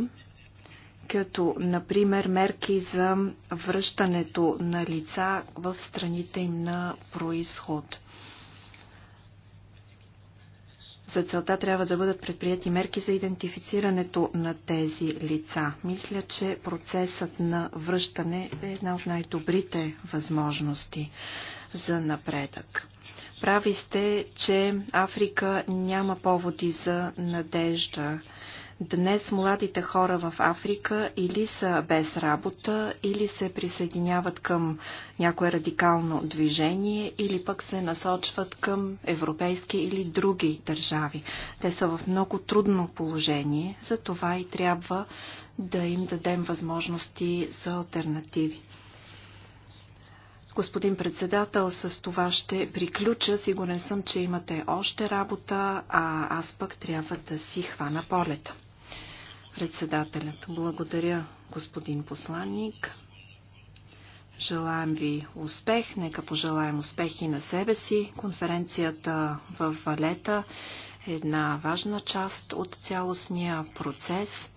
като например мерки за връщането на лица в страните им на происход – за целта трябва да бъдат предприяти мерки за идентифицирането на тези лица. Мисля, че процесът на връщане е една от най-добрите възможности за напредък. Прави сте, че Африка няма поводи за надежда Днес младите хора в Африка или са без работа, или се присъединяват към някое радикално движение, или пък се насочват към европейски или други държави. Те са в много трудно положение, за това и трябва да им дадем възможности за альтернативи. Господин председател, с това ще приключа. Сигурен съм, че имате още работа, а аз пък трябва да си хвана полета. Председателят, благодаря, господин посланник. Желаем ви успех, нека пожелаем успехи на себе си. Конференцията в Валета е една важна част от цялостния процес.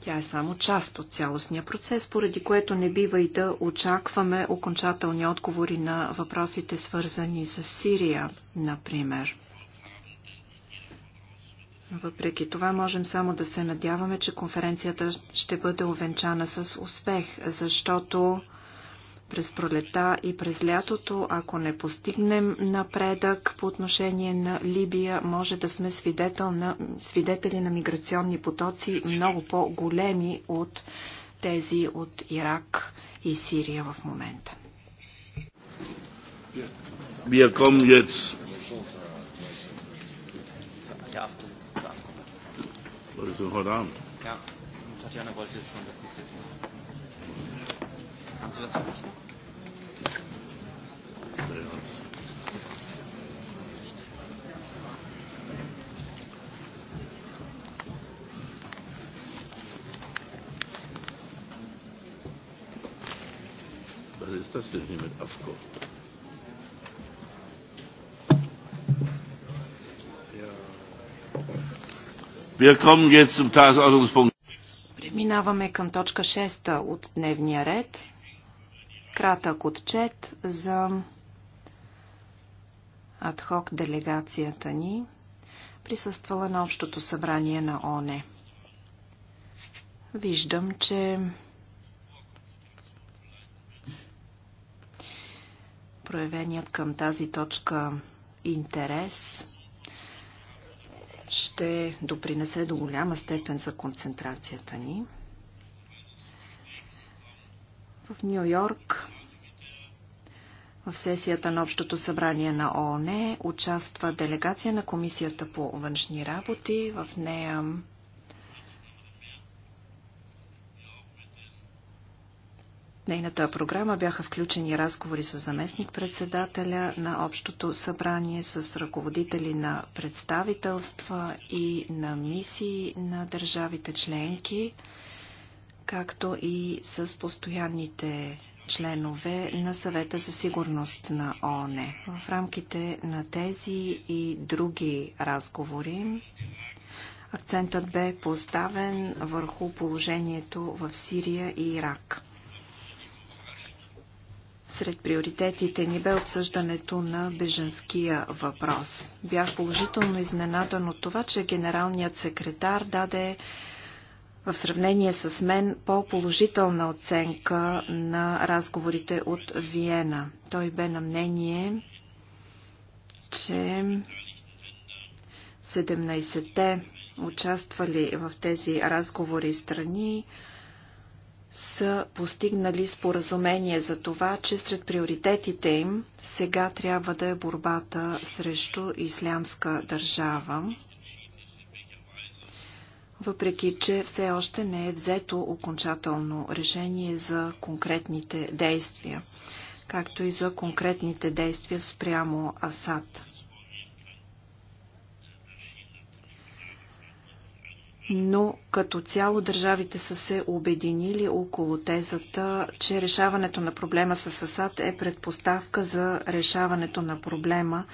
Тя е само част от цялостния процес, поради което не бива и да очакваме окончателни отговори на въпросите, свързани с Сирия, например. Въпреки това можем само да се надяваме, че конференцията ще бъде овенчана с успех, защото през пролета и през лятото, ако не постигнем напредък по отношение на Либия, може да сме свидетел на, свидетели на миграционни потоци много по-големи от тези от Ирак и Сирия в момента. Wir kommen jetzt Leute heute Abend. Ja, Tatjana wollte jetzt schon, dass Sie es jetzt machen. Haben Sie das noch Was ist das denn hier mit AFCO? Преминаваме към точка 6 от дневния ред. Кратък отчет за адхок делегацията ни, присъствала на Общото събрание на ОНЕ. Виждам, че проявеният към тази точка интерес ще допринесе до голяма степен за концентрацията ни. В Нью Йорк в сесията на Общото събрание на ООН участва делегация на Комисията по външни работи. В нея нейната програма бяха включени разговори с заместник-председателя на Общото събрание, с ръководители на представителства и на мисии на държавите членки, както и с постоянните членове на съвета за сигурност на ООН. В рамките на тези и други разговори акцентът бе поставен върху положението в Сирия и Ирак – сред приоритетите ни бе обсъждането на беженския въпрос. Бях положително изненадан от това, че генералният секретар даде в сравнение с мен по-положителна оценка на разговорите от Виена. Той бе на мнение, че 17-те участвали в тези разговори страни са постигнали споразумение за това, че сред приоритетите им сега трябва да е борбата срещу ислямска държава, въпреки че все още не е взето окончателно решение за конкретните действия, както и за конкретните действия спрямо Асад. но като цяло държавите са се обединили около тезата, че решаването на проблема с Асад е предпоставка за решаването на проблема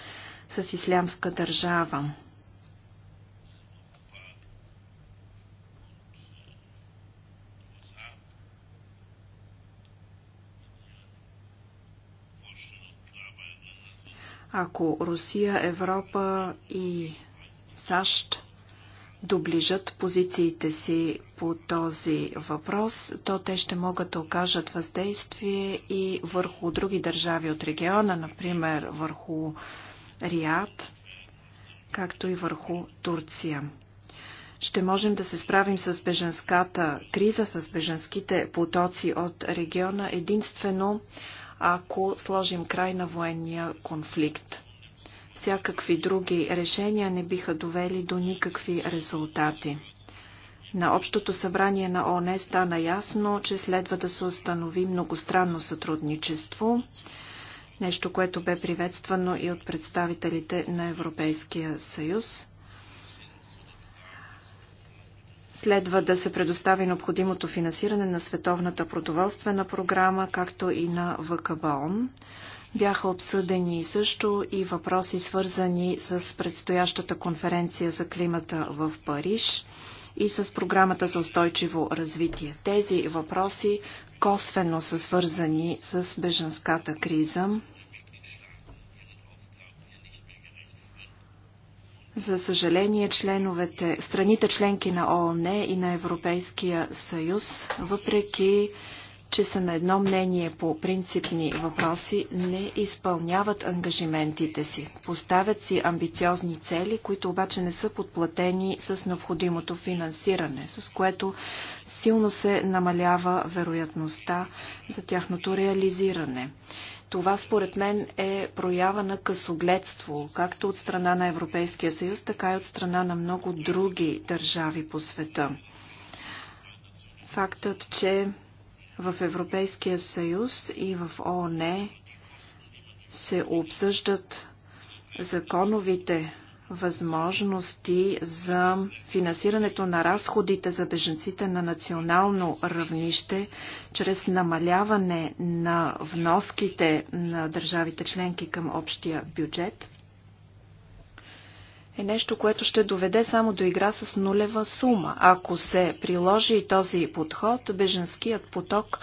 с ислямска държава. Ако Русия, Европа и САЩ доближат позициите си по този въпрос, то те ще могат да окажат въздействие и върху други държави от региона, например върху Риад, както и върху Турция. Ще можем да се справим с беженската криза, с беженските потоци от региона единствено, ако сложим край на военния конфликт. Всякакви други решения не биха довели до никакви резултати. На Общото събрание на ОНЕ стана ясно, че следва да се установи многостранно сътрудничество, нещо, което бе приветствано и от представителите на Европейския съюз. Следва да се предостави необходимото финансиране на Световната продоволствена програма, както и на ВКБОН. Бяха обсъдени също и въпроси свързани с предстоящата конференция за климата в Париж и с програмата за устойчиво развитие. Тези въпроси косвено са свързани с беженската криза. За съжаление, членовете, страните членки на ООН и на Европейския съюз, въпреки че са на едно мнение по принципни въпроси, не изпълняват ангажиментите си. Поставят си амбициозни цели, които обаче не са подплатени с необходимото финансиране, с което силно се намалява вероятността за тяхното реализиране. Това според мен е проява на късогледство, както от страна на Европейския съюз, така и от страна на много други държави по света. Фактът, че в Европейския съюз и в ООН се обсъждат законовите възможности за финансирането на разходите за беженците на национално равнище чрез намаляване на вноските на държавите членки към общия бюджет е нещо, което ще доведе само до игра с нулева сума. Ако се приложи този подход, беженският поток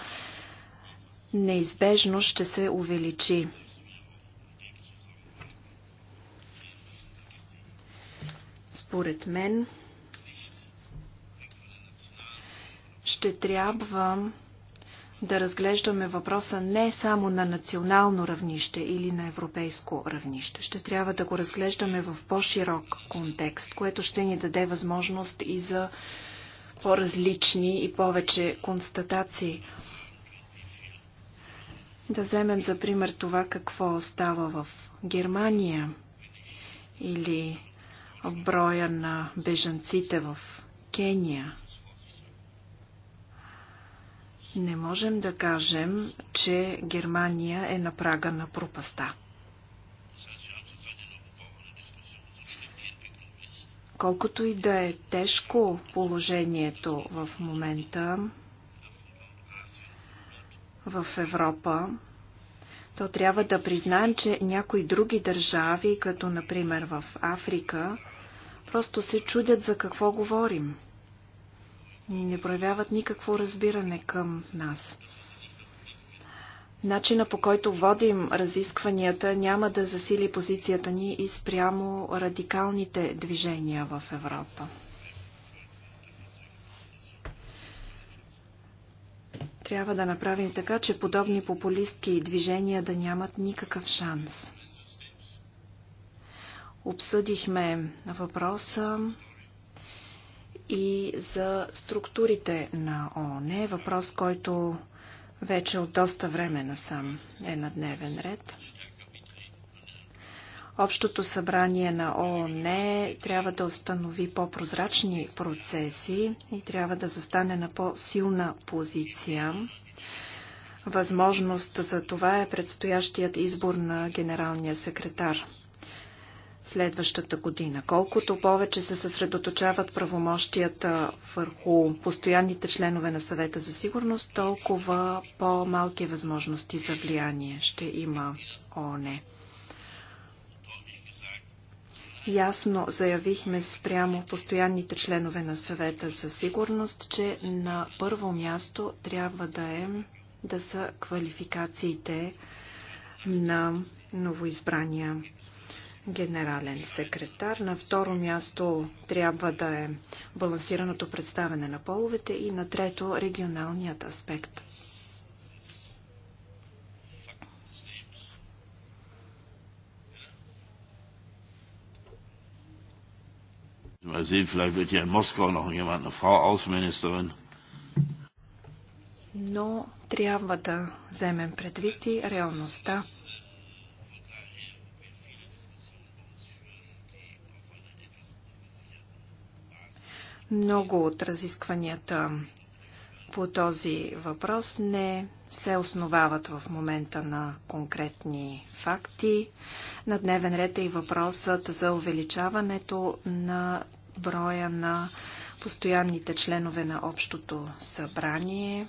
неизбежно ще се увеличи. Според мен ще трябва да разглеждаме въпроса не само на национално равнище или на европейско равнище. Ще трябва да го разглеждаме в по-широк контекст, което ще ни даде възможност и за по-различни и повече констатации. Да вземем за пример това какво става в Германия или броя на бежанците в Кения – не можем да кажем, че Германия е на прага на пропаста. Колкото и да е тежко положението в момента в Европа, то трябва да признаем, че някои други държави, като например в Африка, просто се чудят за какво говорим не проявяват никакво разбиране към нас. Начина по който водим разискванията няма да засили позицията ни и спрямо радикалните движения в Европа. Трябва да направим така, че подобни популистки движения да нямат никакъв шанс. Обсъдихме въпроса и за структурите на ООН. Е въпрос, който вече от доста време насам е на дневен ред. Общото събрание на ООН трябва да установи по-прозрачни процеси и трябва да застане на по-силна позиция. Възможност за това е предстоящият избор на генералния секретар следващата година. Колкото повече се съсредоточават правомощията върху постоянните членове на съвета за сигурност, толкова по-малки възможности за влияние ще има ООН. Ясно заявихме спрямо постоянните членове на съвета за сигурност, че на първо място трябва да е да са квалификациите на новоизбрания генерален секретар. На второ място трябва да е балансираното представяне на половете и на трето регионалният аспект. Mal sehen, vielleicht wird hier in Moskau noch jemand, eine Frau Außenministerin. Но трябва да вземем предвид и реалността Много от разискванията по този въпрос не се основават в момента на конкретни факти. На дневен ред е и въпросът за увеличаването на броя на постоянните членове на Общото събрание.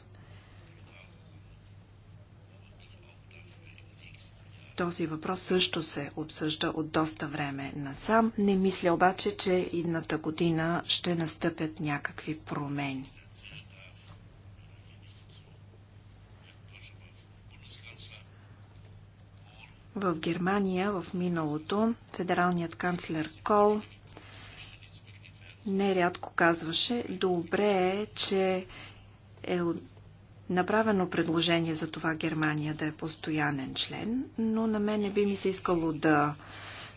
Този въпрос също се обсъжда от доста време насам. Не мисля обаче, че идната година ще настъпят някакви промени. В Германия в миналото федералният канцлер Кол нерядко казваше, добре е, че е направено предложение за това Германия да е постоянен член, но на мен не би ми се искало да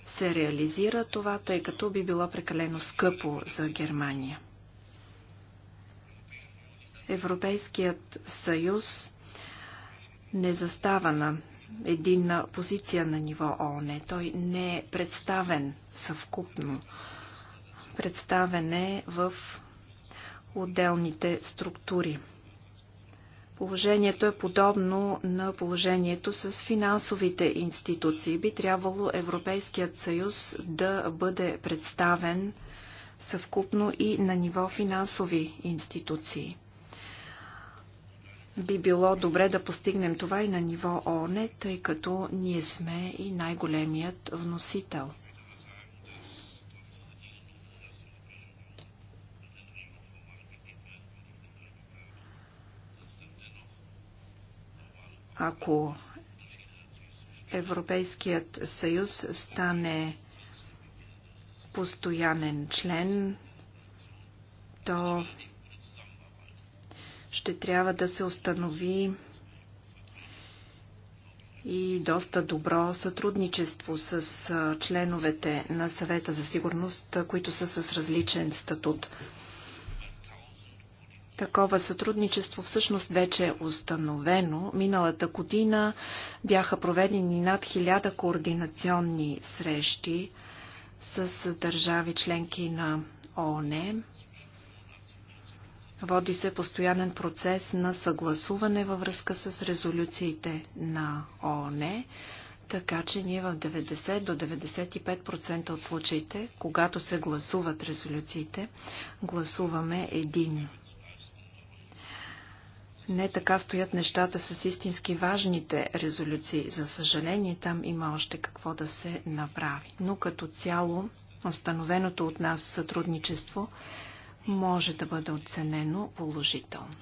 се реализира това, тъй като би било прекалено скъпо за Германия. Европейският съюз не застава на единна позиция на ниво ООН. Той не е представен съвкупно. Представен е в отделните структури. Положението е подобно на положението с финансовите институции. Би трябвало Европейският съюз да бъде представен съвкупно и на ниво финансови институции. Би било добре да постигнем това и на ниво ООН, тъй като ние сме и най-големият вносител – Ако Европейският съюз стане постоянен член, то ще трябва да се установи и доста добро сътрудничество с членовете на съвета за сигурност, които са с различен статут. Такова сътрудничество всъщност вече е установено. Миналата година бяха проведени над хиляда координационни срещи с държави членки на ООН. Води се постоянен процес на съгласуване във връзка с резолюциите на ООН, така че ние в 90 до 95% от случаите, когато се гласуват резолюциите, гласуваме един. Не така стоят нещата с истински важните резолюции. За съжаление, там има още какво да се направи. Но като цяло, установеното от нас сътрудничество може да бъде оценено положително.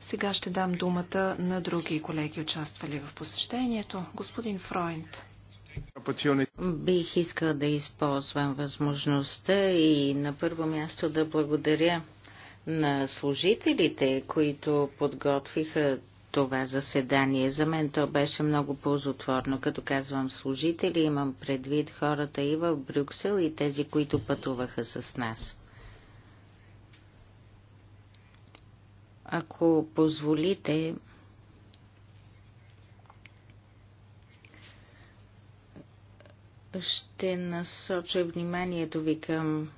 Сега ще дам думата на други колеги, участвали в посещението. Господин Фройнд. Бих искал да използвам възможността и на първо място да благодаря на служителите, които подготвиха това заседание. За мен то беше много ползотворно. Като казвам служители, имам предвид хората и в Брюксел, и тези, които пътуваха с нас. Ако позволите, ще насоча вниманието ви към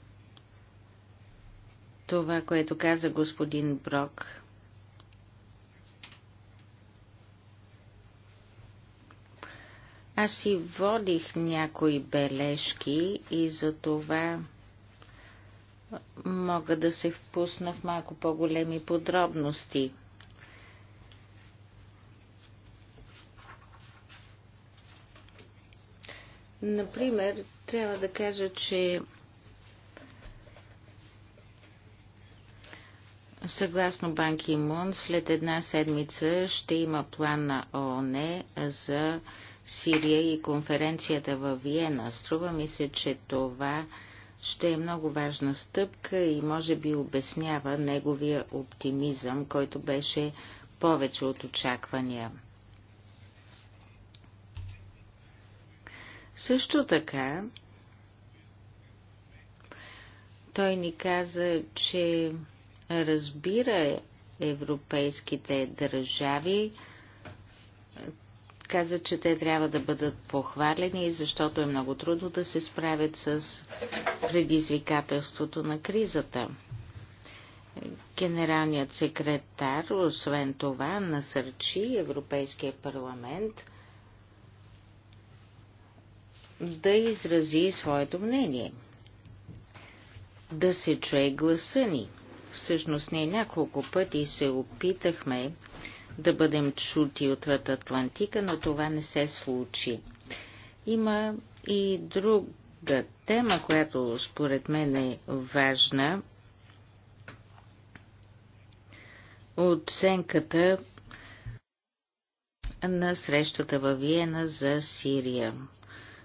това, което каза господин Брок. Аз си водих някои бележки и за това мога да се впусна в малко по-големи подробности. Например, трябва да кажа, че Съгласно Банки Мун, след една седмица ще има план на ООН за Сирия и конференцията в Виена. Струва ми се, че това ще е много важна стъпка и може би обяснява неговия оптимизъм, който беше повече от очаквания. Също така, той ни каза, че разбира европейските държави, каза, че те трябва да бъдат похвалени, защото е много трудно да се справят с предизвикателството на кризата. Генералният секретар, освен това, насърчи Европейския парламент да изрази своето мнение, да се чуе гласа ни – Всъщност ние няколко пъти се опитахме да бъдем чути отвъд Атлантика, но това не се случи. Има и друга тема, която според мен е важна. Оценката на срещата във Виена за Сирия.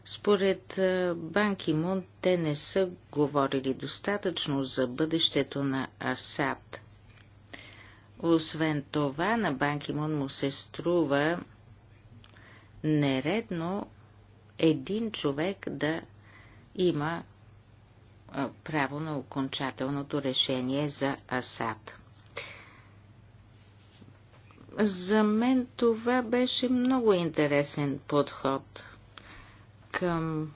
Според Банки Мун, те не са говорили достатъчно за бъдещето на Асад. Освен това, на Банки Мун му се струва нередно един човек да има право на окончателното решение за Асад. За мен това беше много интересен подход – към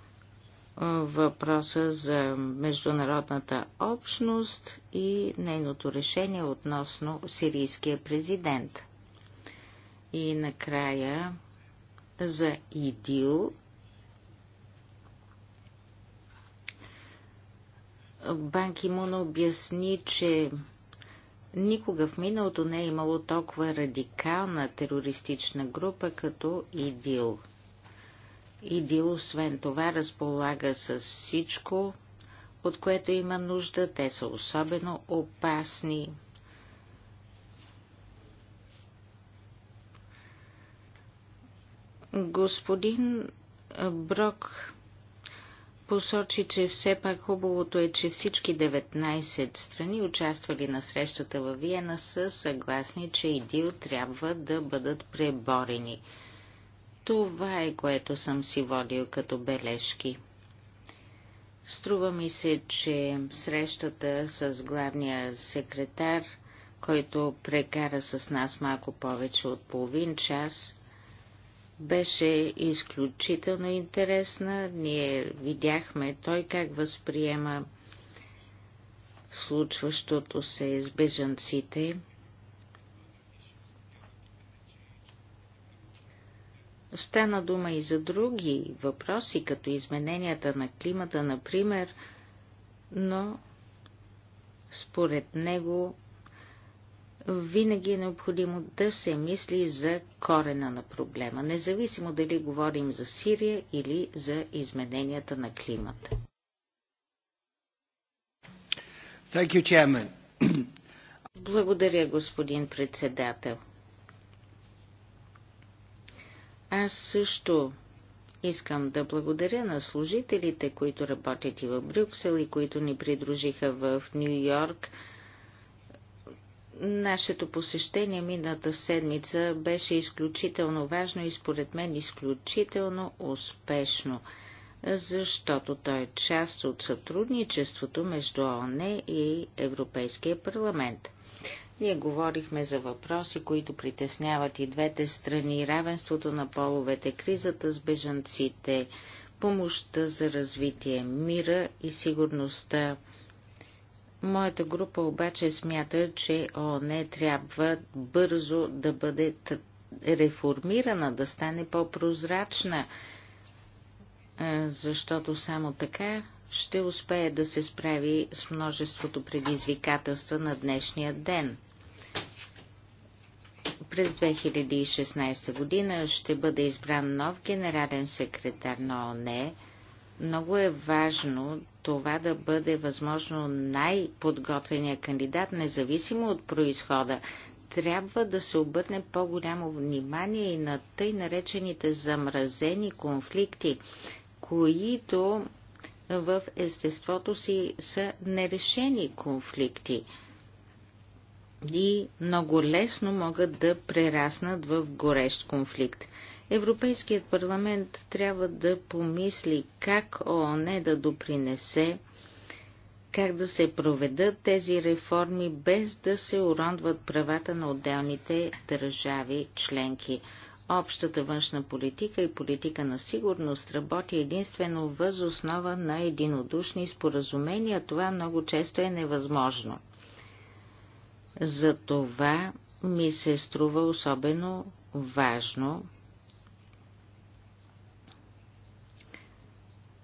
въпроса за международната общност и нейното решение относно сирийския президент. И накрая за ИДИЛ. Банки Мун обясни, че никога в миналото не е имало толкова радикална терористична група като ИДИЛ – ИДИЛ освен това разполага с всичко, от което има нужда. Те са особено опасни. Господин Брок посочи, че все пак хубавото е, че всички 19 страни, участвали на срещата във Виена, са съгласни, че ИДИЛ трябва да бъдат преборени. Това е, което съм си водил като бележки. Струва ми се, че срещата с главния секретар, който прекара с нас малко повече от половин час, беше изключително интересна. Ние видяхме той как възприема случващото се с бежанците. Стана дума и за други въпроси, като измененията на климата, например, но според него винаги е необходимо да се мисли за корена на проблема, независимо дали говорим за Сирия или за измененията на климата. Thank you, Благодаря, господин председател. Аз също искам да благодаря на служителите, които работят и в Брюксел и които ни придружиха в Нью Йорк. Нашето посещение мината седмица беше изключително важно и според мен изключително успешно, защото то е част от сътрудничеството между ОНЕ и Европейския парламент – ние говорихме за въпроси, които притесняват и двете страни, равенството на половете, кризата с бежанците, помощта за развитие, мира и сигурността. Моята група обаче смята, че ООН трябва бързо да бъде реформирана, да стане по-прозрачна, е, защото само така ще успее да се справи с множеството предизвикателства на днешния ден. През 2016 година ще бъде избран нов генерален секретар на ОНЕ. Много е важно това да бъде възможно най-подготвения кандидат, независимо от происхода. Трябва да се обърне по-голямо внимание и на тъй наречените замразени конфликти, които в естеството си са нерешени конфликти – и много лесно могат да прераснат в горещ конфликт. Европейският парламент трябва да помисли как ООН е да допринесе, как да се проведат тези реформи, без да се уронват правата на отделните държави членки. Общата външна политика и политика на сигурност работи единствено въз основа на единодушни споразумения. Това много често е невъзможно. За това ми се струва особено важно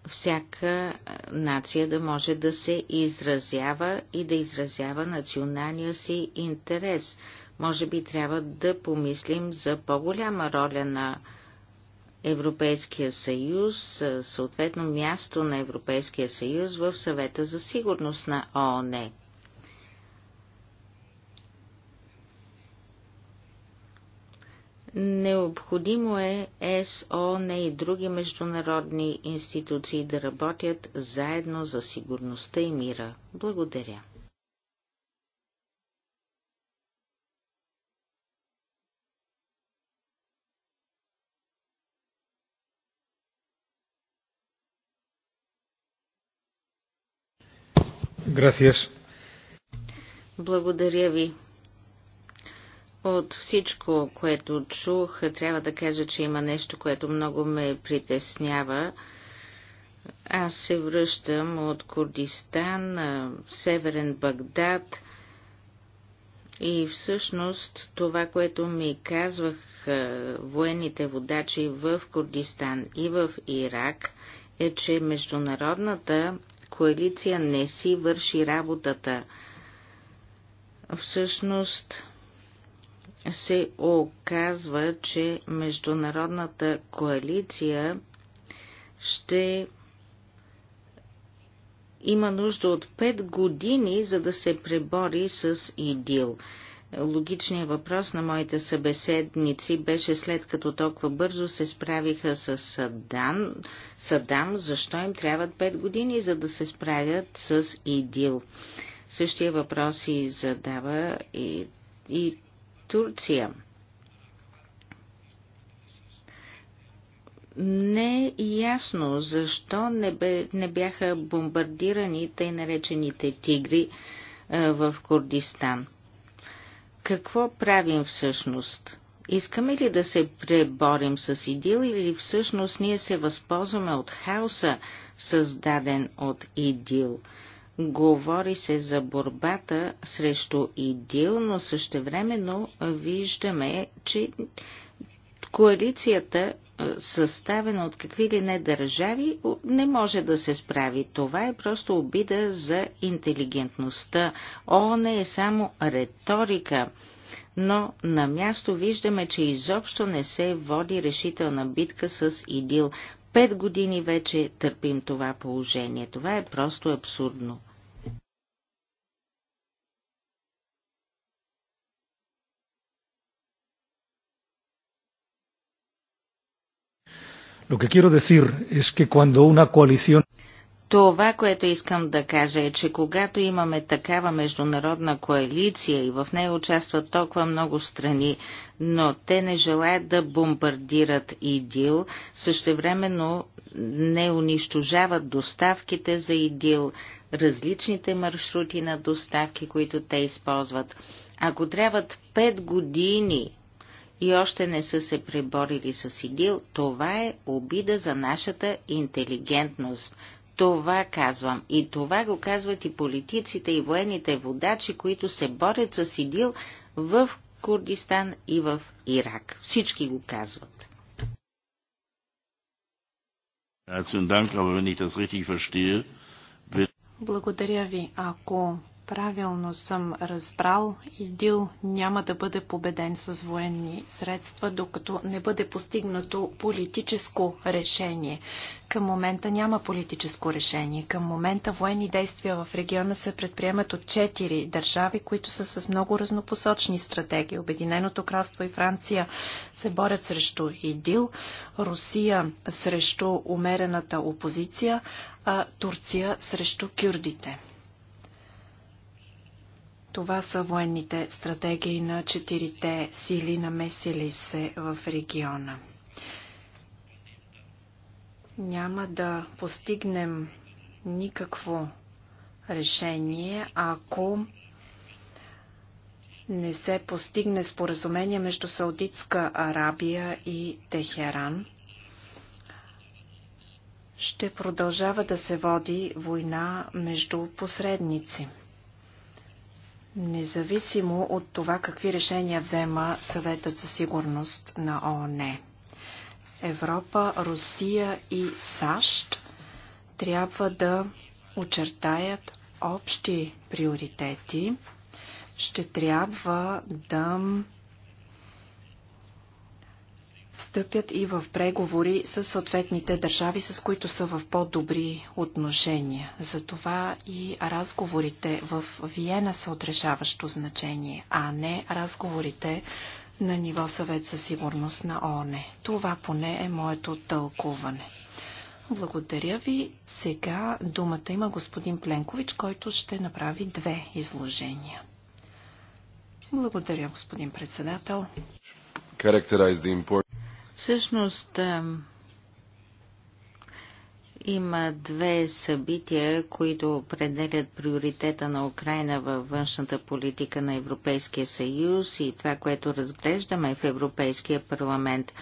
всяка нация да може да се изразява и да изразява националния си интерес. Може би трябва да помислим за по-голяма роля на Европейския съюз, съответно място на Европейския съюз в съвета за сигурност на ООН. Необходимо е не и други международни институции да работят заедно за сигурността и мира. Благодаря. Благодаря ви. От всичко, което чух, трябва да кажа, че има нещо, което много ме притеснява. Аз се връщам от Курдистан, Северен Багдад и всъщност това, което ми казвах военните водачи в Курдистан и в Ирак, е, че международната коалиция не си върши работата. Всъщност, се оказва, че международната коалиция ще има нужда от 5 години, за да се пребори с ИДИЛ. Логичният въпрос на моите събеседници беше след като толкова бързо се справиха с Садан, Садам, защо им трябват 5 години, за да се справят с ИДИЛ. Същия въпрос и задава и, и Турция. Не е ясно защо не, бе, не бяха бомбардирани тъй наречените тигри а, в Курдистан. Какво правим всъщност? Искаме ли да се преборим с ИДИЛ или всъщност ние се възползваме от хаоса, създаден от ИДИЛ? Говори се за борбата срещу идил, но същевременно виждаме, че коалицията, е, съставена от какви ли не държави, не може да се справи. Това е просто обида за интелигентността. не е само риторика. Но на място виждаме, че изобщо не се води решителна битка с ИДИЛ. Пет години вече търпим това положение. Това е просто абсурдно. Lo que quiero decir es que cuando una coalición това, което искам да кажа е, че когато имаме такава международна коалиция и в нея участват толкова много страни, но те не желаят да бомбардират ИДИЛ, същевременно не унищожават доставките за ИДИЛ, различните маршрути на доставки, които те използват. Ако трябват 5 години и още не са се преборили с ИДИЛ, това е обида за нашата интелигентност – това казвам. И това го казват и политиците, и военните водачи, които се борят с ИДИЛ в Курдистан и в Ирак. Всички го казват. Благодаря ви. Ако правилно съм разбрал, ИДИЛ няма да бъде победен с военни средства, докато не бъде постигнато политическо решение. Към момента няма политическо решение. Към момента военни действия в региона се предприемат от четири държави, които са с много разнопосочни стратегии. Обединеното кралство и Франция се борят срещу ИДИЛ, Русия срещу умерената опозиция, а Турция срещу кюрдите. Това са военните стратегии на четирите сили, намесили се в региона. Няма да постигнем никакво решение, ако не се постигне споразумение между Саудитска Арабия и Техеран. Ще продължава да се води война между посредници независимо от това какви решения взема съветът за сигурност на ООН. Европа, Русия и САЩ трябва да очертаят общи приоритети. Ще трябва да стъпят и в преговори с съответните държави, с които са в по-добри отношения. Затова и разговорите в Виена са отрешаващо значение, а не разговорите на ниво съвет за сигурност на ООН. Това поне е моето тълкуване. Благодаря ви. Сега думата има господин Пленкович, който ще направи две изложения. Благодаря, господин председател. Всъщност има две събития, които определят приоритета на Украина във външната политика на Европейския съюз и това, което разглеждаме в Европейския парламент.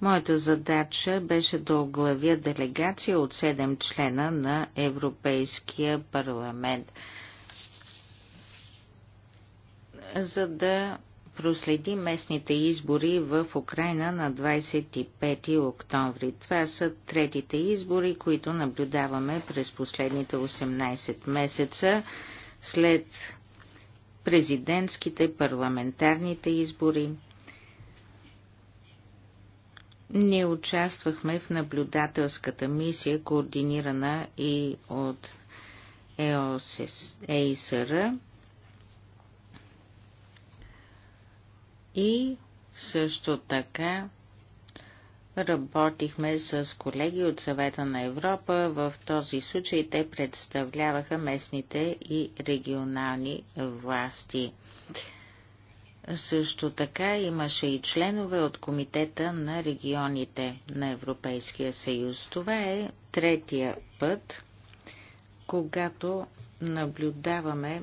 Моята задача беше да оглавя делегация от 7 члена на Европейския парламент, за да проследи местните избори в Украина на 25 октомври. Това са третите избори, които наблюдаваме през последните 18 месеца след президентските, парламентарните избори. Ние участвахме в наблюдателската мисия, координирана и от ЕОСР И също така работихме с колеги от съвета на Европа. В този случай те представляваха местните и регионални власти. Също така имаше и членове от Комитета на регионите на Европейския съюз. Това е третия път, когато наблюдаваме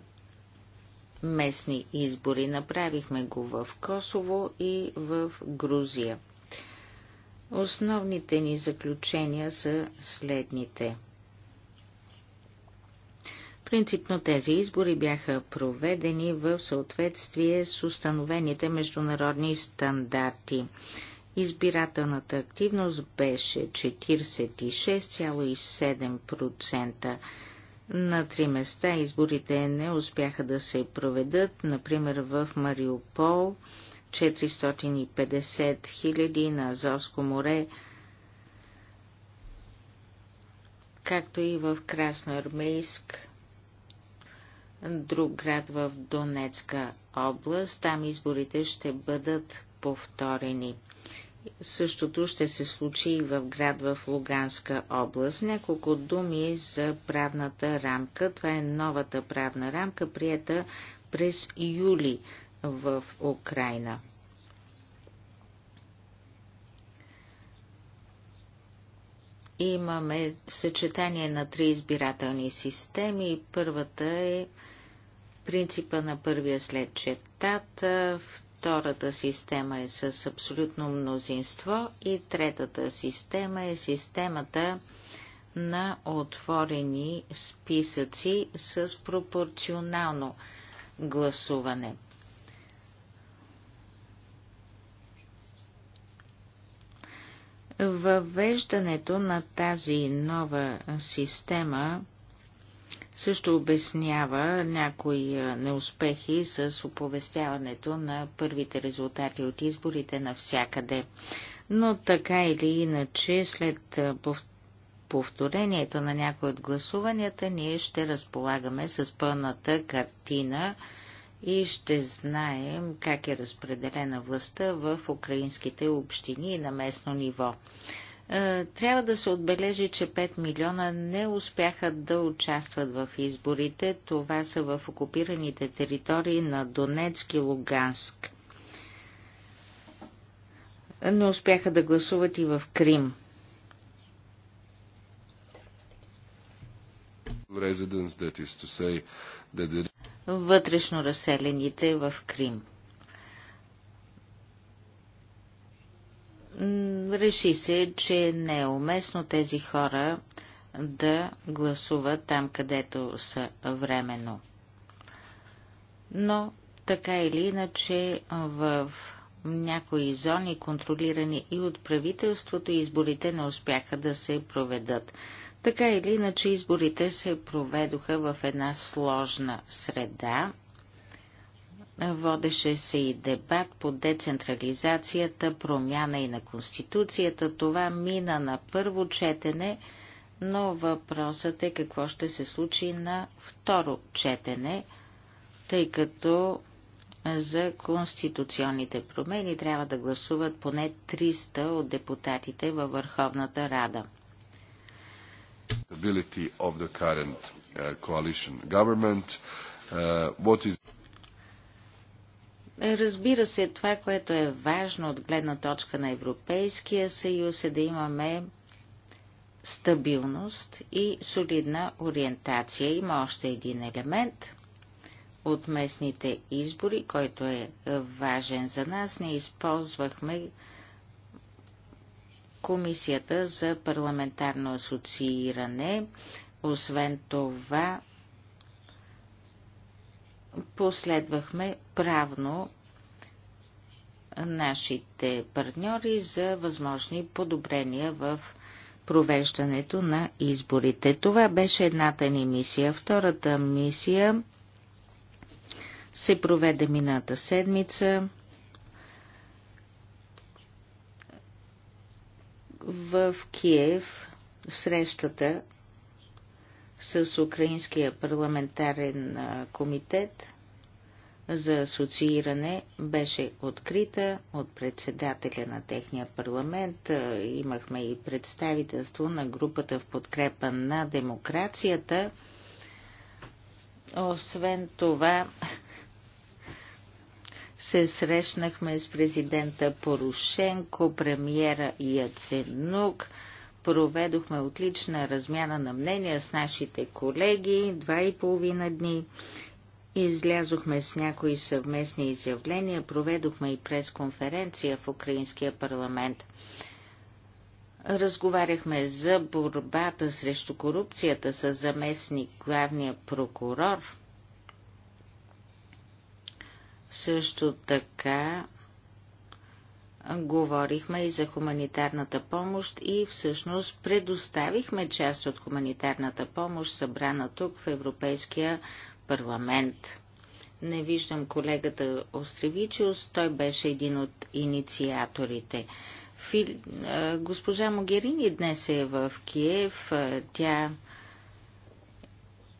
местни избори. Направихме го в Косово и в Грузия. Основните ни заключения са следните. Принципно тези избори бяха проведени в съответствие с установените международни стандарти. Избирателната активност беше 46,7%. На три места изборите не успяха да се проведат, например в Мариупол 450 хиляди на Азовско море, както и в Красноармейск, друг град в Донецка област. Там изборите ще бъдат повторени. Същото ще се случи и в град в Луганска област. Няколко думи за правната рамка. Това е новата правна рамка, прията през юли в Украина. Имаме съчетание на три избирателни системи. Първата е принципа на първия след чертата, Втората система е с абсолютно мнозинство и третата система е системата на отворени списъци с пропорционално гласуване. Въвеждането на тази нова система – също обяснява някои неуспехи с оповестяването на първите резултати от изборите навсякъде. Но така или иначе, след повторението на някои от гласуванията, ние ще разполагаме с пълната картина и ще знаем как е разпределена властта в украинските общини и на местно ниво. Е, трябва да се отбележи, че 5 милиона не успяха да участват в изборите. Това са в окупираните територии на Донецк и Луганск. Не успяха да гласуват и в Крим. Вътрешно разселените в Крим. реши се, че не е уместно тези хора да гласуват там, където са временно. Но така или иначе в някои зони, контролирани и от правителството, изборите не успяха да се проведат. Така или иначе изборите се проведоха в една сложна среда Водеше се и дебат по децентрализацията, промяна и на Конституцията. Това мина на първо четене, но въпросът е какво ще се случи на второ четене, тъй като за конституционните промени трябва да гласуват поне 300 от депутатите във Върховната Рада. Of the current, uh, coalition government. Uh, what is... Разбира се, това, което е важно от гледна точка на Европейския съюз е да имаме стабилност и солидна ориентация. Има още един елемент от местните избори, който е важен за нас. Не използвахме Комисията за парламентарно асоцииране. Освен това, последвахме правно нашите партньори за възможни подобрения в провеждането на изборите. Това беше едната ни мисия. Втората мисия се проведе мината седмица. В Киев срещата с Украинския парламентарен комитет за асоцииране беше открита от председателя на техния парламент. Имахме и представителство на групата в подкрепа на демокрацията. Освен това, се срещнахме с президента Порошенко, премиера Яценук, Проведохме отлична размяна на мнения с нашите колеги, два и половина дни. Излязохме с някои съвместни изявления, проведохме и пресконференция в Украинския парламент. Разговаряхме за борбата срещу корупцията с заместник главния прокурор. Също така говорихме и за хуманитарната помощ и всъщност предоставихме част от хуманитарната помощ, събрана тук в Европейския парламент. Не виждам колегата Остревичиус, той беше един от инициаторите. Госпожа Могерини днес е в Киев. Тя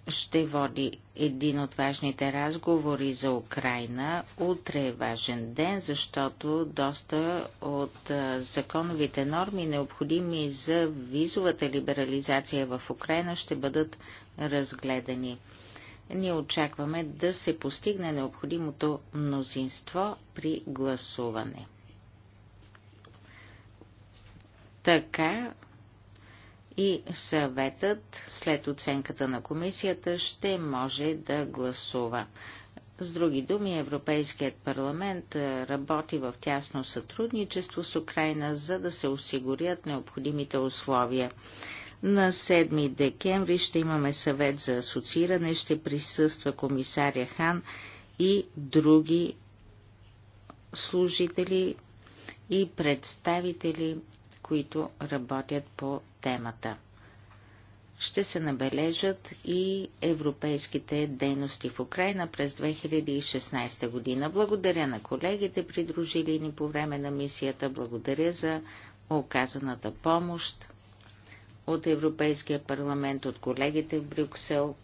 ще води един от важните разговори за Украина. Утре е важен ден, защото доста от законовите норми, необходими за визовата либерализация в Украина, ще бъдат разгледани. Ние очакваме да се постигне необходимото мнозинство при гласуване. Така и съветът след оценката на комисията ще може да гласува. С други думи, Европейският парламент работи в тясно сътрудничество с Украина, за да се осигурят необходимите условия. На 7 декември ще имаме съвет за асоцииране, ще присъства комисаря Хан и други служители и представители които работят по темата. Ще се набележат и европейските дейности в Украина през 2016 година. Благодаря на колегите, придружили ни по време на мисията. Благодаря за оказаната помощ от Европейския парламент, от колегите в Брюксел.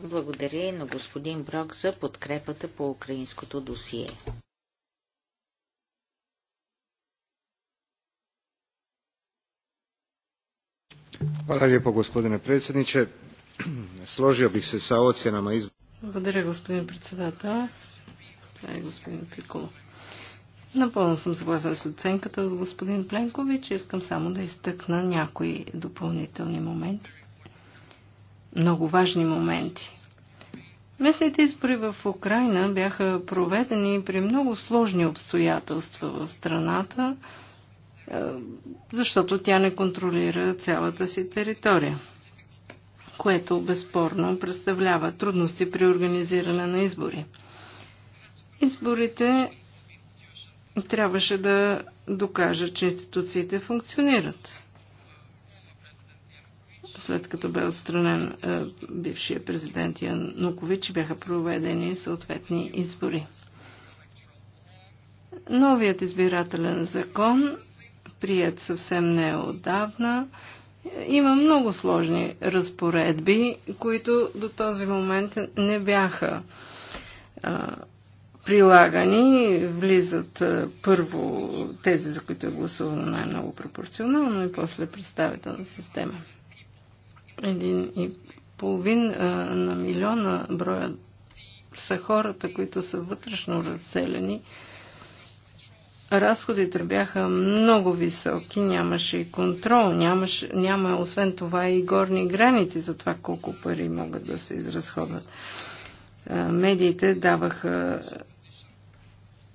Благодаря и на господин Брок за подкрепата по украинското досие. gospodine predsjedniče. Složio bih se sa ocjenama Благодаря, господин председател. Е, господин Пиколо. Напълно съм съгласен с оценката от господин Пленкович. Искам само да изтъкна някои допълнителни моменти. Много важни моменти. Местните избори в Украина бяха проведени при много сложни обстоятелства в страната – е, защото тя не контролира цялата си територия, което безспорно представлява трудности при организиране на избори. Изборите трябваше да докажат, че институциите функционират. След като бе отстранен е, бившия президент Янукович, бяха проведени съответни избори. Новият избирателен закон прият съвсем неодавна, има много сложни разпоредби, които до този момент не бяха а, прилагани. Влизат а, първо тези, за които е гласувано най-много пропорционално и после представителна система. Един и половин а, на милиона броя са хората, които са вътрешно разселени разходите бяха много високи, нямаше и контрол, нямаше, няма освен това и горни граници за това колко пари могат да се изразходват. Медиите даваха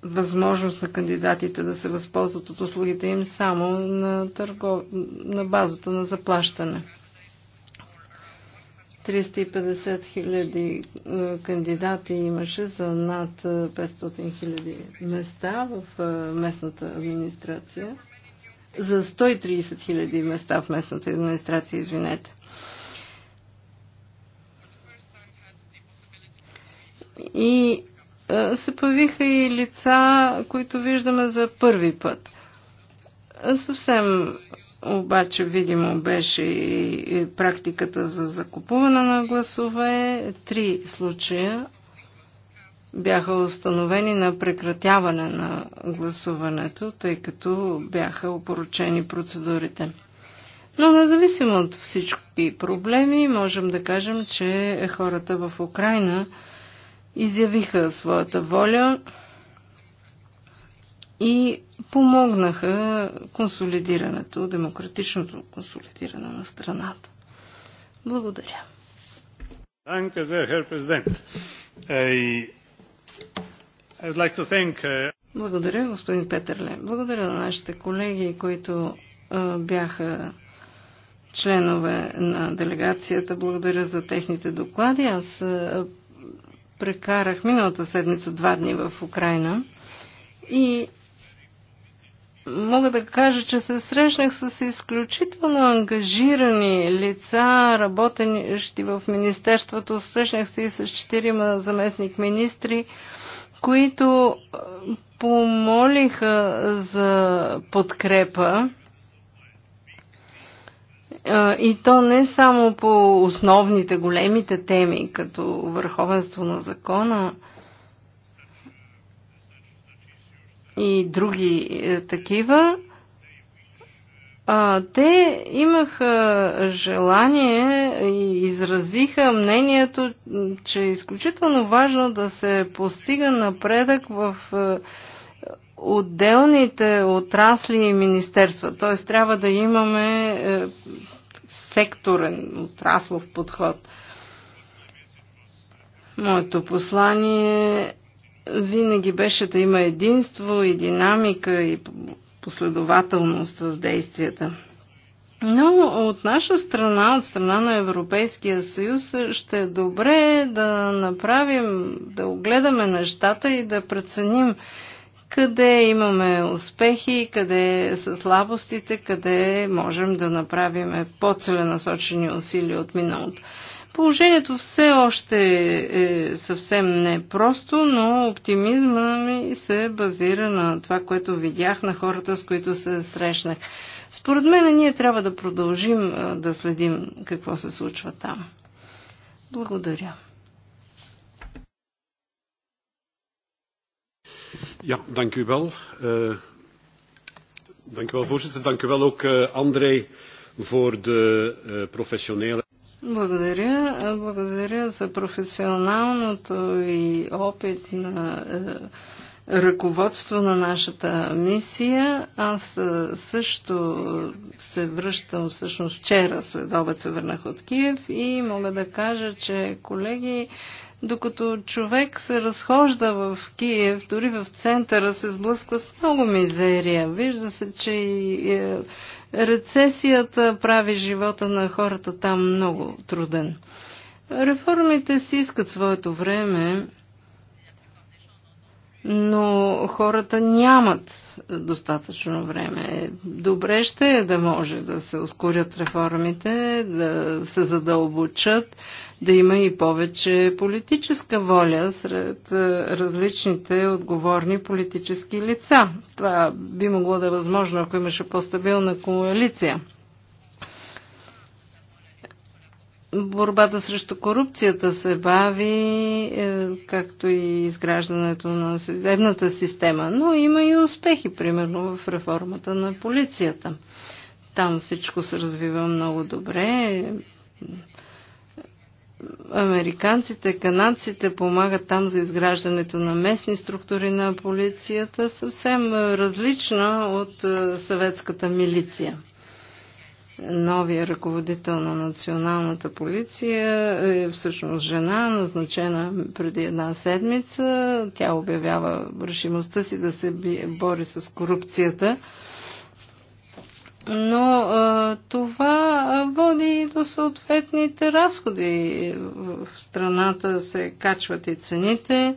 възможност на кандидатите да се възползват от услугите им само на, търго... на базата на заплащане. 350 хиляди е, кандидати имаше за над 500 е, хиляди места в е, местната администрация. За 130 хиляди места в местната администрация, извинете. И се появиха и лица, които виждаме за първи път. Съвсем обаче видимо беше и практиката за закупуване на гласове. Три случая бяха установени на прекратяване на гласуването, тъй като бяха опоручени процедурите. Но независимо от всички проблеми, можем да кажем, че хората в Украина изявиха своята воля и помогнаха консолидирането, демократичното консолидиране на страната. Благодаря. Äh, äh, Благодаря, господин Петърле. Благодаря на нашите колеги, които бяха членове на делегацията. Благодаря за техните доклади. Аз прекарах миналата седмица два дни в Украина и мога да кажа, че се срещнах с изключително ангажирани лица, работещи в Министерството. Срещнах се и с четирима заместник министри, които помолиха за подкрепа. И то не само по основните, големите теми, като върховенство на закона, и други е, такива, те имаха желание и изразиха мнението, че е изключително важно да се постига напредък в е, отделните отрасли и министерства. Т.е. трябва да имаме е, секторен отраслов подход. Моето послание винаги беше да има единство и динамика и последователност в действията. Но от наша страна, от страна на Европейския съюз, ще е добре да направим, да огледаме нещата и да преценим къде имаме успехи, къде са слабостите, къде можем да направим по-целенасочени усилия от миналото. Положението все още е съвсем непросто, но оптимизма ми се базира на това, което видях на хората, с които се срещнах. Според мен ние трябва да продължим да следим какво се случва там. Благодаря. Ja, dank u wel. Uh, dank u wel, voorzitter. Dank u wel ook, uh, André, voor de uh, professionele. Благодаря. Благодаря за професионалното и опит на е, ръководство на нашата мисия. Аз е, също се връщам, всъщност вчера след обед се върнах от Киев и мога да кажа, че колеги, докато човек се разхожда в Киев, дори в центъра се сблъсква с много мизерия. Вижда се, че и е, Рецесията прави живота на хората там много труден. Реформите си искат своето време, но хората нямат достатъчно време. Добре ще е да може да се ускорят реформите, да се задълбочат, да има и повече политическа воля сред е, различните отговорни политически лица. Това би могло да е възможно, ако имаше по-стабилна коалиция. борбата срещу корупцията се бави, е, както и изграждането на съдебната система, но има и успехи, примерно в реформата на полицията. Там всичко се развива много добре. Американците, канадците помагат там за изграждането на местни структури на полицията, съвсем е, различна от е, съветската милиция новия ръководител на националната полиция е всъщност жена, назначена преди една седмица. Тя обявява решимостта си да се бори с корупцията. Но а, това води и до съответните разходи. В страната се качват и цените. А,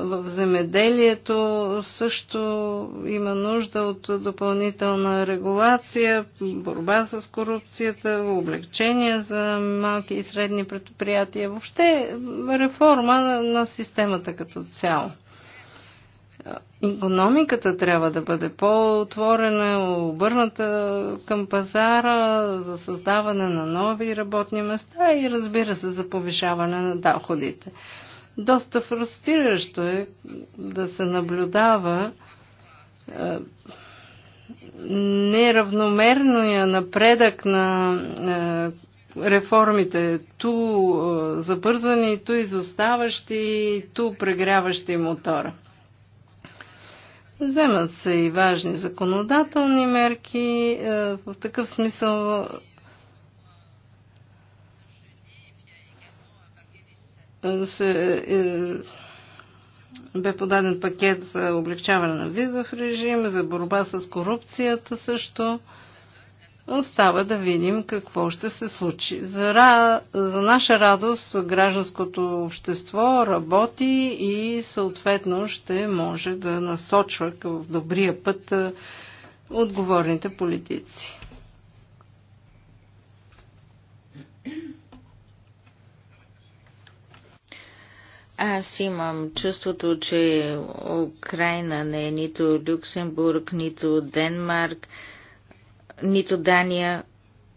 в земеделието също има нужда от допълнителна регулация, борба с корупцията, облегчения за малки и средни предприятия, въобще реформа на системата като цяло. Економиката трябва да бъде по-отворена, обърната към пазара за създаване на нови работни места и разбира се за повишаване на доходите. Да, доста фрустриращо е да се наблюдава е, неравномерния напредък на е, реформите, ту е, забързани, ту изоставащи, ту прегряващи мотора. Вземат се и важни законодателни мерки. В такъв смисъл се, е, бе подаден пакет за облегчаване на визов режим, за борба с корупцията също. Остава да видим какво ще се случи. За, ра... за наша радост гражданското общество работи и съответно ще може да насочва в добрия път е, отговорните политици. Аз имам чувството, че Украина не е нито Люксембург, нито Денмарк, нито Дания.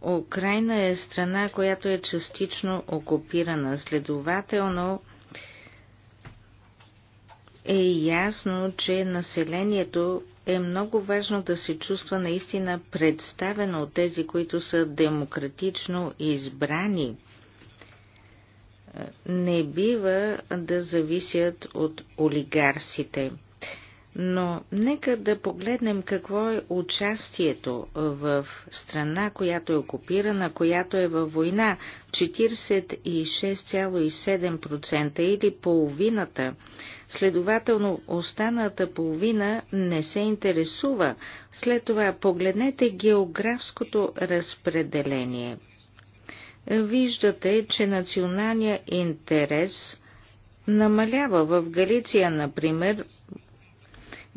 Украина е страна, която е частично окупирана. Следователно е ясно, че населението е много важно да се чувства наистина представено от тези, които са демократично избрани – не бива да зависят от олигарсите. Но нека да погледнем какво е участието в страна, която е окупирана, която е във война. 46,7% или половината. Следователно, останата половина не се интересува. След това погледнете географското разпределение – виждате, че националният интерес намалява. В Галиция, например,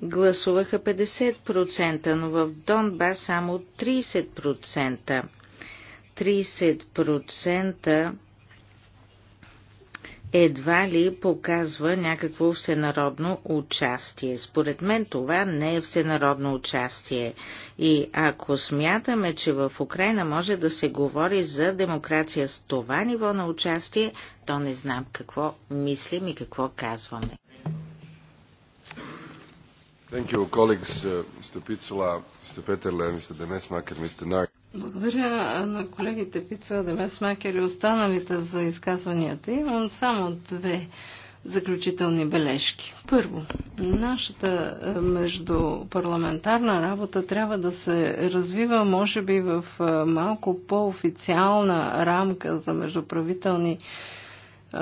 гласуваха 50%, но в Донба само 30%. 30% едва ли показва някакво всенародно участие. Според мен това не е всенародно участие. И ако смятаме, че в Украина може да се говори за демокрация с това ниво на участие, то не знам какво мислим и какво казваме. Thank you, colleagues, uh, Mr. Pizzola, Mr. Peterle, Mr. Denesmaker, Mr. Nag. Благодаря на колегите Пица, Макер и останалите за изказванията. Имам само две заключителни бележки. Първо, нашата е, междупарламентарна работа трябва да се развива, може би, в е, малко по-официална рамка за междуправителни е,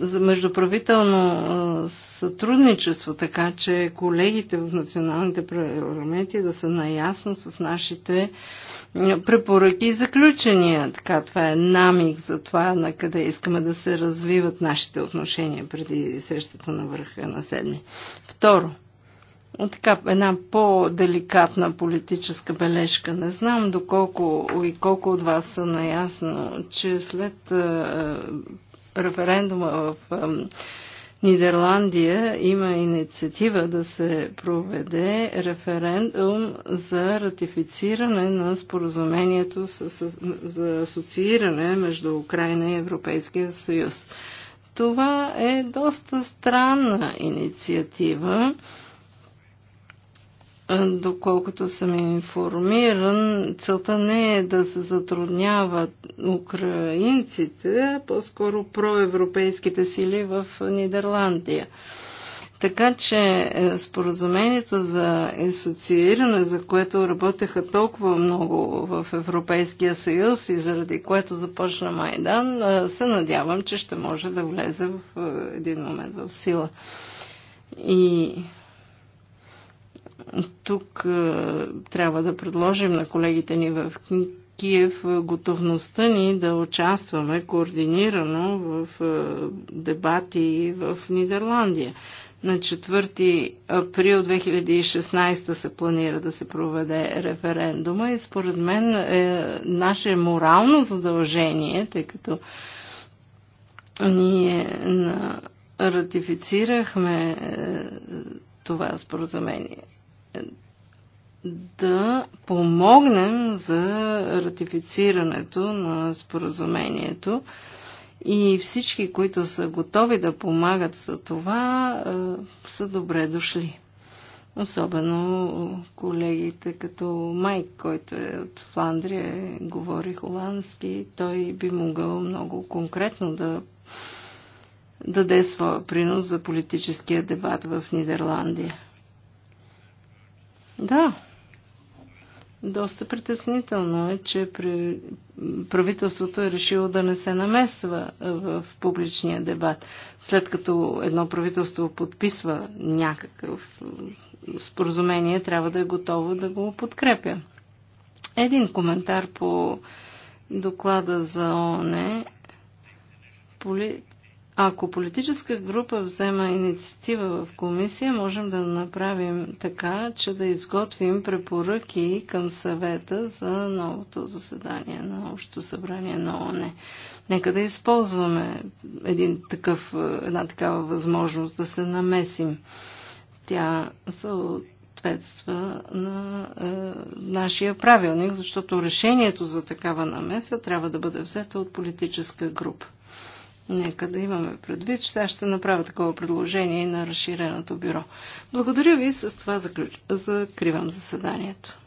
за междуправително сътрудничество, така че колегите в националните парламенти да са наясно с нашите препоръки и заключения. Така, това е намик за това на къде искаме да се развиват нашите отношения преди срещата на върха на седми. Второ, е така, една по-деликатна политическа бележка. Не знам доколко и колко от вас са наясно, че след е, е, референдума в Нидерландия има инициатива да се проведе референдум за ратифициране на споразумението за асоцииране между Украина и Европейския съюз. Това е доста странна инициатива Доколкото съм информиран, целта не е да се затрудняват украинците, а по-скоро проевропейските сили в Нидерландия. Така че е, споразумението за асоцииране, за което работеха толкова много в Европейския съюз и заради което започна Майдан, е, се надявам, че ще може да влезе в е, един момент в сила. И тук е, трябва да предложим на колегите ни в Киев е, готовността ни да участваме координирано в е, дебати в Нидерландия. На 4 април 2016 се планира да се проведе референдума и според мен е наше морално задължение, тъй като ние ратифицирахме това споразумение да помогнем за ратифицирането на споразумението и всички, които са готови да помагат за това, е, са добре дошли. Особено колегите като Майк, който е от Фландрия, говори холандски, той би могъл много конкретно да даде своя принос за политическия дебат в Нидерландия. Да. Доста притеснително е, че правителството е решило да не се намесва е, в публичния дебат. След като едно правителство подписва някакъв е, споразумение, трябва да е готово да го подкрепя. Един коментар по доклада за ОНЕ. Ако политическа група взема инициатива в комисия, можем да направим така, че да изготвим препоръки към съвета за новото заседание на Общото събрание на ОНЕ. Нека да използваме един такъв, е, една такава възможност да се намесим. Тя съответства на е, нашия правилник, защото решението за такава намеса трябва да бъде взето от политическа група. Нека да имаме предвид, че аз ще направя такова предложение и на разширеното бюро. Благодаря ви, с това закривам заседанието.